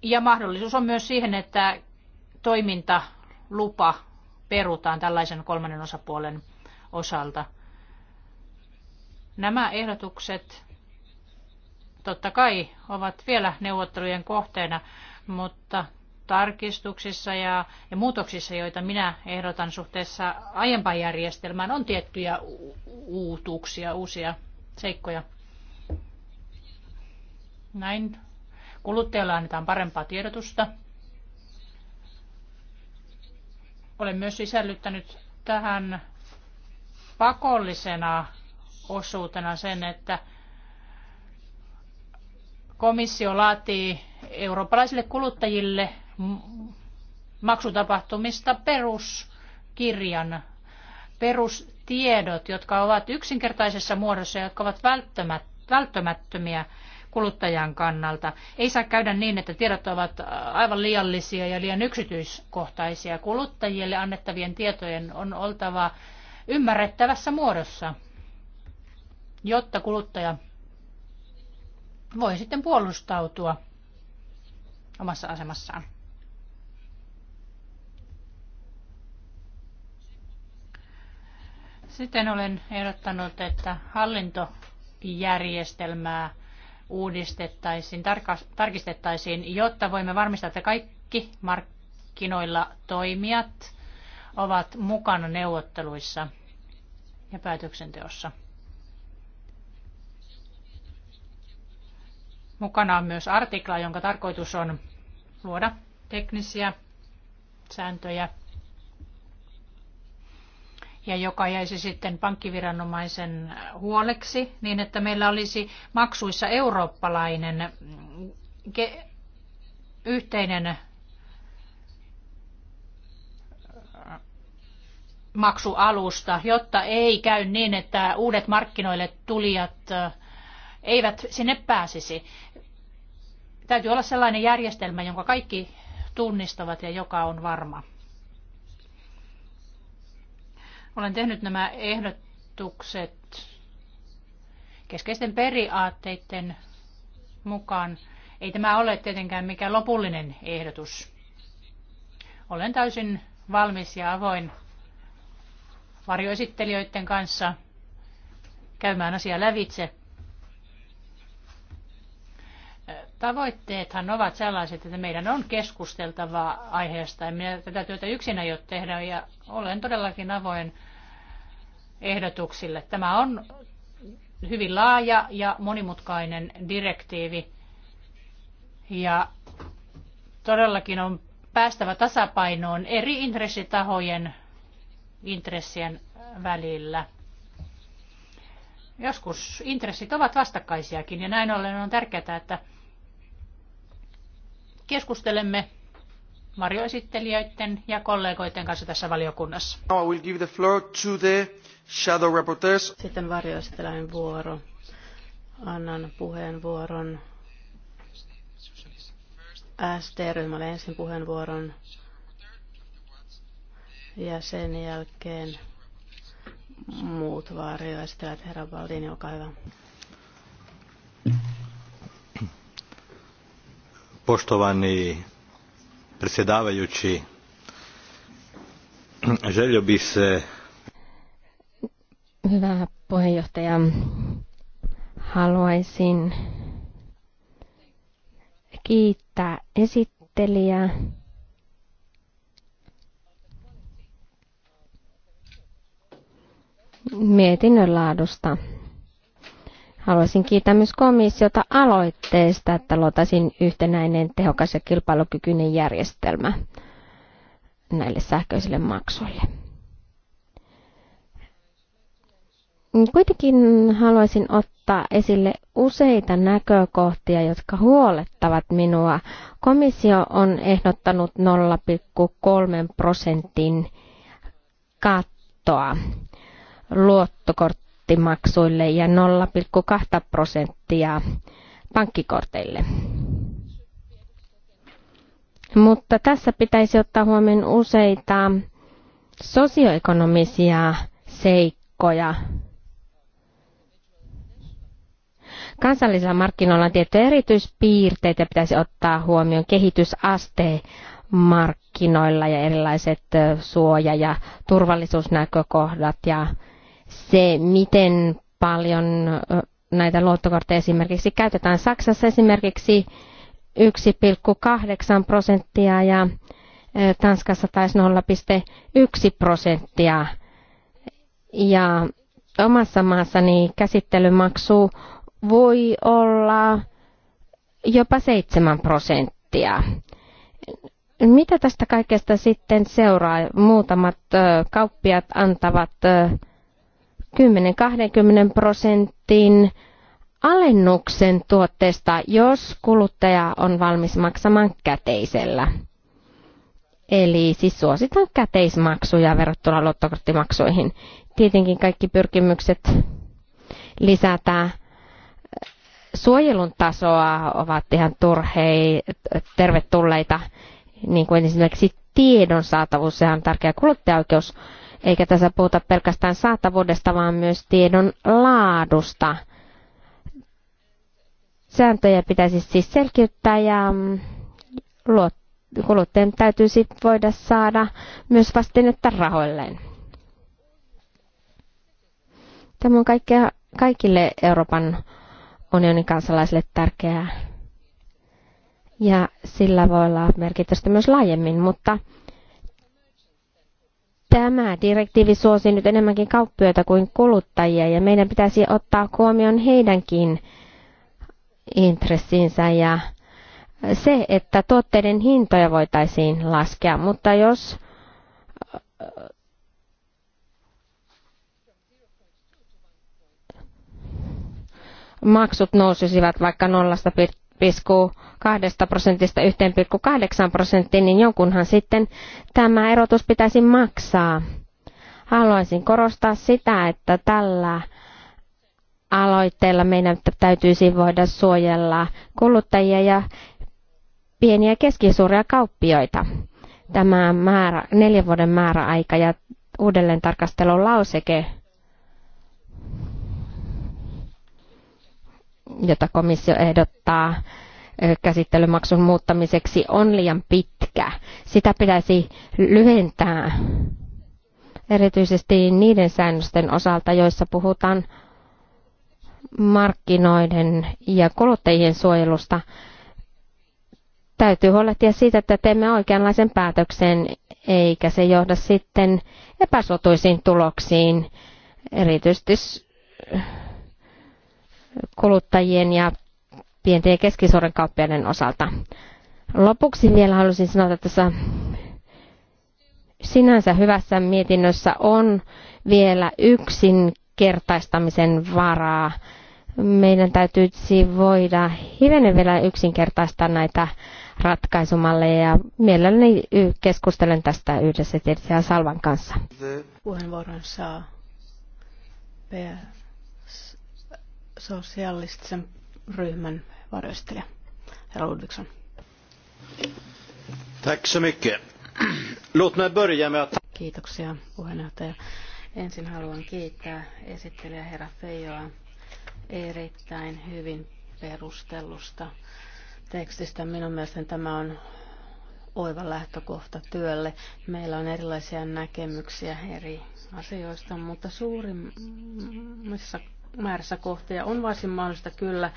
Ja mahdollisuus on myös siihen, että toimintalupa perutaan tällaisen kolmannen osapuolen osalta. Nämä ehdotukset totta kai ovat vielä neuvottelujen kohteena, mutta tarkistuksissa ja, ja muutoksissa, joita minä ehdotan suhteessa aiempaan järjestelmään, on tiettyjä uutuuksia, uusia seikkoja. Näin kuluttajalle annetaan parempaa tiedotusta – Olen myös sisällyttänyt tähän pakollisena osuutena sen, että komissio laatii eurooppalaisille kuluttajille maksutapahtumista peruskirjan, perustiedot, jotka ovat yksinkertaisessa muodossa ja jotka ovat välttämättömiä kuluttajan kannalta. Ei saa käydä niin, että tiedot ovat äh, aivan liiallisia ja liian yksityiskohtaisia. Kuluttajille annettavien tietojen on oltava ymmärrettävässä muodossa, jotta kuluttaja voi sitten puolustautua omassa asemassaan. Sitten olen ehdottanut, että hallintojärjestelmää uudistettaisiin, tarkistettaisiin, jotta voimme varmistaa, että kaikki markkinoilla toimijat ovat mukana neuvotteluissa ja päätöksenteossa. Mukana on myös artikla, jonka tarkoitus on luoda teknisiä sääntöjä ja joka jäisi sitten pankkiviranomaisen huoleksi, niin että meillä olisi maksuissa eurooppalainen mm, yhteinen äh, maksualusta, jotta ei käy niin, että uudet markkinoille tulijat äh, eivät sinne pääsisi. Täytyy olla sellainen järjestelmä, jonka kaikki tunnistavat ja joka on varma. Olen tehnyt nämä ehdotukset keskeisten periaatteiden mukaan. Ei tämä ole tietenkään mikään lopullinen ehdotus. Olen täysin valmis ja avoin varjoesittelijöiden kanssa käymään asiaa lävitse Tavoitteethan ovat sellaiset, että meidän on keskusteltava aiheesta. En minä tätä työtä yksin ole tehdä ja olen todellakin avoin ehdotuksille. Tämä on hyvin laaja ja monimutkainen direktiivi ja todellakin on päästävä tasapainoon eri intressitahojen intressien välillä. Joskus intressit ovat vastakkaisiakin ja näin ollen on tärkeää, että keskustelemme varjoesittelijöiden ja kollegoiden kanssa tässä valiokunnassa. give the floor to the shadow Sitten varjoesittelijän vuoro. Annan puheenvuoron ST-ryhmälle ensin puheenvuoron ja sen jälkeen muut varjoesittelijät. Herra Baldini, olkaa hyvä. poštovani predsjedavajući želio bih se Hyvä puheenjohtaja, haluaisin kiittää esittelijää mietinnön laadusta. Haluaisin kiittää myös komissiota aloitteesta, että luotaisiin yhtenäinen, tehokas ja kilpailukykyinen järjestelmä näille sähköisille maksuille. Kuitenkin haluaisin ottaa esille useita näkökohtia, jotka huolettavat minua. Komissio on ehdottanut 0,3 prosentin kattoa luottokortti korttimaksuille ja 0,2 prosenttia pankkikorteille. Mutta tässä pitäisi ottaa huomioon useita sosioekonomisia seikkoja. Kansallisilla markkinoilla on tiettyjä erityispiirteitä ja pitäisi ottaa huomioon kehitysaste markkinoilla ja erilaiset suoja- ja turvallisuusnäkökohdat ja se, miten paljon näitä luottokortteja esimerkiksi käytetään. Saksassa esimerkiksi 1,8 prosenttia ja Tanskassa taisi 0,1 prosenttia. Ja omassa maassani käsittelymaksu voi olla jopa 7 prosenttia. Mitä tästä kaikesta sitten seuraa? Muutamat kauppiat antavat 10-20 prosentin alennuksen tuotteesta, jos kuluttaja on valmis maksamaan käteisellä. Eli siis suositaan käteismaksuja verrattuna luottokorttimaksuihin. Tietenkin kaikki pyrkimykset lisätä äh, suojelun tasoa ovat ihan turhei, tervetulleita, niin kuin esimerkiksi tiedon saatavuus, sehän on tärkeä kuluttajaoikeus eikä tässä puhuta pelkästään saatavuudesta, vaan myös tiedon laadusta. Sääntöjä pitäisi siis selkiyttää ja mm, kuluttajan täytyy voida saada myös vastinetta rahoilleen. Tämä on kaikkea, kaikille Euroopan unionin kansalaisille tärkeää. Ja sillä voi olla merkitystä myös laajemmin, mutta Tämä direktiivi suosi nyt enemmänkin kauppioita kuin kuluttajia ja meidän pitäisi ottaa huomioon heidänkin intressinsä ja se, että tuotteiden hintoja voitaisiin laskea, mutta jos maksut nousisivat vaikka kahdesta prosentista 1,8 prosenttiin, niin jonkunhan sitten tämä erotus pitäisi maksaa. Haluaisin korostaa sitä, että tällä aloitteella meidän täytyisi voida suojella kuluttajia ja pieniä ja keskisuuria kauppioita. Tämä määrä, neljän vuoden määräaika ja uudelleen tarkastelun lauseke jota komissio ehdottaa käsittelymaksun muuttamiseksi, on liian pitkä. Sitä pitäisi lyhentää erityisesti niiden säännösten osalta, joissa puhutaan markkinoiden ja kuluttajien suojelusta. Täytyy huolehtia siitä, että teemme oikeanlaisen päätöksen, eikä se johda sitten epäsuotuisiin tuloksiin, erityisesti kuluttajien ja pienten ja keskisuuren kauppiaiden osalta. Lopuksi vielä haluaisin sanoa, että tässä sinänsä hyvässä mietinnössä on vielä yksinkertaistamisen varaa. Meidän täytyy voida hivenen vielä yksinkertaistaa näitä ratkaisumalleja ja mielelläni keskustelen tästä yhdessä tietysti Salvan kanssa. Puheenvuoron saa sosiaalisten ryhmän varjostelija, herra Ludvigsson. Tack så mycket. Låt mig börja med att... Kiitoksia puheenjohtaja. Ensin haluan kiittää esittelijä herra Feijoa erittäin hyvin perustellusta tekstistä. Minun mielestäni tämä on oiva lähtökohta työlle. Meillä on erilaisia näkemyksiä eri asioista, mutta suurimmissa määrässä kohtia on varsin mahdollista kyllä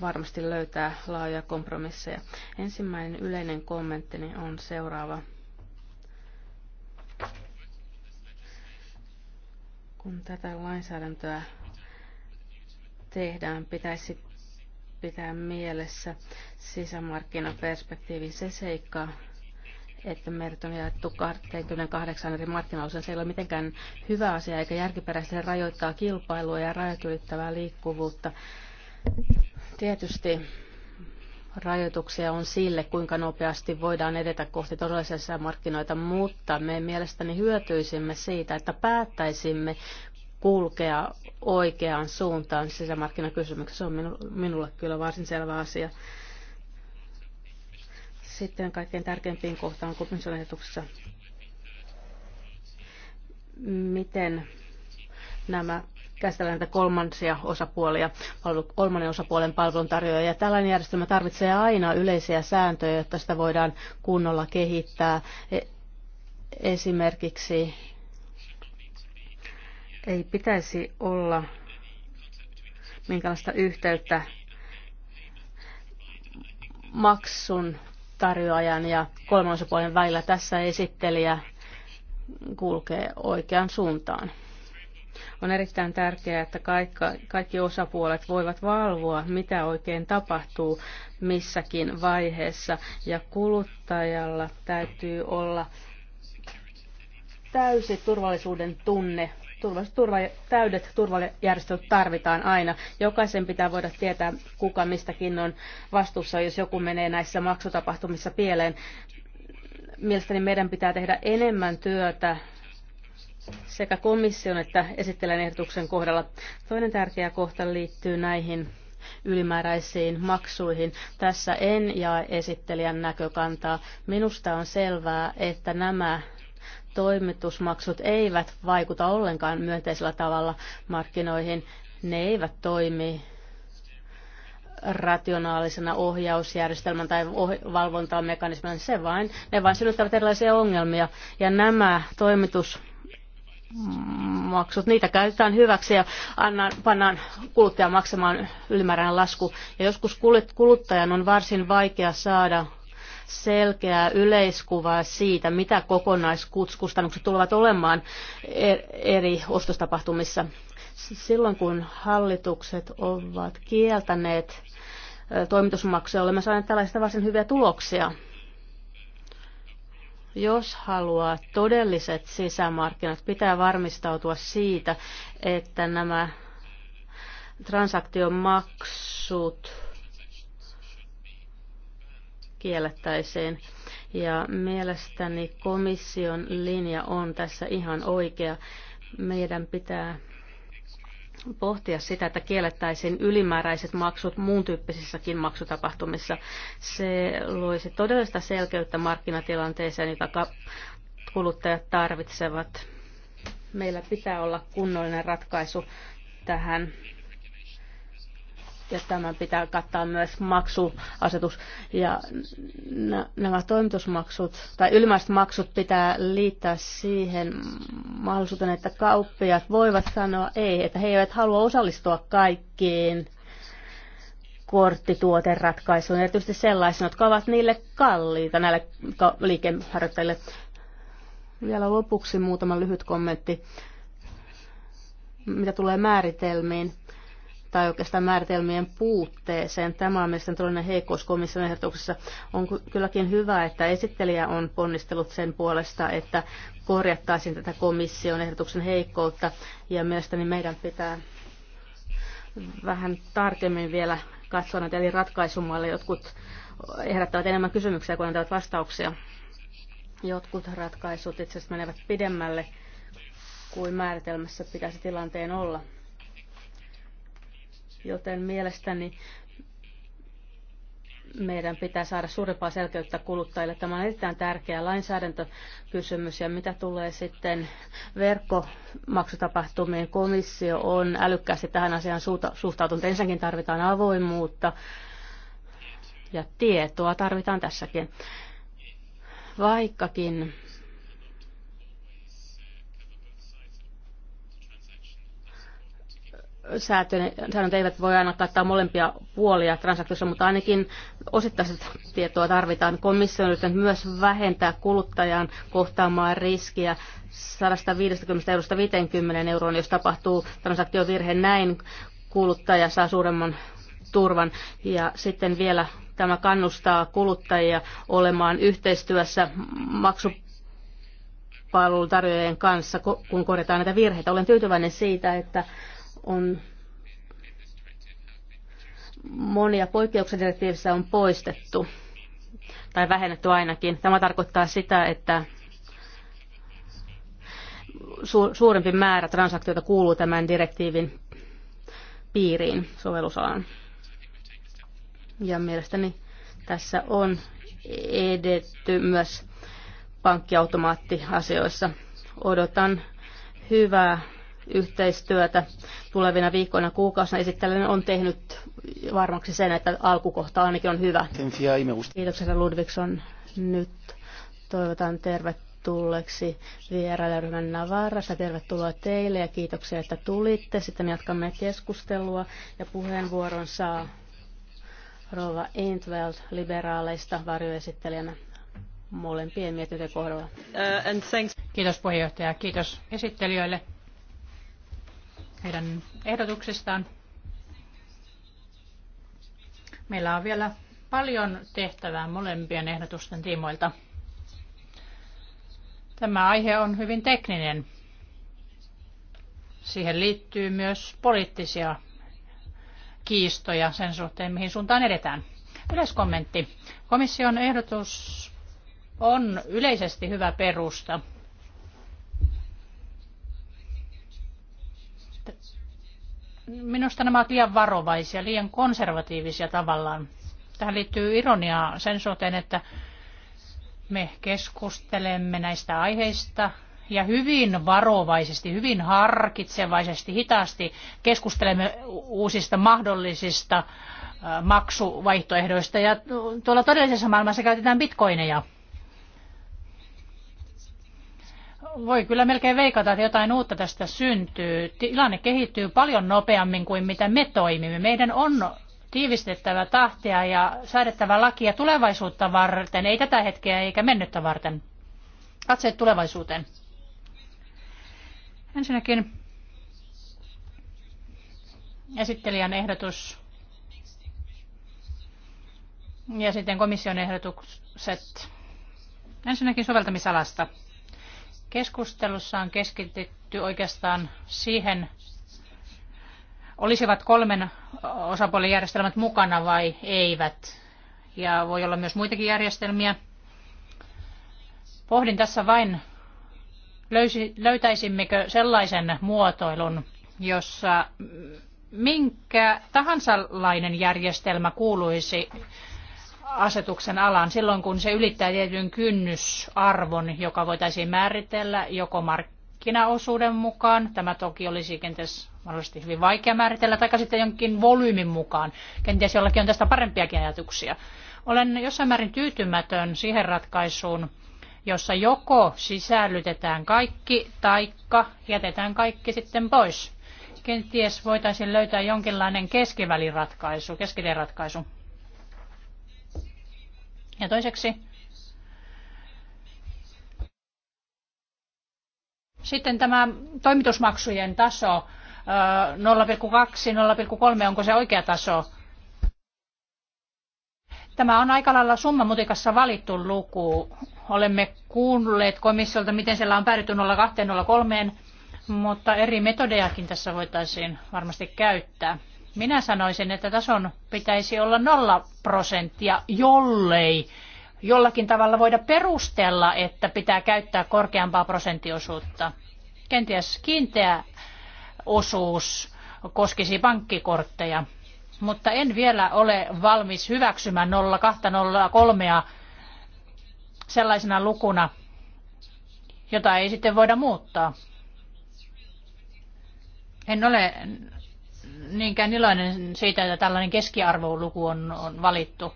varmasti löytää laajoja kompromisseja. Ensimmäinen yleinen kommenttini on seuraava. Kun tätä lainsäädäntöä tehdään, pitäisi pitää mielessä sisämarkkinaperspektiivi se seikka, että meidät on jaettu 28 eri markkinaosaan. Se ei ole mitenkään hyvä asia eikä järkiperäisesti rajoittaa kilpailua ja rajat ylittävää liikkuvuutta. Tietysti rajoituksia on sille, kuinka nopeasti voidaan edetä kohti todellisia markkinoita, mutta me mielestäni hyötyisimme siitä, että päättäisimme kulkea oikeaan suuntaan sisämarkkinakysymyksessä. Se on minulle kyllä varsin selvä asia. Sitten kaikkein tärkeimpiin kohtaan komission ehdotuksessa. Miten nämä käsitellään näitä kolmansia osapuolia, kolmannen osapuolen palveluntarjoajia. Tällainen järjestelmä tarvitsee aina yleisiä sääntöjä, jotta sitä voidaan kunnolla kehittää. E-, esimerkiksi ei pitäisi olla minkälaista yhteyttä maksun tarjoajan ja kolmansopuolen välillä tässä esittelijä kulkee oikeaan suuntaan. On erittäin tärkeää, että kaikki osapuolet voivat valvoa, mitä oikein tapahtuu missäkin vaiheessa. Ja kuluttajalla täytyy olla täysi turvallisuuden tunne turva, turva, täydet turvajärjestelyt tarvitaan aina. Jokaisen pitää voida tietää, kuka mistäkin on vastuussa, jos joku menee näissä maksutapahtumissa pieleen. Mielestäni meidän pitää tehdä enemmän työtä sekä komission että esittelen ehdotuksen kohdalla. Toinen tärkeä kohta liittyy näihin ylimääräisiin maksuihin. Tässä en jaa esittelijän näkökantaa. Minusta on selvää, että nämä toimitusmaksut eivät vaikuta ollenkaan myönteisellä tavalla markkinoihin. Ne eivät toimi rationaalisena ohjausjärjestelmän tai oh- valvontamekanismina. Se vain, ne vain synnyttävät erilaisia ongelmia. Ja nämä toimitus maksut, niitä käytetään hyväksi ja annan, pannaan kuluttaja maksamaan ylimääräinen lasku. Ja joskus kuluttajan on varsin vaikea saada selkeää yleiskuvaa siitä, mitä kokonaiskustannukset tulevat olemaan er-, eri ostostapahtumissa. Silloin kun hallitukset ovat kieltäneet toimitusmaksuja, olemme saaneet tällaista varsin hyviä tuloksia jos haluaa todelliset sisämarkkinat, pitää varmistautua siitä, että nämä transaktiomaksut kiellettäisiin. Ja mielestäni komission linja on tässä ihan oikea. Meidän pitää pohtia sitä, että kiellettäisiin ylimääräiset maksut muun tyyppisissäkin maksutapahtumissa. Se loisi todellista selkeyttä markkinatilanteeseen, jota kuluttajat tarvitsevat. Meillä pitää olla kunnollinen ratkaisu tähän ja tämän pitää kattaa myös maksuasetus. Ja nämä toimitusmaksut tai ylimääräiset maksut pitää liittää siihen mahdollisuuteen, että kauppiat voivat sanoa ei, että he eivät halua osallistua kaikkiin korttituoteratkaisuun, erityisesti sellaisiin, jotka ovat niille kalliita näille liikeharjoittajille. Vielä lopuksi muutama lyhyt kommentti, mitä tulee määritelmiin tai oikeastaan määritelmien puutteeseen. Tämä on mielestäni tällainen heikkous komission ehdotuksessa. On kylläkin hyvä, että esittelijä on ponnistellut sen puolesta, että korjattaisiin tätä komission ehdotuksen heikkoutta. Ja mielestäni meidän pitää vähän tarkemmin vielä katsoa näitä eli ratkaisumalle. Jotkut ehdottavat enemmän kysymyksiä kuin antavat vastauksia. Jotkut ratkaisut itse asiassa menevät pidemmälle kuin määritelmässä pitäisi tilanteen olla joten mielestäni meidän pitää saada suurempaa selkeyttä kuluttajille. Tämä on erittäin tärkeä lainsäädäntökysymys ja mitä tulee sitten verkkomaksutapahtumiin, komissio on älykkäästi tähän asiaan suhtautunut. Ensinnäkin tarvitaan avoimuutta ja tietoa tarvitaan tässäkin. Vaikkakin säännöt eivät voi aina kattaa molempia puolia transaktiossa, mutta ainakin osittaista tietoa tarvitaan. Komissio on myös vähentää kuluttajan kohtaamaa riskiä 150 eurosta 50 euroon, jos tapahtuu transaktiovirhe näin, kuluttaja saa suuremman turvan. Ja sitten vielä tämä kannustaa kuluttajia olemaan yhteistyössä maksu palvelutarjoajien kanssa, kun korjataan näitä virheitä. Olen tyytyväinen siitä, että on monia poikkeuksia direktiivissä on poistettu tai vähennetty ainakin. Tämä tarkoittaa sitä, että suurempi määrä transaktioita kuuluu tämän direktiivin piiriin sovellusalaan. Ja mielestäni tässä on edetty myös pankkiautomaattiasioissa. Odotan hyvää yhteistyötä tulevina viikkoina kuukausina. Esittelen on tehnyt varmaksi sen, että alkukohta ainakin on hyvä. Kiitoksia Ludvigson. Nyt toivotan tervetulleeksi vierailijaryhmän Navarrasta. Tervetuloa teille ja kiitoksia, että tulitte. Sitten jatkamme keskustelua ja puheenvuoron saa Rova Intveld liberaaleista varjoesittelijänä molempien mietintöjen kohdalla. Uh, Kiitos puheenjohtaja, kiitos esittelijöille heidän ehdotuksistaan. Meillä on vielä paljon tehtävää molempien ehdotusten tiimoilta. Tämä aihe on hyvin tekninen. Siihen liittyy myös poliittisia kiistoja sen suhteen, mihin suuntaan edetään. Yleiskommentti. Komission ehdotus on yleisesti hyvä perusta Minusta nämä ovat liian varovaisia, liian konservatiivisia tavallaan. Tähän liittyy ironiaa sen suhteen, että me keskustelemme näistä aiheista ja hyvin varovaisesti, hyvin harkitsevaisesti, hitaasti keskustelemme uusista mahdollisista äh, maksuvaihtoehdoista. Ja tuolla todellisessa maailmassa käytetään bitcoineja. voi kyllä melkein veikata, että jotain uutta tästä syntyy. Tilanne kehittyy paljon nopeammin kuin mitä me toimimme. Meidän on tiivistettävä tahtia ja säädettävä lakia tulevaisuutta varten, ei tätä hetkeä eikä mennyttä varten. Katseet tulevaisuuteen. Ensinnäkin esittelijän ehdotus ja sitten komission ehdotukset. Ensinnäkin soveltamisalasta. Keskustelussa on keskitytty oikeastaan siihen, olisivat kolmen osapuolen järjestelmät mukana vai eivät. Ja voi olla myös muitakin järjestelmiä. Pohdin tässä vain, löysi, löytäisimmekö sellaisen muotoilun, jossa minkä tahansa järjestelmä kuuluisi asetuksen alan silloin, kun se ylittää tietyn kynnysarvon, joka voitaisiin määritellä joko markkinaosuuden mukaan. Tämä toki olisi kenties mahdollisesti hyvin vaikea määritellä, tai sitten jonkin volyymin mukaan. Kenties jollakin on tästä parempiakin ajatuksia. Olen jossain määrin tyytymätön siihen ratkaisuun, jossa joko sisällytetään kaikki, taikka jätetään kaikki sitten pois. Kenties voitaisiin löytää jonkinlainen keskiväliratkaisu, keskitien ratkaisu. Ja toiseksi sitten tämä toimitusmaksujen taso 0,2, 0,3, onko se oikea taso? Tämä on aika lailla summamutikassa valittu luku. Olemme kuulleet komissiolta, miten siellä on päädytty 0,2, 0,3, mutta eri metodejakin tässä voitaisiin varmasti käyttää. Minä sanoisin, että tason pitäisi olla nolla prosenttia, jollei jollakin tavalla voida perustella, että pitää käyttää korkeampaa prosenttiosuutta. Kenties kiinteä osuus koskisi pankkikortteja, mutta en vielä ole valmis hyväksymään 0203 sellaisena lukuna, jota ei sitten voida muuttaa. En ole niinkään iloinen siitä, että tällainen keskiarvoluku on, on valittu.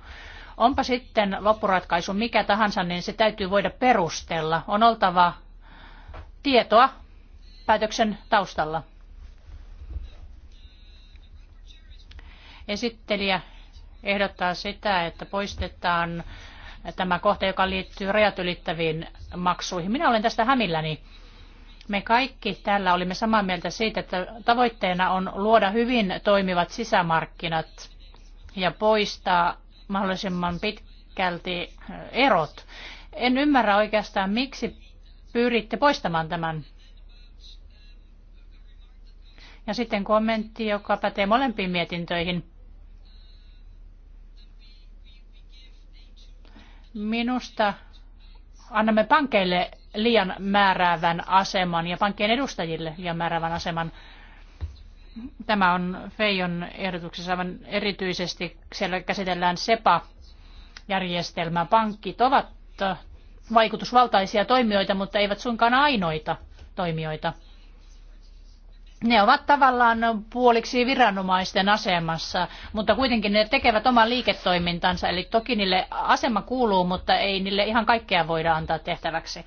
Onpa sitten loppuratkaisu mikä tahansa, niin se täytyy voida perustella. On oltava tietoa päätöksen taustalla. Esittelijä ehdottaa sitä, että poistetaan tämä kohta, joka liittyy rajat ylittäviin maksuihin. Minä olen tästä hämilläni. Me kaikki täällä olimme samaa mieltä siitä, että tavoitteena on luoda hyvin toimivat sisämarkkinat ja poistaa mahdollisimman pitkälti eh, erot. En ymmärrä oikeastaan, miksi pyritte poistamaan tämän. Ja sitten kommentti, joka pätee molempiin mietintöihin. Minusta annamme pankeille liian määräävän aseman ja pankkien edustajille liian määräävän aseman. Tämä on Feijon ehdotuksessa aivan erityisesti. Siellä käsitellään SEPA-järjestelmää. Pankit ovat vaikutusvaltaisia toimijoita, mutta eivät suinkaan ainoita toimijoita. Ne ovat tavallaan puoliksi viranomaisten asemassa, mutta kuitenkin ne tekevät oman liiketoimintansa, eli toki niille asema kuuluu, mutta ei niille ihan kaikkea voida antaa tehtäväksi.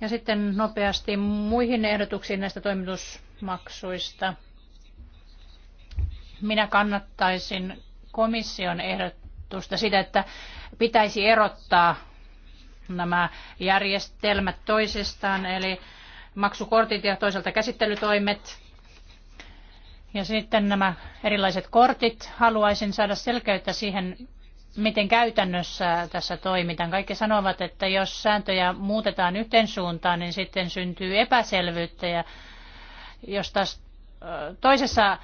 Ja sitten nopeasti muihin ehdotuksiin näistä toimitusmaksuista. Minä kannattaisin komission ehdotusta sitä, että pitäisi erottaa nämä järjestelmät toisistaan, eli maksukortit ja toisaalta käsittelytoimet. Ja sitten nämä erilaiset kortit, haluaisin saada selkeyttä siihen, miten käytännössä tässä toimitaan. Kaikki sanovat, että jos sääntöjä muutetaan yhteen suuntaan, niin sitten syntyy epäselvyyttä. Ja jos taas toisessa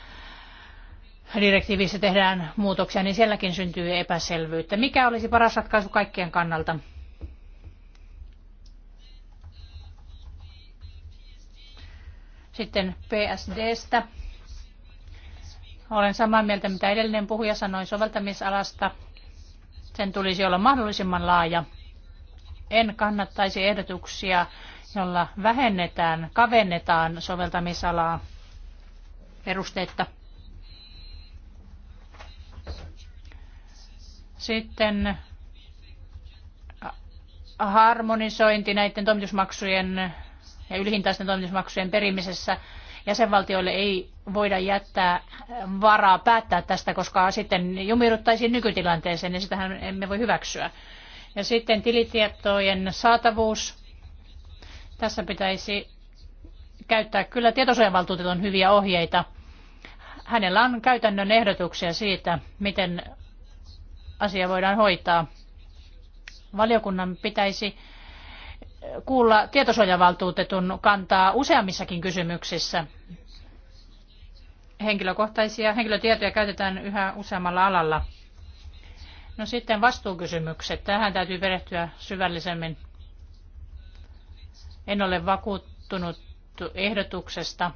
direktiivissä tehdään muutoksia, niin sielläkin syntyy epäselvyyttä. Mikä olisi paras ratkaisu kaikkien kannalta? Sitten PSDstä. Olen samaa mieltä, mitä edellinen puhuja sanoi soveltamisalasta. Sen tulisi olla mahdollisimman laaja. En kannattaisi ehdotuksia, jolla vähennetään, kavennetaan soveltamisalaa perusteetta. Sitten äh, harmonisointi näiden toimitusmaksujen ja ylihintaisten toimitusmaksujen perimisessä jäsenvaltioille ei voida jättää varaa päättää tästä, koska sitten jumiruttaisiin nykytilanteeseen ja niin sitähän emme voi hyväksyä. Ja sitten tilitietojen saatavuus. Tässä pitäisi käyttää kyllä tietosuojavaltuutetun hyviä ohjeita. Hänellä on käytännön ehdotuksia siitä, miten asia voidaan hoitaa. Valiokunnan pitäisi kuulla tietosuojavaltuutetun kantaa useammissakin kysymyksissä. Henkilökohtaisia henkilötietoja käytetään yhä useammalla alalla. No sitten vastuukysymykset. Tähän täytyy perehtyä syvällisemmin. En ole vakuuttunut ehdotuksesta,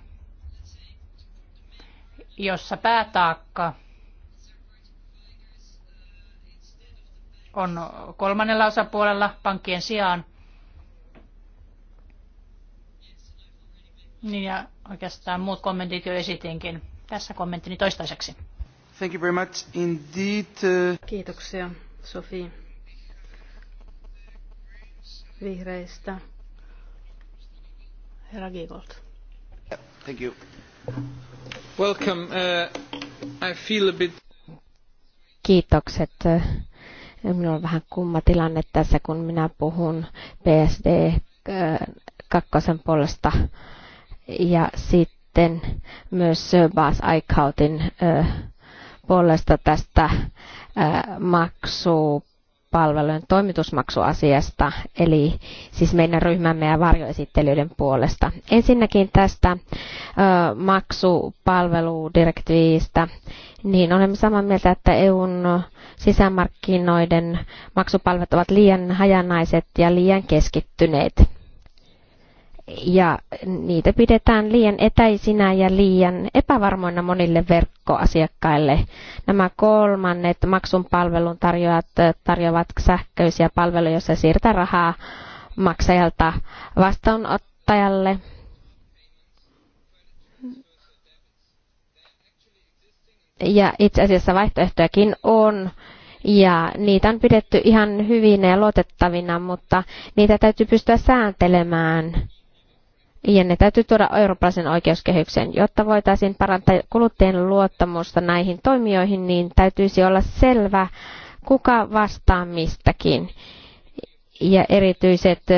jossa päätaakka on kolmannella osapuolella pankkien sijaan. Niin ja oikeastaan muut kommentit jo esitinkin. Tässä kommenttini toistaiseksi. Thank you very much indeed. Uh, Kiitoksia, Sofi. Vihreistä. Herra Giegold. thank you. Welcome. Uh, I feel a bit... Kiitokset. Minulla on vähän kumma tilanne tässä, kun minä puhun PSD uh, kakkosen puolesta. Uh, ja sitten myös Bas Aikautin puolesta tästä maksu palvelujen toimitusmaksuasiasta, eli siis meidän ryhmämme ja varjoesittelyiden puolesta. Ensinnäkin tästä ö, maksupalveludirektiivistä, niin olemme samaa mieltä, että EUn sisämarkkinoiden maksupalvelut ovat liian hajanaiset ja liian keskittyneet ja niitä pidetään liian etäisinä ja liian epävarmoina monille verkkoasiakkaille. Nämä kolmannet maksun palvelun tarjoajat tarjoavat sähköisiä palveluja, joissa siirtää rahaa maksajalta vastaanottajalle. Ja itse asiassa vaihtoehtojakin on, ja niitä on pidetty ihan hyvinä ja luotettavina, mutta niitä täytyy pystyä sääntelemään ja ne täytyy tuoda eurooppalaisen oikeuskehykseen. Jotta voitaisiin parantaa kuluttajien luottamusta näihin toimijoihin, niin täytyisi olla selvä, kuka vastaa mistäkin. Ja erityiset ö,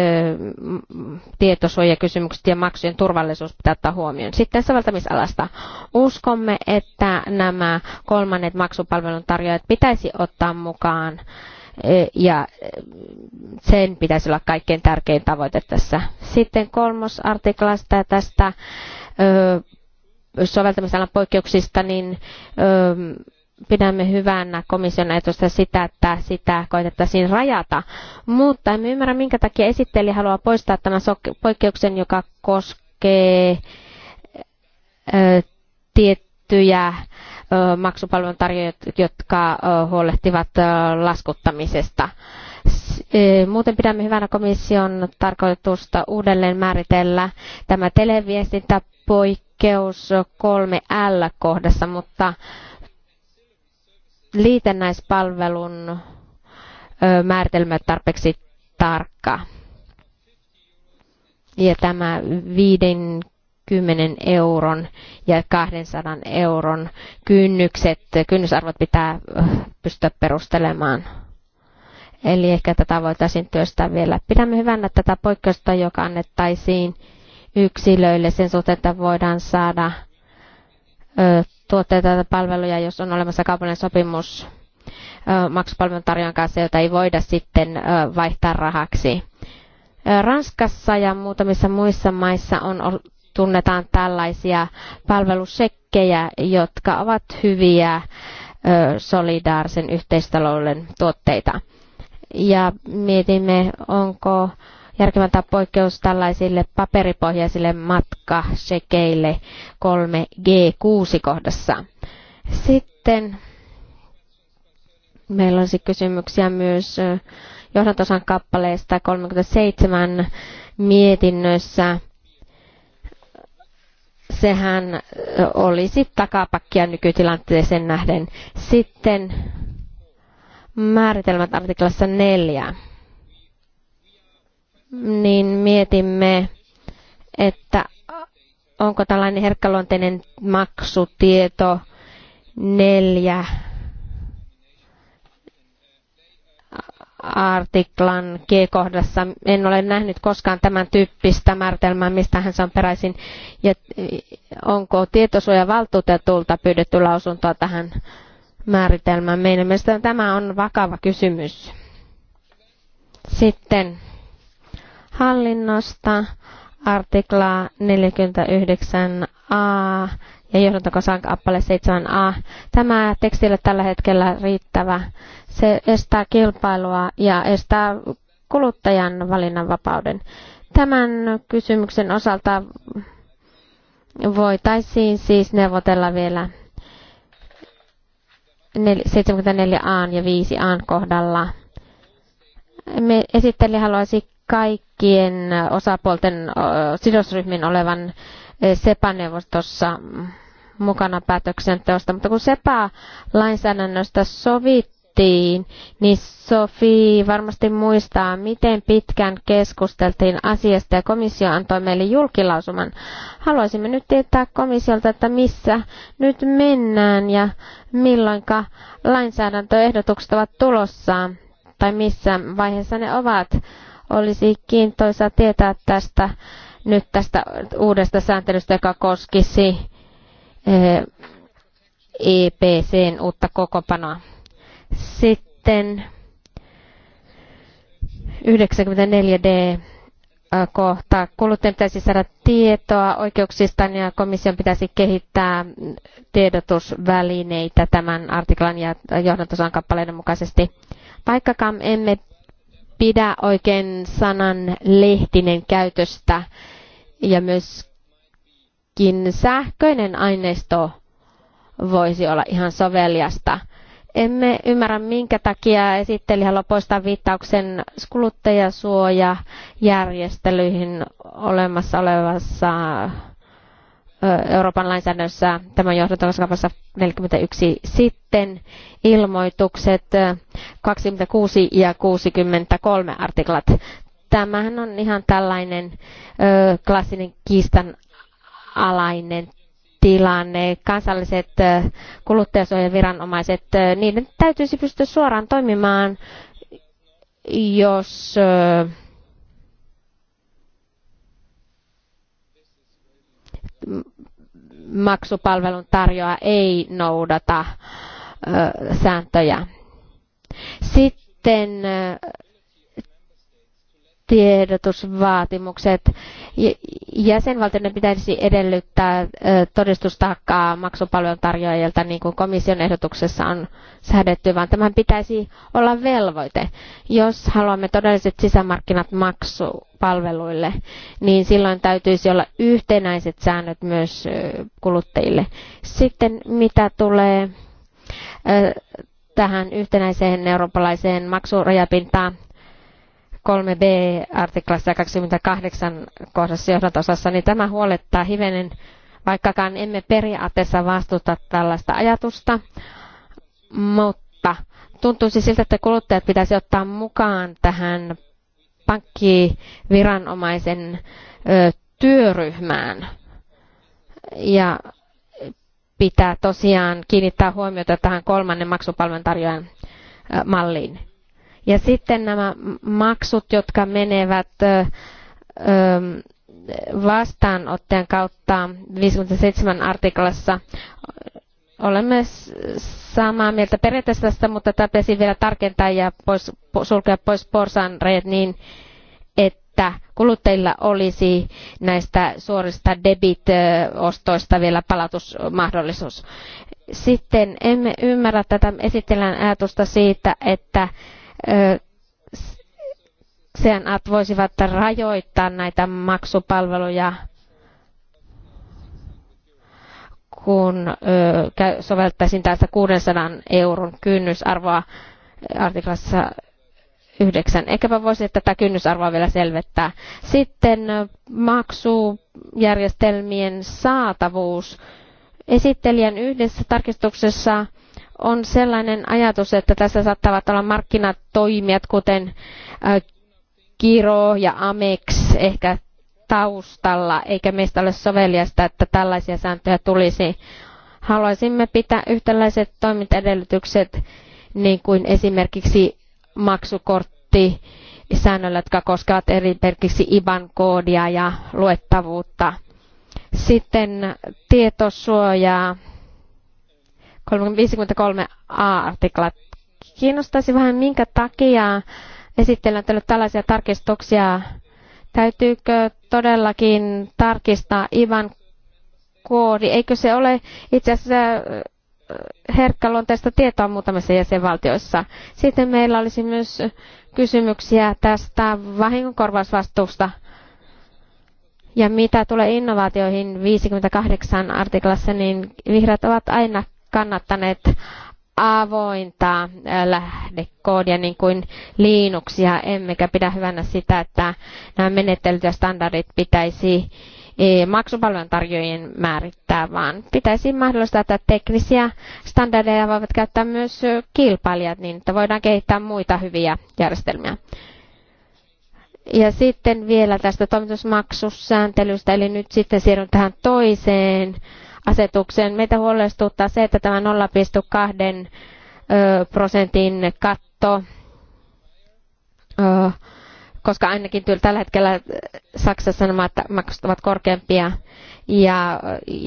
tietosuojakysymykset ja maksujen turvallisuus pitää ottaa huomioon. Sitten soveltamisalasta. Uskomme, että nämä kolmannet maksupalvelun tarjoajat pitäisi ottaa mukaan ja sen pitäisi olla kaikkein tärkein tavoite tässä. Sitten kolmos artiklasta ja tästä soveltamisalan poikkeuksista, niin pidämme hyvänä komission ajatusta sitä, että sitä koitettaisiin rajata, mutta emme ymmärrä, minkä takia esittelijä haluaa poistaa tämän poikkeuksen, joka koskee tiettyä tiettyjä maksupalvelun jotka huolehtivat laskuttamisesta. E, muuten pidämme hyvänä komission tarkoitusta uudelleen määritellä tämä televiestintäpoikkeus 3L-kohdassa, mutta liitännäispalvelun määritelmä tarpeeksi tarkka. Ja tämä 50 10 euron ja 200 euron kynnykset, kynnysarvot pitää äh, pystyä perustelemaan. Eli ehkä tätä voitaisiin työstää vielä. Pidämme hyvänä tätä poikkeusta, joka annettaisiin yksilöille sen suhteen, että voidaan saada ö, tuotteita tai palveluja, jos on olemassa kaupallinen sopimus maksupalvelun tarjoajan kanssa, jota ei voida sitten ö, vaihtaa rahaksi. Ranskassa ja muutamissa muissa maissa on tunnetaan tällaisia palvelusekkejä, jotka ovat hyviä solidaarisen yhteistalouden tuotteita. Ja mietimme, onko järkeväntää poikkeus tällaisille paperipohjaisille matkasekeille 3G6 kohdassa. Sitten meillä olisi kysymyksiä myös johdantosan kappaleesta 37 mietinnössä sehän olisi takapakkia nykytilanteeseen nähden. Sitten määritelmät artiklassa 4. Niin mietimme, että onko tällainen herkkäluonteinen maksutieto neljä artiklan G-kohdassa. En ole nähnyt koskaan tämän tyyppistä määritelmää, mistä hän on peräisin. Ja onko tietosuojavaltuutetulta pyydetty lausuntoa tähän määritelmään? Meidän mielestä tämä on vakava kysymys. Sitten hallinnosta artikla 49a ja johdantokosan 7a. Tämä tekstille tällä hetkellä riittävä se estää kilpailua ja estää kuluttajan valinnanvapauden. Tämän kysymyksen osalta voitaisiin siis neuvotella vielä 74a ja 5a kohdalla. Me esitteli haluaisi kaikkien osapuolten sidosryhmien olevan SEPA-neuvostossa mukana päätöksenteosta, mutta kun SEPA-lainsäädännöstä sovit, käytiin, niin Sofi varmasti muistaa, miten pitkään keskusteltiin asiasta ja komissio antoi meille julkilausuman. Haluaisimme nyt tietää komissiolta, että missä nyt mennään ja milloinka lainsäädäntöehdotukset ovat tulossa tai missä vaiheessa ne ovat. Olisi kiintoisaa tietää tästä nyt tästä uudesta sääntelystä, joka koskisi EPCn eh, e uutta kokopanoa. Sitten 94D kohta. Kuluttajan pitäisi saada tietoa oikeuksistaan ja komission pitäisi kehittää tiedotusvälineitä tämän artiklan ja johdantosan kappaleiden mukaisesti. Vaikkakaan emme pidä oikein sanan lehtinen käytöstä ja myöskin sähköinen aineisto voisi olla ihan soveliasta – emme ymmärrä, minkä takia esittelijä haluaa poistaa viittauksen kuluttajasuojajärjestelyihin olemassa olevassa Euroopan lainsäädännössä tämän johdantokaskapassa 41 sitten ilmoitukset 26 ja 63 artiklat. Tämähän on ihan tällainen ö, klassinen kiistanalainen tilanne. Kansalliset kuluttajasuojaviranomaiset, niiden täytyisi pystyä suoraan toimimaan, jos maksupalvelun tarjoaja ei noudata sääntöjä. Sitten tiedotusvaatimukset. Jäsenvaltioiden pitäisi edellyttää todistustaakkaa maksupalvelun tarjoajilta, niin kuin komission ehdotuksessa on säädetty, vaan tämän pitäisi olla velvoite. Jos haluamme todelliset sisämarkkinat maksupalveluille, niin silloin täytyisi olla yhtenäiset säännöt myös kuluttajille. Sitten mitä tulee tähän yhtenäiseen eurooppalaiseen maksurajapintaan, 3b artiklassa 28 kohdassa johdantosassa, niin tämä huolettaa hivenen, vaikkakaan emme periaatteessa vastusta tällaista ajatusta, mutta tuntuisi siltä, että kuluttajat pitäisi ottaa mukaan tähän pankkiviranomaisen ö, työryhmään. Ja pitää tosiaan kiinnittää huomiota tähän kolmannen maksupalveluntarjoajan malliin. Ja sitten nämä maksut, jotka menevät vastaanottajan kautta 57 artiklassa. Olemme samaa mieltä periaatteessa tästä, mutta tämä pitäisi vielä tarkentaa ja pois, sulkea pois reet niin, että kuluttajilla olisi näistä suorista debit-ostoista vielä palautusmahdollisuus. Sitten emme ymmärrä tätä esitellään ajatusta siitä, että että voisivat rajoittaa näitä maksupalveluja, kun soveltaisin tästä 600 euron kynnysarvoa artiklassa 9. Ehkäpä voisi tätä kynnysarvoa vielä selvettää. Sitten maksujärjestelmien saatavuus. Esittelijän yhdessä tarkistuksessa on sellainen ajatus, että tässä saattavat olla markkinatoimijat, kuten Kiro ja Amex ehkä taustalla, eikä meistä ole soveliasta, että tällaisia sääntöjä tulisi. Haluaisimme pitää yhtäläiset toimintaedellytykset, niin kuin esimerkiksi maksukortti säännöllä, jotka koskevat esimerkiksi IBAN-koodia ja luettavuutta. Sitten tietosuojaa 53 a artikla Kiinnostaisi vähän, minkä takia esittelen teille tällaisia tarkistuksia. Täytyykö todellakin tarkistaa IVAN koodi? Eikö se ole itse asiassa äh, herkkäluonteista tietoa muutamissa jäsenvaltioissa. Sitten meillä olisi myös kysymyksiä tästä vahingonkorvausvastuusta. Ja mitä tulee innovaatioihin 58 artiklassa, niin vihreät ovat aina kannattaneet avointa lähdekoodia niin kuin Linuxia, emmekä pidä hyvänä sitä, että nämä menettelyt ja standardit pitäisi maksupalveluntarjoajien tarjoajien määrittää, vaan pitäisi mahdollistaa, että teknisiä standardeja voivat käyttää myös kilpailijat niin, että voidaan kehittää muita hyviä järjestelmiä. Ja sitten vielä tästä toimitusmaksusääntelystä, eli nyt sitten siirryn tähän toiseen asetukseen. Meitä huolestuttaa se, että tämä 0,2 prosentin katto, koska ainakin tällä hetkellä Saksassa nämä maksut ovat korkeampia ja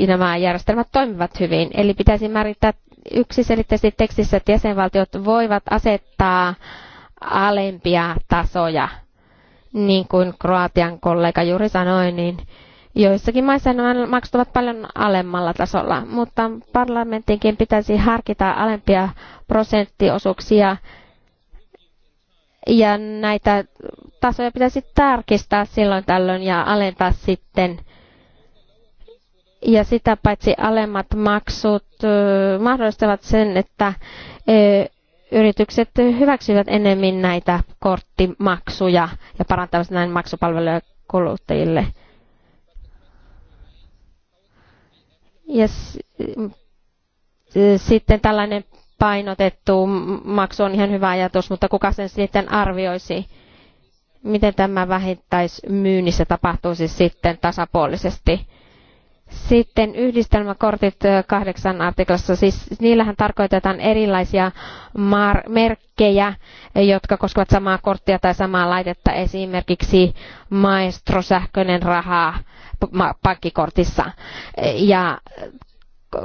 nämä järjestelmät toimivat hyvin. Eli pitäisi määrittää yksiselitteisesti tekstissä, että jäsenvaltiot voivat asettaa alempia tasoja. Niin kuin Kroatian kollega juuri sanoi, niin Joissakin maissa nämä maksut ovat paljon alemmalla tasolla, mutta parlamentinkin pitäisi harkita alempia prosenttiosuuksia ja näitä tasoja pitäisi tarkistaa silloin tällöin ja alentaa sitten. Ja sitä paitsi alemmat maksut mahdollistavat sen, että yritykset hyväksyvät enemmän näitä korttimaksuja ja parantavat näin maksupalveluja kuluttajille. Ja sitten tällainen painotettu maksu on ihan hyvä ajatus, mutta kuka sen sitten arvioisi, miten tämä vähittäismyynnissä tapahtuisi sitten tasapuolisesti. Sitten yhdistelmäkortit kahdeksan artiklassa, siis niillähän tarkoitetaan erilaisia merkkejä, jotka koskevat samaa korttia tai samaa laitetta, esimerkiksi maestro, sähköinen raha, pankkikortissa. Ja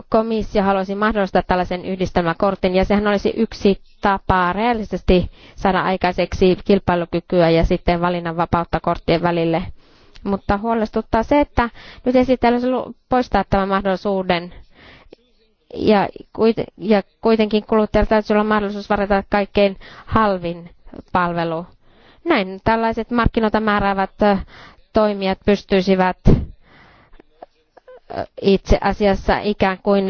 komissio haluaisi mahdollistaa tällaisen yhdistelmäkortin ja sehän olisi yksi tapa reaalisesti saada aikaiseksi kilpailukykyä ja sitten valinnanvapautta korttien välille. Mutta huolestuttaa se, että nyt esittelyssä poistaa tämän mahdollisuuden ja, ja kuitenkin kuluttajalla täytyy olla mahdollisuus varata kaikkein halvin palvelu. Näin tällaiset markkinoita määräävät toimijat pystyisivät itse asiassa ikään kuin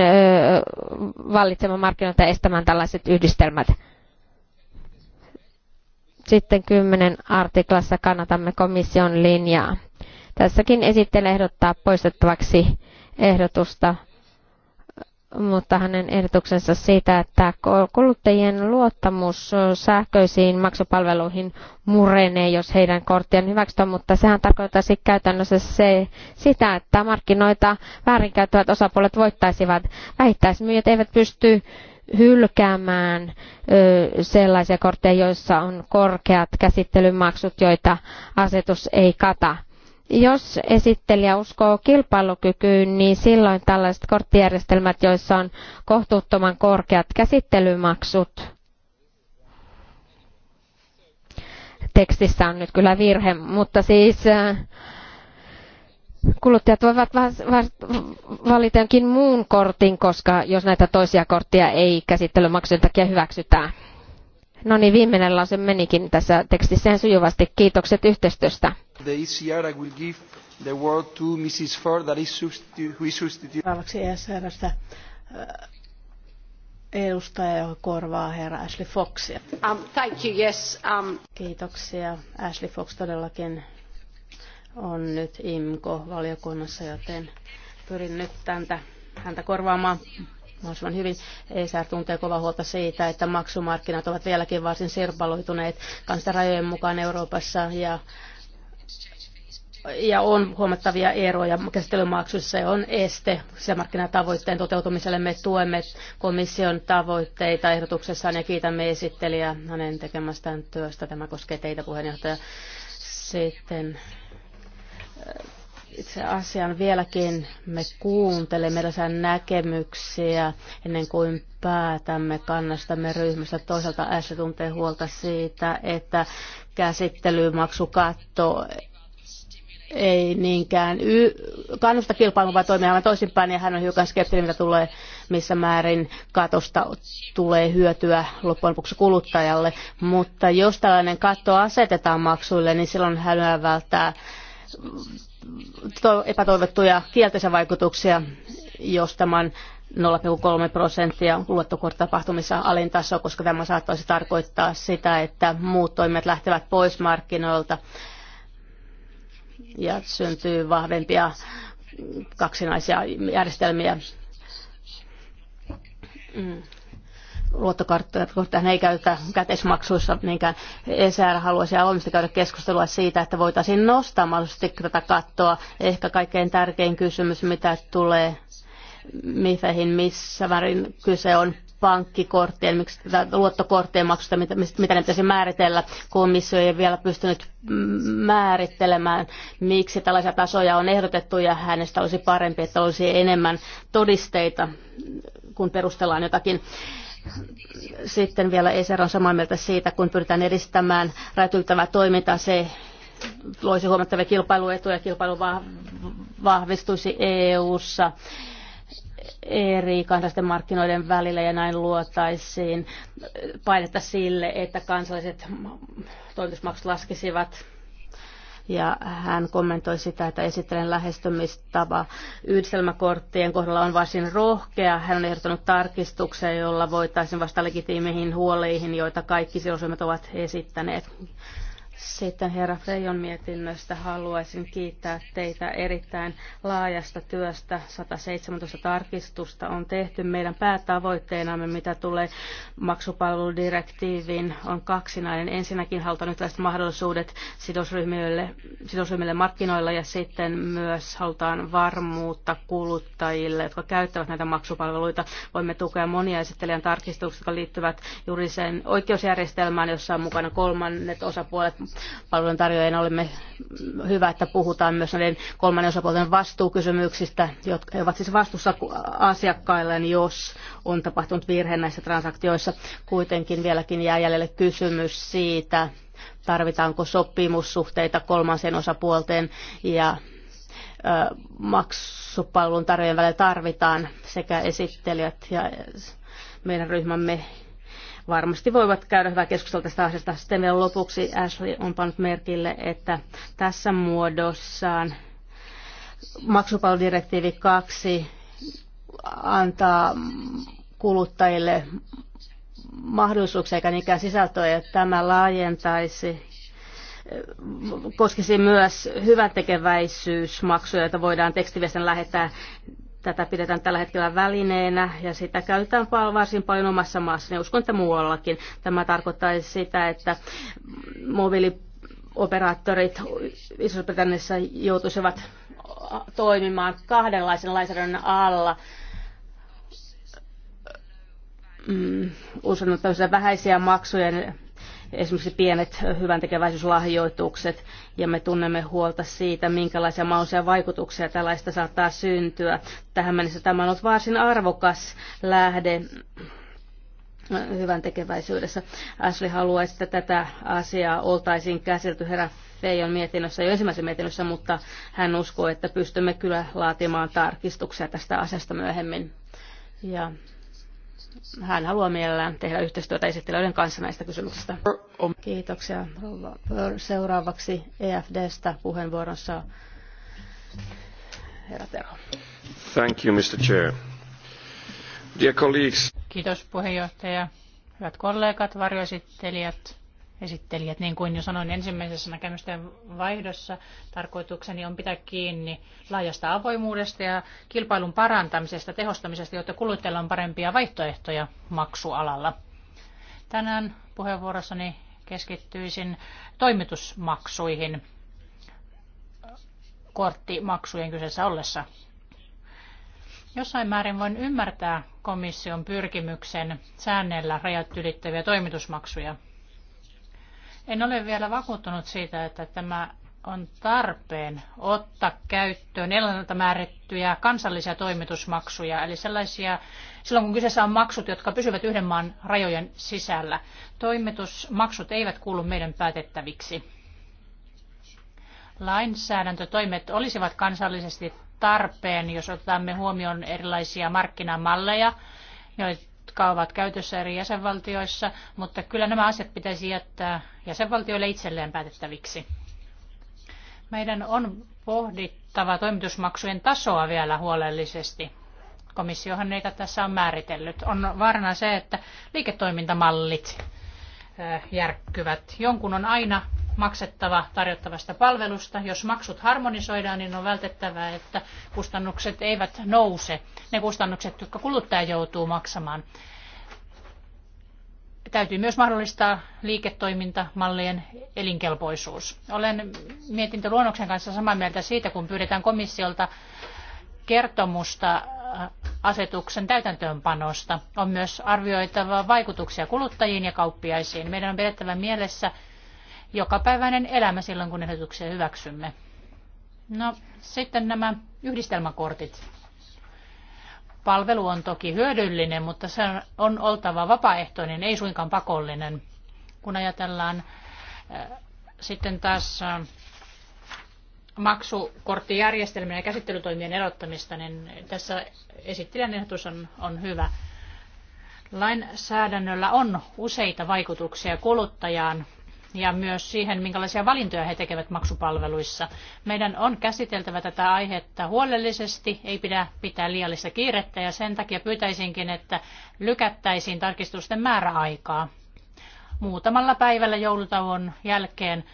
vallitsemaan markkinoita estämään tällaiset yhdistelmät. Sitten 10 artiklassa kannatamme komission linjaa. Tässäkin esittelen ehdottaa poistettavaksi ehdotusta mutta hänen ehdotuksensa siitä, että kuluttajien luottamus sähköisiin maksupalveluihin murenee, jos heidän korttien hyväksytään, mutta sehän tarkoittaisi käytännössä se, sitä, että markkinoita väärinkäyttävät osapuolet voittaisivat. Vähittäismyyjät eivät pysty hylkäämään ö, sellaisia kortteja, joissa on korkeat käsittelymaksut, joita asetus ei kata jos esittelijä uskoo kilpailukykyyn, niin silloin tällaiset korttijärjestelmät, joissa on kohtuuttoman korkeat käsittelymaksut, tekstissä on nyt kyllä virhe, mutta siis äh, kuluttajat voivat valita jonkin muun kortin, koska jos näitä toisia kortteja ei käsittelymaksujen takia hyväksytä. No niin, viimeinen lause menikin tässä tekstissä sujuvasti. Kiitokset yhteistyöstä. The ECR, will give the word to Mrs. Ford, that is substitute. Seuraavaksi ECRstä eh, edustaja, joka korvaa herra Ashley Foxia. Um, thank you, yes, um... Kiitoksia. Ashley Fox todellakin on nyt IMKO-valiokunnassa, joten pyrin nyt täntä, häntä korvaamaan mahdollisimman hyvin. ESR tuntee kova huolta siitä, että maksumarkkinat ovat vieläkin varsin sirpaloituneet kanssa rajojen mukaan Euroopassa ja ja on huomattavia eroja käsittelymaksuissa ja on este sisämarkkinatavoitteen toteutumiselle. Me tuemme komission tavoitteita ehdotuksessaan ja kiitämme esittelijää hänen tekemästään työstä. Tämä koskee teitä puheenjohtaja. Sitten itse asian vieläkin me kuuntelemme erilaisia näkemyksiä ennen kuin päätämme kannastamme ryhmästä. Toisaalta S tuntee huolta siitä, että käsittelymaksukatto ei niinkään y- kannusta kilpailua, vaan toimii aivan toisinpäin, ja hän on hiukan skeptinen, mitä tulee, missä määrin katosta tulee hyötyä loppujen lopuksi kuluttajalle. Mutta jos tällainen katto asetetaan maksuille, niin silloin hän välttää epätoivottuja kielteisiä vaikutuksia, jos tämän 0,3 prosenttia luottokorttitapahtumissa alin taso, koska tämä saattaisi tarkoittaa sitä, että muut toimijat lähtevät pois markkinoilta ja syntyy vahvempia kaksinaisia järjestelmiä. Mm luottokortteja ei käytetä käteismaksuissa niinkään. ESR haluaisi avoimesti käydä keskustelua siitä, että voitaisiin nostaa mahdollisesti tätä kattoa. Ehkä kaikkein tärkein kysymys, mitä tulee MIFEhin, missä määrin kyse on pankkikorttien, miksi tätä luottokorttien maksusta, mitä, mitä ne pitäisi määritellä. Komissio ei vielä pystynyt määrittelemään, miksi tällaisia tasoja on ehdotettu ja hänestä olisi parempi, että olisi enemmän todisteita, kun perustellaan jotakin sitten vielä ESR on samaa mieltä siitä, kun pyritään edistämään räätyltävää toimintaa, se loisi huomattavia kilpailuetuja, kilpailu vahvistuisi EU-ssa eri kansallisten markkinoiden välillä ja näin luotaisiin painetta sille, että kansalliset toimitusmaksut laskisivat ja hän kommentoi sitä, että esittelen lähestymistapa yhdistelmäkorttien kohdalla on varsin rohkea. Hän on ehdottanut tarkistuksia, jolla voitaisiin vasta legitiimeihin huoleihin, joita kaikki sidosryhmät ovat esittäneet sitten herra Freijon mietinnöstä haluaisin kiittää teitä erittäin laajasta työstä. 117 tarkistusta on tehty. Meidän päätavoitteenamme, mitä tulee maksupalveludirektiiviin, on kaksinainen. Ensinnäkin halutaan tästä mahdollisuudet sidosryhmille, sidosryhmille markkinoilla ja sitten myös halutaan varmuutta kuluttajille, jotka käyttävät näitä maksupalveluita. Voimme tukea monia esittelijän tarkistuksia, jotka liittyvät juuri sen oikeusjärjestelmään, jossa on mukana kolmannet osapuolet palveluntarjoajina olemme hyvä, että puhutaan myös näiden kolmannen osapuolten vastuukysymyksistä, jotka ovat siis vastuussa asiakkailleen, niin jos on tapahtunut virhe näissä transaktioissa. Kuitenkin vieläkin jää jäljelle kysymys siitä, tarvitaanko sopimussuhteita kolmansien osapuolten ja maksupalvelun tarjoajan välillä tarvitaan sekä esittelijät ja meidän ryhmämme varmasti voivat käydä hyvää keskustelua tästä asiasta. Sitten vielä lopuksi Ashley on pannut merkille, että tässä muodossaan maksupalveludirektiivi 2 antaa kuluttajille mahdollisuuksia eikä niinkään sisältöä, että tämä laajentaisi koskisi myös hyväntekeväisyysmaksuja, joita voidaan tekstiviestin lähettää Tätä pidetään tällä hetkellä välineenä ja sitä käytetään varsin paljon omassa maassa ja niin uskon, että muuallakin. Tämä tarkoittaisi sitä, että mobiilioperaattorit Iso-Britanniassa joutuisivat toimimaan kahdenlaisen lainsäädännön alla mm, usein tämmöisiä vähäisiä maksuja esimerkiksi pienet hyväntekeväisyyslahjoitukset, ja me tunnemme huolta siitä, minkälaisia mahdollisia vaikutuksia tällaista saattaa syntyä. Tähän mennessä tämä on ollut varsin arvokas lähde hyvän tekeväisyydessä. Ashley haluaisi, että tätä asiaa oltaisiin käsitelty herra Feijon mietinnössä, jo ensimmäisen mietinnössä, mutta hän uskoo, että pystymme kyllä laatimaan tarkistuksia tästä asiasta myöhemmin. Ja hän haluaa mielellään tehdä yhteistyötä esittelijöiden kanssa näistä kysymyksistä. Kiitoksia. Seuraavaksi EFDstä puheenvuorossa herra Tero. Thank you, Mr. Chair. Dear colleagues. Kiitos puheenjohtaja. Hyvät kollegat, varjoesittelijät esittelijät. Niin kuin jo sanoin ensimmäisessä näkemysten vaihdossa, tarkoitukseni on pitää kiinni laajasta avoimuudesta ja kilpailun parantamisesta, tehostamisesta, jotta kuluttajilla on parempia vaihtoehtoja maksualalla. Tänään puheenvuorossani keskittyisin toimitusmaksuihin korttimaksujen kyseessä ollessa. Jossain määrin voin ymmärtää komission pyrkimyksen säännellä rajat ylittäviä toimitusmaksuja en ole vielä vakuuttunut siitä, että tämä on tarpeen ottaa käyttöön ennalta määrittyjä kansallisia toimitusmaksuja, eli sellaisia, silloin kun kyseessä on maksut, jotka pysyvät yhden maan rajojen sisällä. Toimitusmaksut eivät kuulu meidän päätettäviksi. Lainsäädäntötoimet olisivat kansallisesti tarpeen, jos otamme huomioon erilaisia markkinamalleja, jotka ovat käytössä eri jäsenvaltioissa, mutta kyllä nämä asiat pitäisi jättää jäsenvaltioille itselleen päätettäviksi. Meidän on pohdittava toimitusmaksujen tasoa vielä huolellisesti. Komissiohan niitä tässä on määritellyt. On varna se, että liiketoimintamallit järkkyvät. Jonkun on aina maksettava tarjottavasta palvelusta. Jos maksut harmonisoidaan, niin on vältettävä, että kustannukset eivät nouse. Ne kustannukset, jotka kuluttaja joutuu maksamaan. Täytyy myös mahdollistaa liiketoimintamallien elinkelpoisuus. Olen mietintöluonnoksen kanssa samaa mieltä siitä, kun pyydetään komissiolta kertomusta asetuksen täytäntöönpanosta. On myös arvioitava vaikutuksia kuluttajiin ja kauppiaisiin. Meidän on pidettävä mielessä jokapäiväinen elämä silloin, kun ehdotuksia hyväksymme. No, sitten nämä yhdistelmäkortit. Palvelu on toki hyödyllinen, mutta se on oltava vapaaehtoinen, ei suinkaan pakollinen. Kun ajatellaan sitten taas maksukorttijärjestelmien ja käsittelytoimien erottamista, niin tässä esittelijän ehdotus on, on hyvä. Lainsäädännöllä on useita vaikutuksia kuluttajaan ja myös siihen, minkälaisia valintoja he tekevät maksupalveluissa. Meidän on käsiteltävä tätä aihetta huolellisesti, ei pidä pitää liiallista kiirettä ja sen takia pyytäisinkin, että lykättäisiin tarkistusten määräaikaa muutamalla päivällä joulutauon jälkeen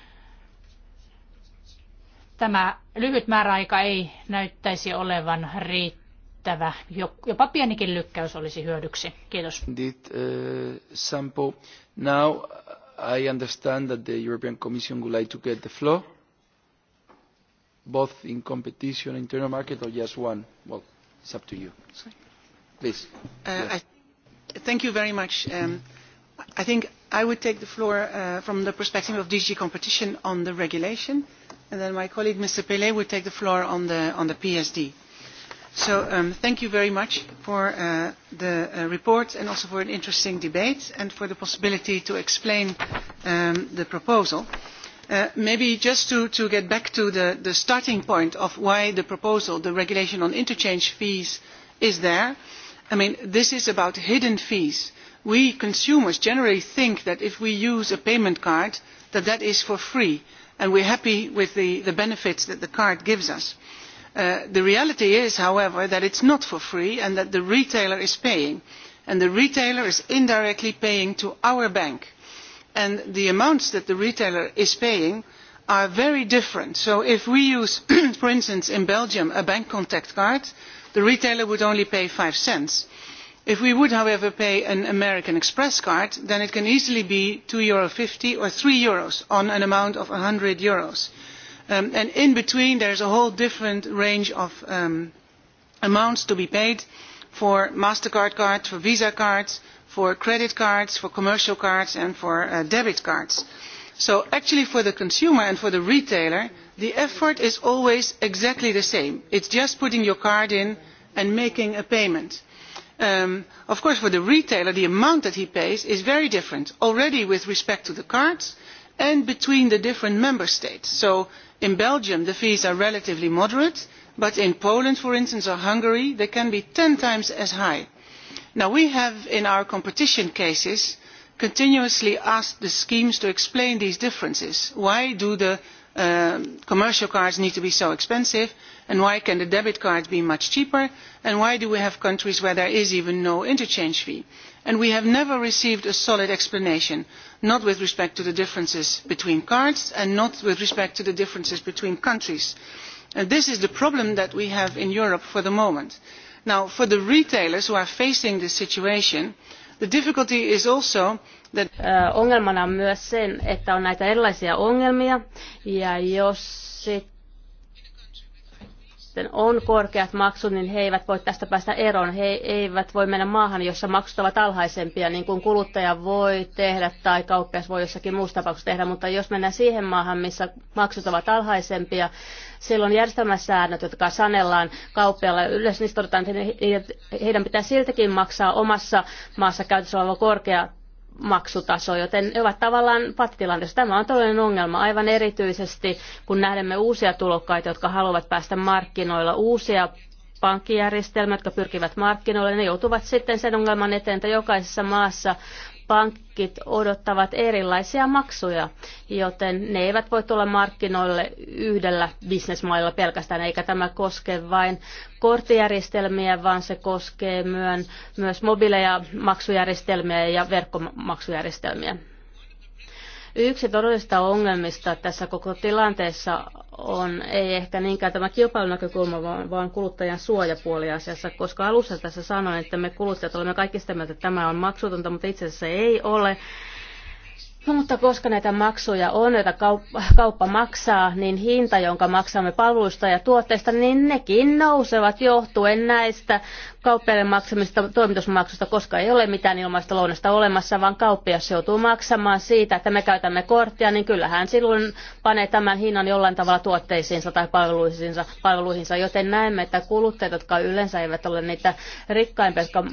Tämä lyhyt määräaika ei näyttäisi olevan riittävä. Jopa pienikin lykkäys olisi hyödyksi. Kiitos. Indeed, uh, Sampo. Now I understand that the European Commission would like to get the floor, both in competition and internal market or just one. Well, it's up to you. Sorry, Please. Uh, yes. I, thank you very much. Um, I think I would take the floor uh, from the perspective of DG Competition on the regulation. Uh, and then my colleague Mr. Pele will take the floor on the, on the PSD. So um, thank you very much for uh, the uh, report and also for an interesting debate and for the possibility to explain um, the proposal. Uh, maybe just to, to get back to the, the starting point of why the proposal, the regulation on interchange fees, is there. I mean, this is about hidden fees. We consumers generally think that if we use a payment card, that that is for free and we are happy with the, benefits that the card gives us. Uh, the reality is however that it is not for free and that the retailer is paying and the retailer is indirectly paying to our bank and the amounts that the retailer is paying are very different so if we use for instance in belgium a bank contact card the retailer would only pay five cents if we were however to pay an american express card then it can easily be eur. two fifty or eur three on an amount of eur. one hundred um, and in between there is a whole different range of um, amounts to be paid for mastercard cards for visa cards for credit cards for commercial cards and for uh, debit cards. so actually for the consumer and for the retailer the effort is always exactly the same it is just putting your card in and making a payment Um, of course for the retailer the amount that he pays is very different already with respect to the cards and between the different member states. so in belgium the fees are relatively moderate but in poland for instance or hungary they can be ten times as high. Now, we have in our competition cases continuously asked the schemes to explain these differences. why do the Uh, commercial cards need to be so expensive and why can the debit card be much cheaper and why do we have countries where there is even no interchange fee? And we have never received a solid explanation not with respect to the differences between cards and not with respect to the differences between countries. And this is the problem that we have in europe for the moment. Now, for the retailers who are facing this situation the difficulty is also Ongelmana on myös sen, että on näitä erilaisia ongelmia, ja jos sitten on korkeat maksut, niin he eivät voi tästä päästä eroon. He eivät voi mennä maahan, jossa maksut ovat alhaisempia, niin kuin kuluttaja voi tehdä tai kauppias voi jossakin muussa tapauksessa tehdä. Mutta jos mennään siihen maahan, missä maksut ovat alhaisempia, silloin järjestelmäsäännöt, jotka sanellaan kauppialla, yleensä niistä todetaan, että heidän pitää siltäkin maksaa omassa maassa käytössä oleva korkea maksutaso, joten ne ovat tavallaan pattitilanteessa. Tämä on todellinen ongelma, aivan erityisesti kun nähdemme uusia tulokkaita, jotka haluavat päästä markkinoilla, uusia pankkijärjestelmät, jotka pyrkivät markkinoille, ne joutuvat sitten sen ongelman eteen, että jokaisessa maassa Pankkit odottavat erilaisia maksuja, joten ne eivät voi tulla markkinoille yhdellä bisnesmailla pelkästään, eikä tämä koske vain korttijärjestelmiä, vaan se koskee myön, myös mobiileja maksujärjestelmiä ja verkkomaksujärjestelmiä. Yksi todellista ongelmista tässä koko tilanteessa on ei ehkä niinkään tämä kilpailunäkökulma, vaan, vaan kuluttajan suojapuoli asiassa, koska alussa tässä sanoin, että me kuluttajat olemme kaikki sitä mieltä, että tämä on maksutonta, mutta itse asiassa ei ole. No, mutta koska näitä maksuja on, joita kauppa maksaa, niin hinta, jonka maksamme palveluista ja tuotteista, niin nekin nousevat johtuen näistä kauppiaille maksamista toimitusmaksusta, koska ei ole mitään ilmaista lounasta olemassa, vaan kauppias joutuu maksamaan siitä, että me käytämme korttia, niin kyllähän silloin panee tämän hinnan jollain tavalla tuotteisiinsa tai palveluihinsa, palveluihinsa joten näemme, että kuluttajat, jotka yleensä eivät ole niitä rikkaimpia, jotka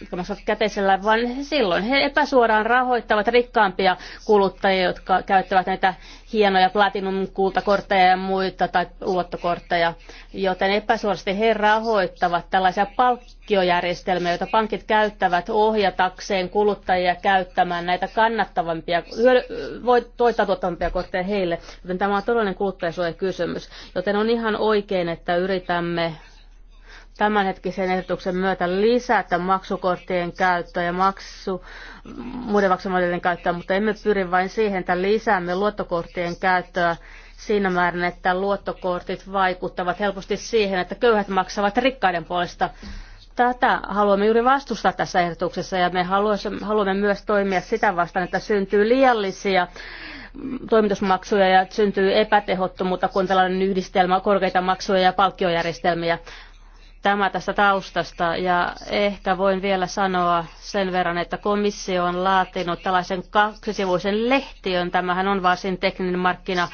jotka maksavat käteisellä, vaan silloin he epäsuoraan rahoittavat rikkaampia kuluttajia, jotka käyttävät näitä hienoja platinum-kultakortteja ja muita tai luottokortteja, joten epäsuorasti he rahoittavat tällaisia palkkiojärjestelmiä, joita pankit käyttävät ohjatakseen kuluttajia käyttämään näitä kannattavampia, voittatuottavampia kortteja heille, joten tämä on todellinen kuluttajasuojakysymys, joten on ihan oikein, että yritämme tämänhetkisen ehdotuksen myötä lisätä maksukorttien käyttöä ja maksu, muiden maksumallien käyttöä, mutta emme pyri vain siihen, että lisäämme luottokorttien käyttöä siinä määrin, että luottokortit vaikuttavat helposti siihen, että köyhät maksavat rikkaiden puolesta. Tätä haluamme juuri vastustaa tässä ehdotuksessa ja me haluamme myös toimia sitä vastaan, että syntyy liiallisia toimitusmaksuja ja syntyy epätehottomuutta, kun tällainen yhdistelmä korkeita maksuja ja palkkiojärjestelmiä. Tämä tästä taustasta ja ehkä voin vielä sanoa sen verran, että komissio on laatinut tällaisen kaksisivuisen lehtiön. Tämähän on varsin tekninen markkina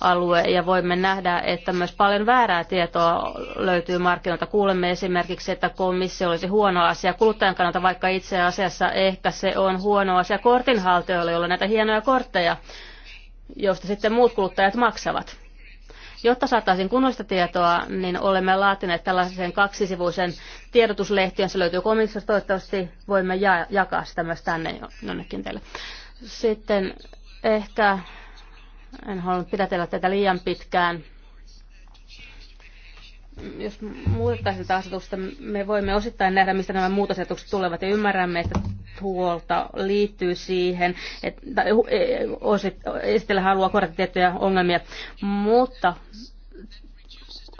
alue ja voimme nähdä, että myös paljon väärää tietoa löytyy markkinoilta. Kuulemme esimerkiksi, että komissio olisi huono asia kuluttajan kannalta, vaikka itse asiassa ehkä se on huono asia kortinhaltijoille, joilla näitä hienoja kortteja, joista sitten muut kuluttajat maksavat. Jotta saataisiin kunnollista tietoa, niin olemme laatineet tällaisen kaksisivuisen tiedotuslehtiön. Se löytyy komissiosta. Toivottavasti voimme ja- jakaa sitä myös tänne jonnekin teille. Sitten ehkä, en halunnut pidätellä tätä liian pitkään, jos muutettaisiin tätä asetusta, me voimme osittain nähdä, mistä nämä muutosetukset tulevat ja ymmärrämme, että huolta liittyy siihen, että e, esitellä haluaa korjata tiettyjä ongelmia, mutta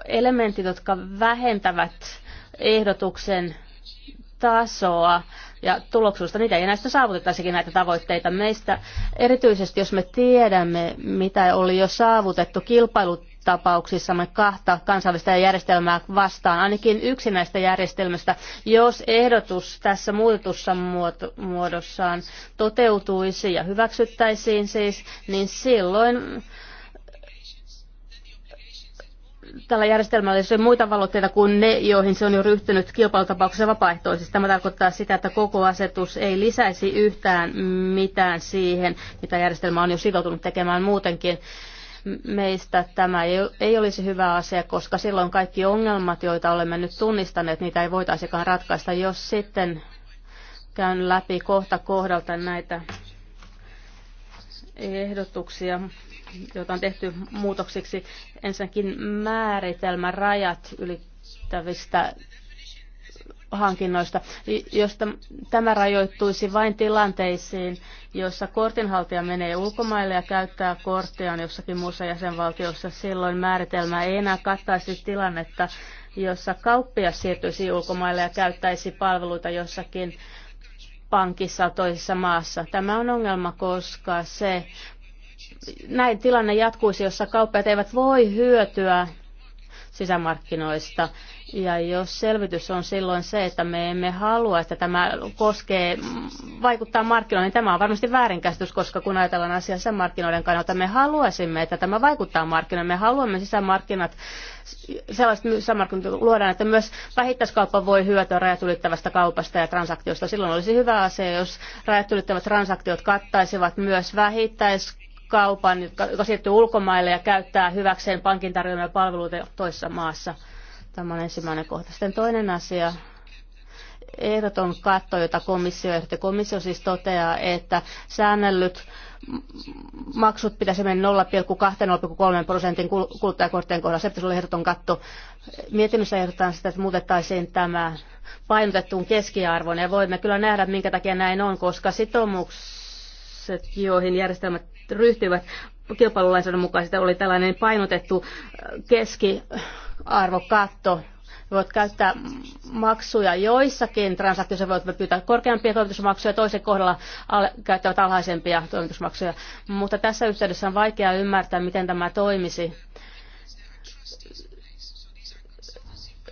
elementit, jotka vähentävät ehdotuksen tasoa, ja tuloksuista. Niitä ei näistä saavutettaisikin näitä tavoitteita meistä. Erityisesti jos me tiedämme, mitä oli jo saavutettu kilpailut me kahta kansallista järjestelmää vastaan, ainakin yksi näistä järjestelmistä, jos ehdotus tässä muutussa muodossaan toteutuisi ja hyväksyttäisiin siis, niin silloin tällä järjestelmällä ei ole muita valotteita kuin ne, joihin se on jo ryhtynyt kilpailutapauksessa vapaaehtoisesti. Tämä tarkoittaa sitä, että koko asetus ei lisäisi yhtään mitään siihen, mitä järjestelmä on jo sitoutunut tekemään muutenkin. Meistä tämä ei olisi hyvä asia, koska silloin kaikki ongelmat, joita olemme nyt tunnistaneet, niitä ei voitaisikaan ratkaista, jos sitten käyn läpi kohta kohdalta näitä ehdotuksia, joita on tehty muutoksiksi. Ensinnäkin määritelmä rajat ylittävistä hankinnoista, jos tämä rajoittuisi vain tilanteisiin, joissa kortinhaltija menee ulkomaille ja käyttää korttiaan jossakin muussa jäsenvaltiossa, silloin määritelmä ei enää kattaisi tilannetta, jossa kauppias siirtyisi ulkomaille ja käyttäisi palveluita jossakin pankissa toisessa maassa. Tämä on ongelma, koska se näin tilanne jatkuisi, jossa kauppiaat eivät voi hyötyä sisämarkkinoista. Ja jos selvitys on silloin se, että me emme halua, että tämä koskee, vaikuttaa markkinoihin, niin tämä on varmasti väärinkäsitys, koska kun ajatellaan asiaa sisämarkkinoiden kannalta, me haluaisimme, että tämä vaikuttaa markkinoihin. Me haluamme sisämarkkinat, sellaiset sisämarkkinat luodaan, että myös vähittäiskauppa voi hyötyä rajat ylittävästä kaupasta ja transaktiosta. Silloin olisi hyvä asia, jos rajat ylittävät transaktiot kattaisivat myös vähittäiskauppa kaupan, joka siirtyy ulkomaille ja käyttää hyväkseen pankin tarjoamia palveluita toisessa maassa. Tämä on ensimmäinen kohta. Sitten toinen asia, ehdoton katto, jota komissio ehdotti. Komissio siis toteaa, että säännellyt maksut pitäisi mennä 0,2-0,3 prosentin kuluttajakorttien kohdalla. Se pitäisi olla ehdoton katto. Mietinnössä ehdotetaan sitä, että muutettaisiin tämä painotettuun keskiarvoon ja voimme kyllä nähdä, minkä takia näin on, koska sitoumuksessa Säännökset, joihin järjestelmät ryhtyivät kilpailulainsäädännön mukaisesti, oli tällainen painotettu äh, keskiarvokatto, voit käyttää maksuja joissakin transaktioissa, voit pyytää korkeampia toimitusmaksuja, toisen kohdalla al- käyttävät alhaisempia toimitusmaksuja. Mutta tässä yhteydessä on vaikea ymmärtää, miten tämä toimisi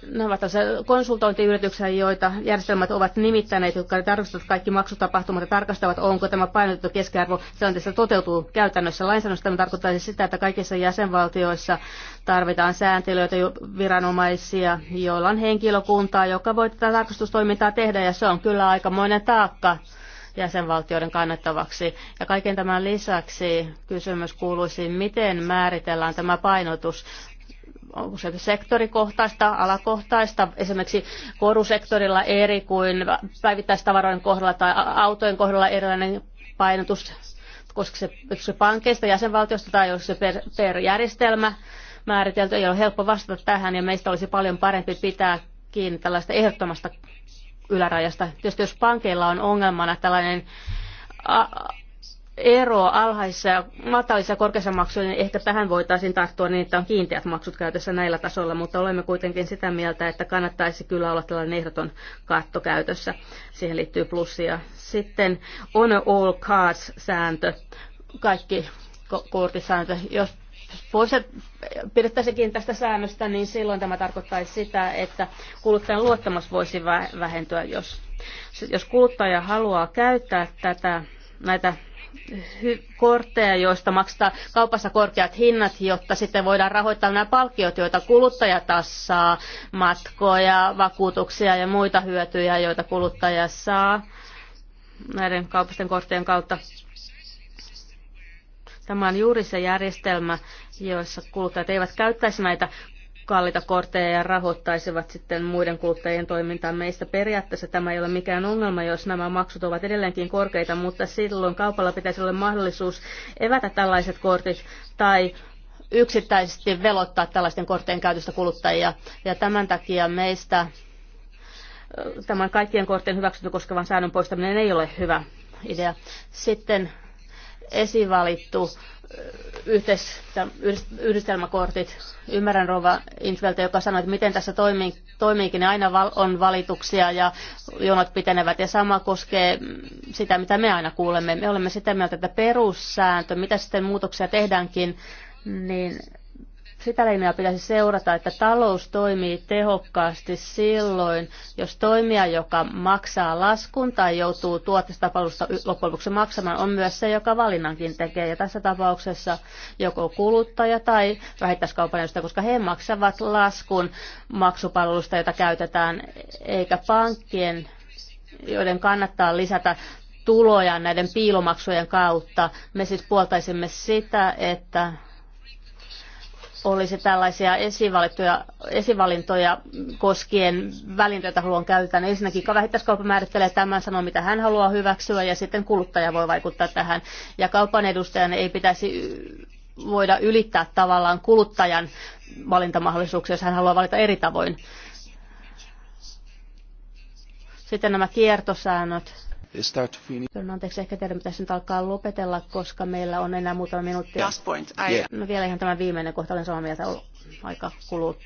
ne ovat konsultointiyrityksiä, joita järjestelmät ovat nimittäneet, jotka tarkastavat kaikki maksutapahtumat ja tarkastavat, onko tämä painotettu keskiarvo tilanteessa toteutuu käytännössä. Lainsäädännössä tämä tarkoittaisi sitä, että kaikissa jäsenvaltioissa tarvitaan sääntelyitä viranomaisia, joilla on henkilökuntaa, joka voi tätä tarkastustoimintaa tehdä, ja se on kyllä aikamoinen taakka jäsenvaltioiden kannettavaksi. Ja kaiken tämän lisäksi kysymys kuuluisi, miten määritellään tämä painotus onko se sektorikohtaista, alakohtaista, esimerkiksi korusektorilla eri kuin päivittäistavaroiden kohdalla tai autojen kohdalla erilainen painotus, koska se, se pankeista, jäsenvaltiosta tai jos se per, per järjestelmä määritelty, ei ole helppo vastata tähän ja meistä olisi paljon parempi pitää kiinni tällaista ehdottomasta ylärajasta. Tietysti jos pankeilla on ongelmana tällainen eroa alhaisissa ja matalissa ja korkeissa maksuissa, niin ehkä tähän voitaisiin tarttua niin, että on kiinteät maksut käytössä näillä tasoilla, mutta olemme kuitenkin sitä mieltä, että kannattaisi kyllä olla tällainen ehdoton katto käytössä. Siihen liittyy plussia. Sitten on all cards-sääntö, kaikki kortisääntö. Jos pois pidettäisikin tästä säännöstä, niin silloin tämä tarkoittaisi sitä, että kuluttajan luottamus voisi vähentyä, jos, jos kuluttaja haluaa käyttää tätä, näitä kortteja, joista maksetaan kaupassa korkeat hinnat, jotta sitten voidaan rahoittaa nämä palkkiot, joita kuluttaja taas saa, matkoja, vakuutuksia ja muita hyötyjä, joita kuluttaja saa näiden kaupallisten korttien kautta. Tämä on juuri se järjestelmä, joissa kuluttajat eivät käyttäisi näitä kalliita kortteja ja rahoittaisivat sitten muiden kuluttajien toimintaa. Meistä periaatteessa tämä ei ole mikään ongelma, jos nämä maksut ovat edelleenkin korkeita, mutta silloin kaupalla pitäisi olla mahdollisuus evätä tällaiset kortit tai yksittäisesti velottaa tällaisten korttien käytöstä kuluttajia. Ja tämän takia meistä tämän kaikkien korttien hyväksyntö koskevan säännön poistaminen ei ole hyvä idea. Sitten esivalittu yhdistelmäkortit. Ymmärrän Rova Intveltä, joka sanoi, että miten tässä toimii, toimiikin. Aina val, on valituksia ja jonot pitenevät. Ja sama koskee sitä, mitä me aina kuulemme. Me olemme sitä mieltä, että perussääntö, mitä sitten muutoksia tehdäänkin, niin sitä linjaa pitäisi seurata, että talous toimii tehokkaasti silloin, jos toimija, joka maksaa laskun tai joutuu tuotestapalusta loppujen lopuksi maksamaan, on myös se, joka valinnankin tekee. Ja tässä tapauksessa joko kuluttaja tai vähittäiskaupan koska he maksavat laskun maksupalvelusta, jota käytetään, eikä pankkien joiden kannattaa lisätä tuloja näiden piilomaksujen kautta. Me siis puoltaisimme sitä, että olisi tällaisia esivalintoja, esivalintoja koskien välintöjä, joita haluan käyttää. Niin ensinnäkin vähittäiskauppa määrittelee tämän, sanoo mitä hän haluaa hyväksyä ja sitten kuluttaja voi vaikuttaa tähän. Ja kaupan edustajan ei pitäisi voida ylittää tavallaan kuluttajan valintamahdollisuuksia, jos hän haluaa valita eri tavoin. Sitten nämä kiertosäännöt start anteeksi, ehkä teidän pitäisi nyt alkaa lopetella, koska meillä on enää muutama minuutti. Last point. I... Yeah. No vielä ihan tämä viimeinen kohta, olen samaa mieltä, aika kuluu.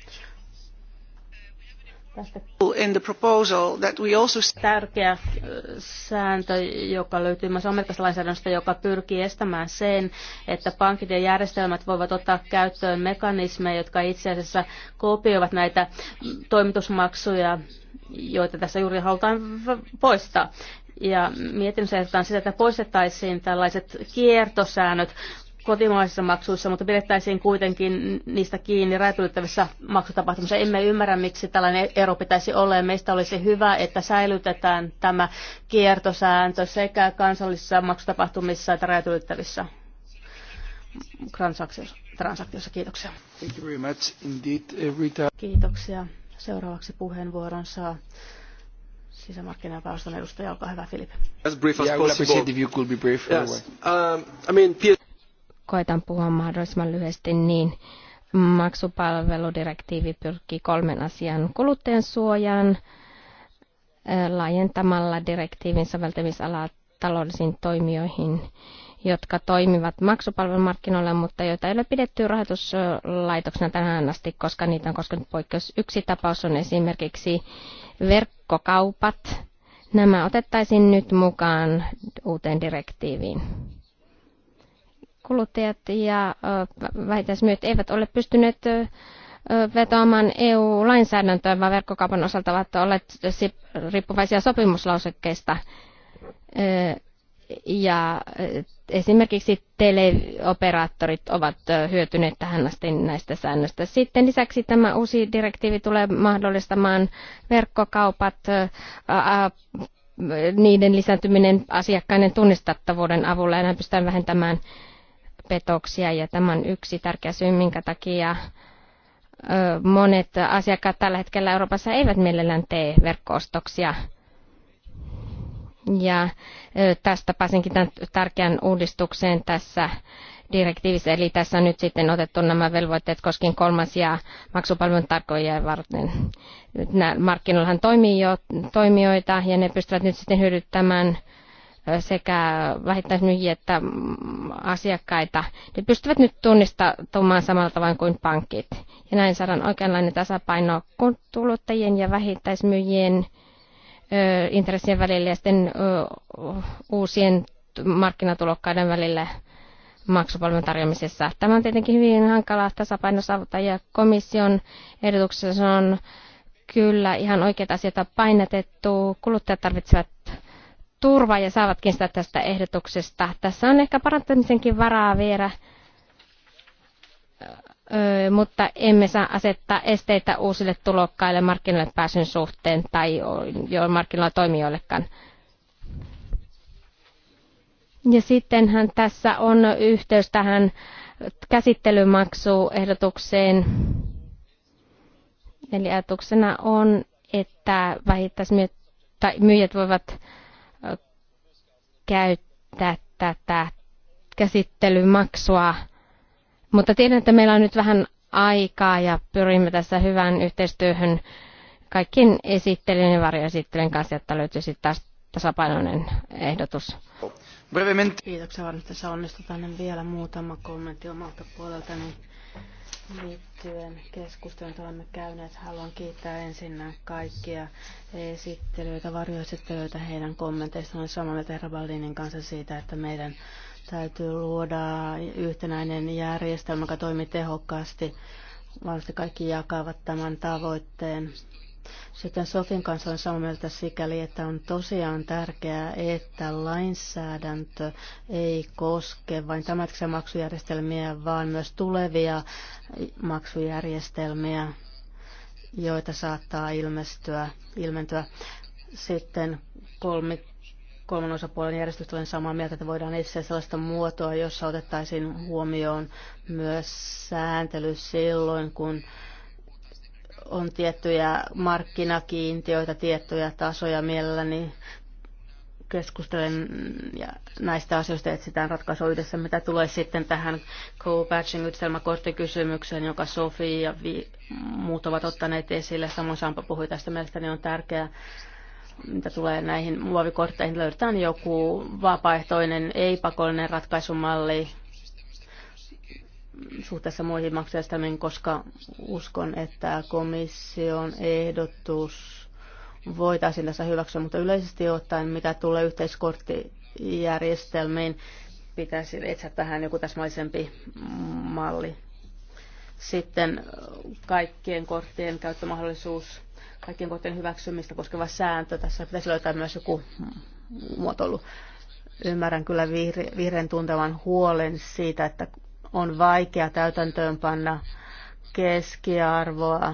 In the proposal that we also... Tärkeä äh, sääntö, joka löytyy myös amerikkalaisesta lainsäädännöstä, joka pyrkii estämään sen, että pankit ja järjestelmät voivat ottaa käyttöön mekanismeja, jotka itse asiassa kopioivat näitä toimitusmaksuja joita tässä juuri halutaan poistaa. Ja mietin että on sitä, että poistettaisiin tällaiset kiertosäännöt kotimaisissa maksuissa, mutta pidettäisiin kuitenkin niistä kiinni rajatulittavissa maksutapahtumissa. Emme ymmärrä, miksi tällainen ero pitäisi olla. Meistä olisi hyvä, että säilytetään tämä kiertosääntö sekä kansallisissa maksutapahtumissa että rajatulittavissa transaktiossa. Kiitoksia. Thank you very much indeed, Rita. Kiitoksia. Seuraavaksi puheenvuoron saa Koetan edustaja, olkaa hyvä Filip. As brief as possible. if you could be brief. Yes. Um, I mean, Koitan puhua mahdollisimman lyhyesti niin. Maksupalveludirektiivi pyrkii kolmen asian kuluttajan suojaan laajentamalla direktiivin soveltamisalaa taloudellisiin toimijoihin, jotka toimivat maksupalvelumarkkinoilla, mutta joita ei ole pidetty rahoituslaitoksena tähän asti, koska niitä on koskenut poikkeus. Yksi tapaus on esimerkiksi verkkokaupat, nämä otettaisiin nyt mukaan uuteen direktiiviin. Kuluttajat ja vähittäismyyjät eivät ole pystyneet vetoamaan EU-lainsäädäntöön, vaan verkkokaupan osalta ovat olleet riippuvaisia sopimuslausekkeista. Ja esimerkiksi teleoperaattorit ovat hyötyneet tähän asti näistä säännöistä. Sitten lisäksi tämä uusi direktiivi tulee mahdollistamaan verkkokaupat, niiden lisääntyminen asiakkaiden tunnistattavuuden avulla ja näin pystytään vähentämään petoksia ja tämä on yksi tärkeä syy, minkä takia monet asiakkaat tällä hetkellä Euroopassa eivät mielellään tee verkkoostoksia ja tästä pääsinkin tämän tärkeän uudistukseen tässä direktiivissä, eli tässä on nyt sitten otettu nämä velvoitteet koskien kolmansia maksupalvelun tarkoja varten. Markkinoillahan toimii jo toimijoita ja ne pystyvät nyt sitten hyödyttämään sekä vähittäismyyjiä että mm, asiakkaita. Ne pystyvät nyt tunnistamaan samalla tavalla kuin pankit. Ja näin saadaan oikeanlainen tasapaino kuluttajien ja vähittäismyyjien intressien välillä ja sitten uusien markkinatulokkaiden välillä maksupalvelun tarjoamisessa. Tämä on tietenkin hyvin hankalaa tasapaino saavuttaa ja komission ehdotuksessa on kyllä ihan oikeita asioita painotettu. Kuluttajat tarvitsevat turvaa ja saavatkin sitä tästä ehdotuksesta. Tässä on ehkä parantamisenkin varaa vielä mutta emme saa asettaa esteitä uusille tulokkaille markkinoille pääsyn suhteen tai jo markkinoilla toimijoillekaan. Ja sittenhän tässä on yhteys tähän käsittelymaksuehdotukseen. Eli ajatuksena on, että vähittäismyyjät tai myyjät voivat käyttää tätä käsittelymaksua mutta tiedän, että meillä on nyt vähän aikaa ja pyrimme tässä hyvään yhteistyöhön kaikkien esittelijän ja varjoesittelijän kanssa, löytyy löytyisi taas tasapainoinen ehdotus. Kiitoksia varmasti se onnistutaan. Vielä muutama kommentti omalta puoleltani niin liittyen keskusteluun, jota olemme käyneet. Haluan kiittää ensin kaikkia esittelyitä, varjoesittelyitä heidän kommenteistaan. Olen samalla Terra Baldinin kanssa siitä, että meidän täytyy luoda yhtenäinen järjestelmä, joka toimii tehokkaasti. Varmasti kaikki jakavat tämän tavoitteen. Sitten Sofin kanssa on samaa mieltä sikäli, että on tosiaan tärkeää, että lainsäädäntö ei koske vain tämänhetkisiä maksujärjestelmiä, vaan myös tulevia maksujärjestelmiä, joita saattaa ilmestyä, ilmentyä. Sitten kolmit kolman osapuolen järjestöstä olen samaa mieltä, että voidaan etsiä sellaista muotoa, jossa otettaisiin huomioon myös sääntely silloin, kun on tiettyjä markkinakiintiöitä, tiettyjä tasoja mielelläni keskustelen ja näistä asioista etsitään ratkaisua yhdessä, mitä tulee sitten tähän co-patching yhdistelmäkorttikysymykseen, joka Sofi ja vi- muut ovat ottaneet esille. Samoin Sampa puhui tästä. Mielestäni niin on tärkeää mitä tulee näihin muovikortteihin, löydetään joku vapaaehtoinen, ei-pakollinen ratkaisumalli suhteessa muihin maksujärjestelmiin, koska uskon, että komission ehdotus voitaisiin tässä hyväksyä, mutta yleisesti ottaen, mitä tulee yhteiskorttijärjestelmiin, pitäisi etsiä tähän joku täsmällisempi malli. Sitten kaikkien korttien käyttömahdollisuus kaikkien kohteen hyväksymistä koskeva sääntö. Tässä pitäisi löytää myös joku muotoilu. Ymmärrän kyllä vihreän tuntevan huolen siitä, että on vaikea täytäntöönpanna keskiarvoa,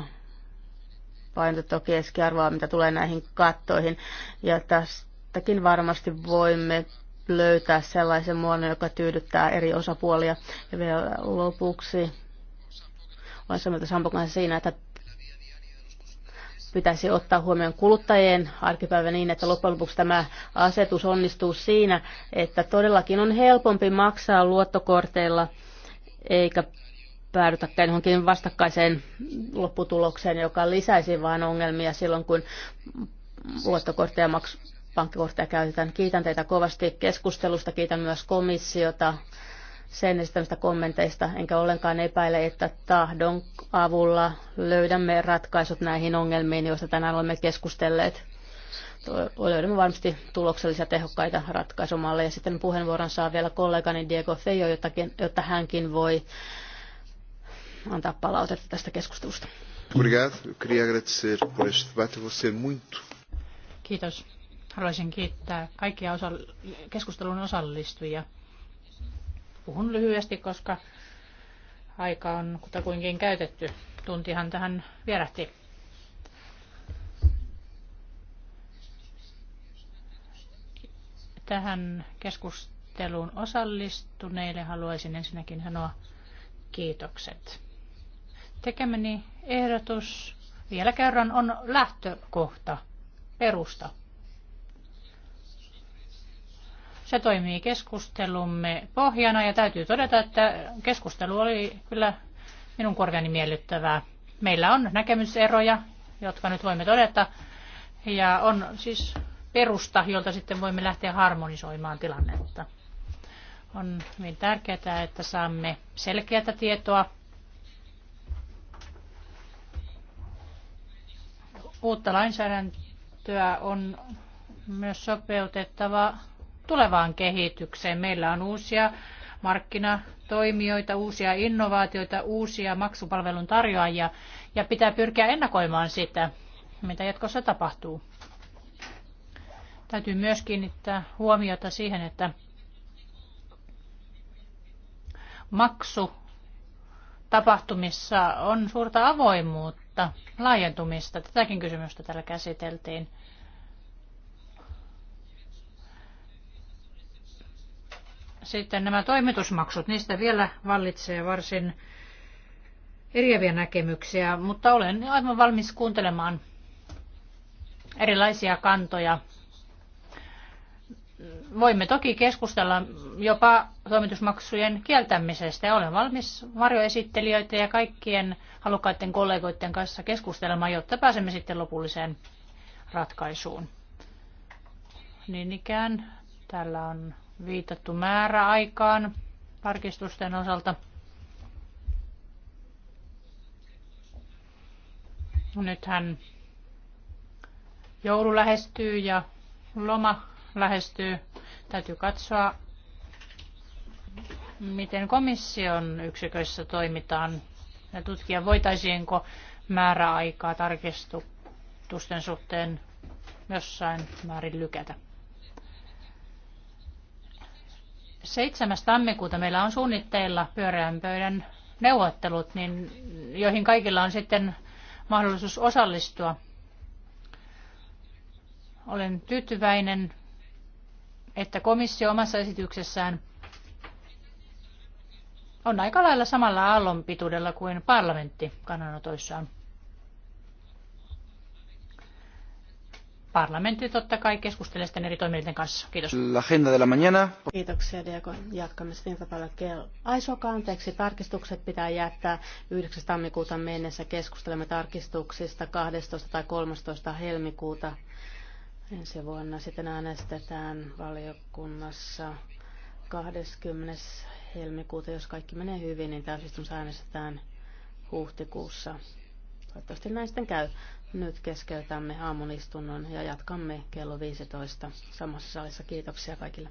painotettua keskiarvoa, mitä tulee näihin kattoihin. Ja tästäkin varmasti voimme löytää sellaisen muodon, joka tyydyttää eri osapuolia. Ja vielä lopuksi olen samalta Sampo kanssa siinä, että pitäisi ottaa huomioon kuluttajien arkipäivä niin, että loppujen lopuksi tämä asetus onnistuu siinä, että todellakin on helpompi maksaa luottokorteilla eikä päädytäkään johonkin vastakkaiseen lopputulokseen, joka lisäisi vain ongelmia silloin, kun luottokortteja maksu pankkikortteja käytetään. Kiitän teitä kovasti keskustelusta, kiitän myös komissiota sen esittämistä kommenteista, enkä ollenkaan epäile, että tahdon avulla löydämme ratkaisut näihin ongelmiin, joista tänään olemme keskustelleet. Löydämme varmasti tuloksellisia tehokkaita ratkaisumalleja. Sitten puheenvuoron saa vielä kollegani Diego Feijo, jotta hänkin voi antaa palautetta tästä keskustelusta. Kiitos. Haluaisin kiittää kaikkia osa- keskustelun osallistujia. Puhun lyhyesti, koska aika on kutakuinkin käytetty. Tuntihan tähän vierähti. Tähän keskusteluun osallistuneille haluaisin ensinnäkin sanoa kiitokset. Tekemäni ehdotus vielä kerran on lähtökohta, perusta. Se toimii keskustelumme pohjana ja täytyy todeta, että keskustelu oli kyllä minun korviani miellyttävää. Meillä on näkemyseroja, jotka nyt voimme todeta, ja on siis perusta, jolta sitten voimme lähteä harmonisoimaan tilannetta. On hyvin tärkeää, että saamme selkeätä tietoa uutta lainsäädäntöä on myös sopeutettava tulevaan kehitykseen. Meillä on uusia markkinatoimijoita, uusia innovaatioita, uusia maksupalvelun tarjoajia ja pitää pyrkiä ennakoimaan sitä, mitä jatkossa tapahtuu. Täytyy myös kiinnittää huomiota siihen, että maksu tapahtumissa on suurta avoimuutta, laajentumista. Tätäkin kysymystä täällä käsiteltiin. Sitten nämä toimitusmaksut, niistä vielä vallitsee varsin eriäviä näkemyksiä, mutta olen aivan valmis kuuntelemaan erilaisia kantoja. Voimme toki keskustella jopa toimitusmaksujen kieltämisestä ja olen valmis varjoesittelijöitä ja kaikkien halukkaiden kollegoiden kanssa keskustelemaan, jotta pääsemme sitten lopulliseen ratkaisuun. Niin ikään täällä on viitattu määräaikaan tarkistusten osalta. Nythän joulu lähestyy ja loma lähestyy. Täytyy katsoa, miten komission yksiköissä toimitaan ja tutkia, voitaisiinko määräaikaa tarkistusten suhteen jossain määrin lykätä. 7. tammikuuta meillä on suunnitteilla pyöreän pöydän neuvottelut, niin joihin kaikilla on sitten mahdollisuus osallistua. Olen tyytyväinen, että komissio omassa esityksessään on aika lailla samalla aallonpituudella kuin parlamentti kannanotoissaan. parlamentti totta kai keskustelee sitten eri toimijoiden kanssa. Kiitos. La agenda de la mañana. Kiitoksia Diego. Jatkamme sitten iltapäivällä kello. Ai anteeksi, tarkistukset pitää jättää 9. tammikuuta mennessä. Keskustelemme tarkistuksista 12. tai 13. helmikuuta. Ensi vuonna sitten äänestetään valiokunnassa 20. helmikuuta. Jos kaikki menee hyvin, niin täysistunsa äänestetään huhtikuussa. Toivottavasti näin sitten käy. Nyt keskeytämme aamunistunnon ja jatkamme kello 15 samassa salissa. Kiitoksia kaikille.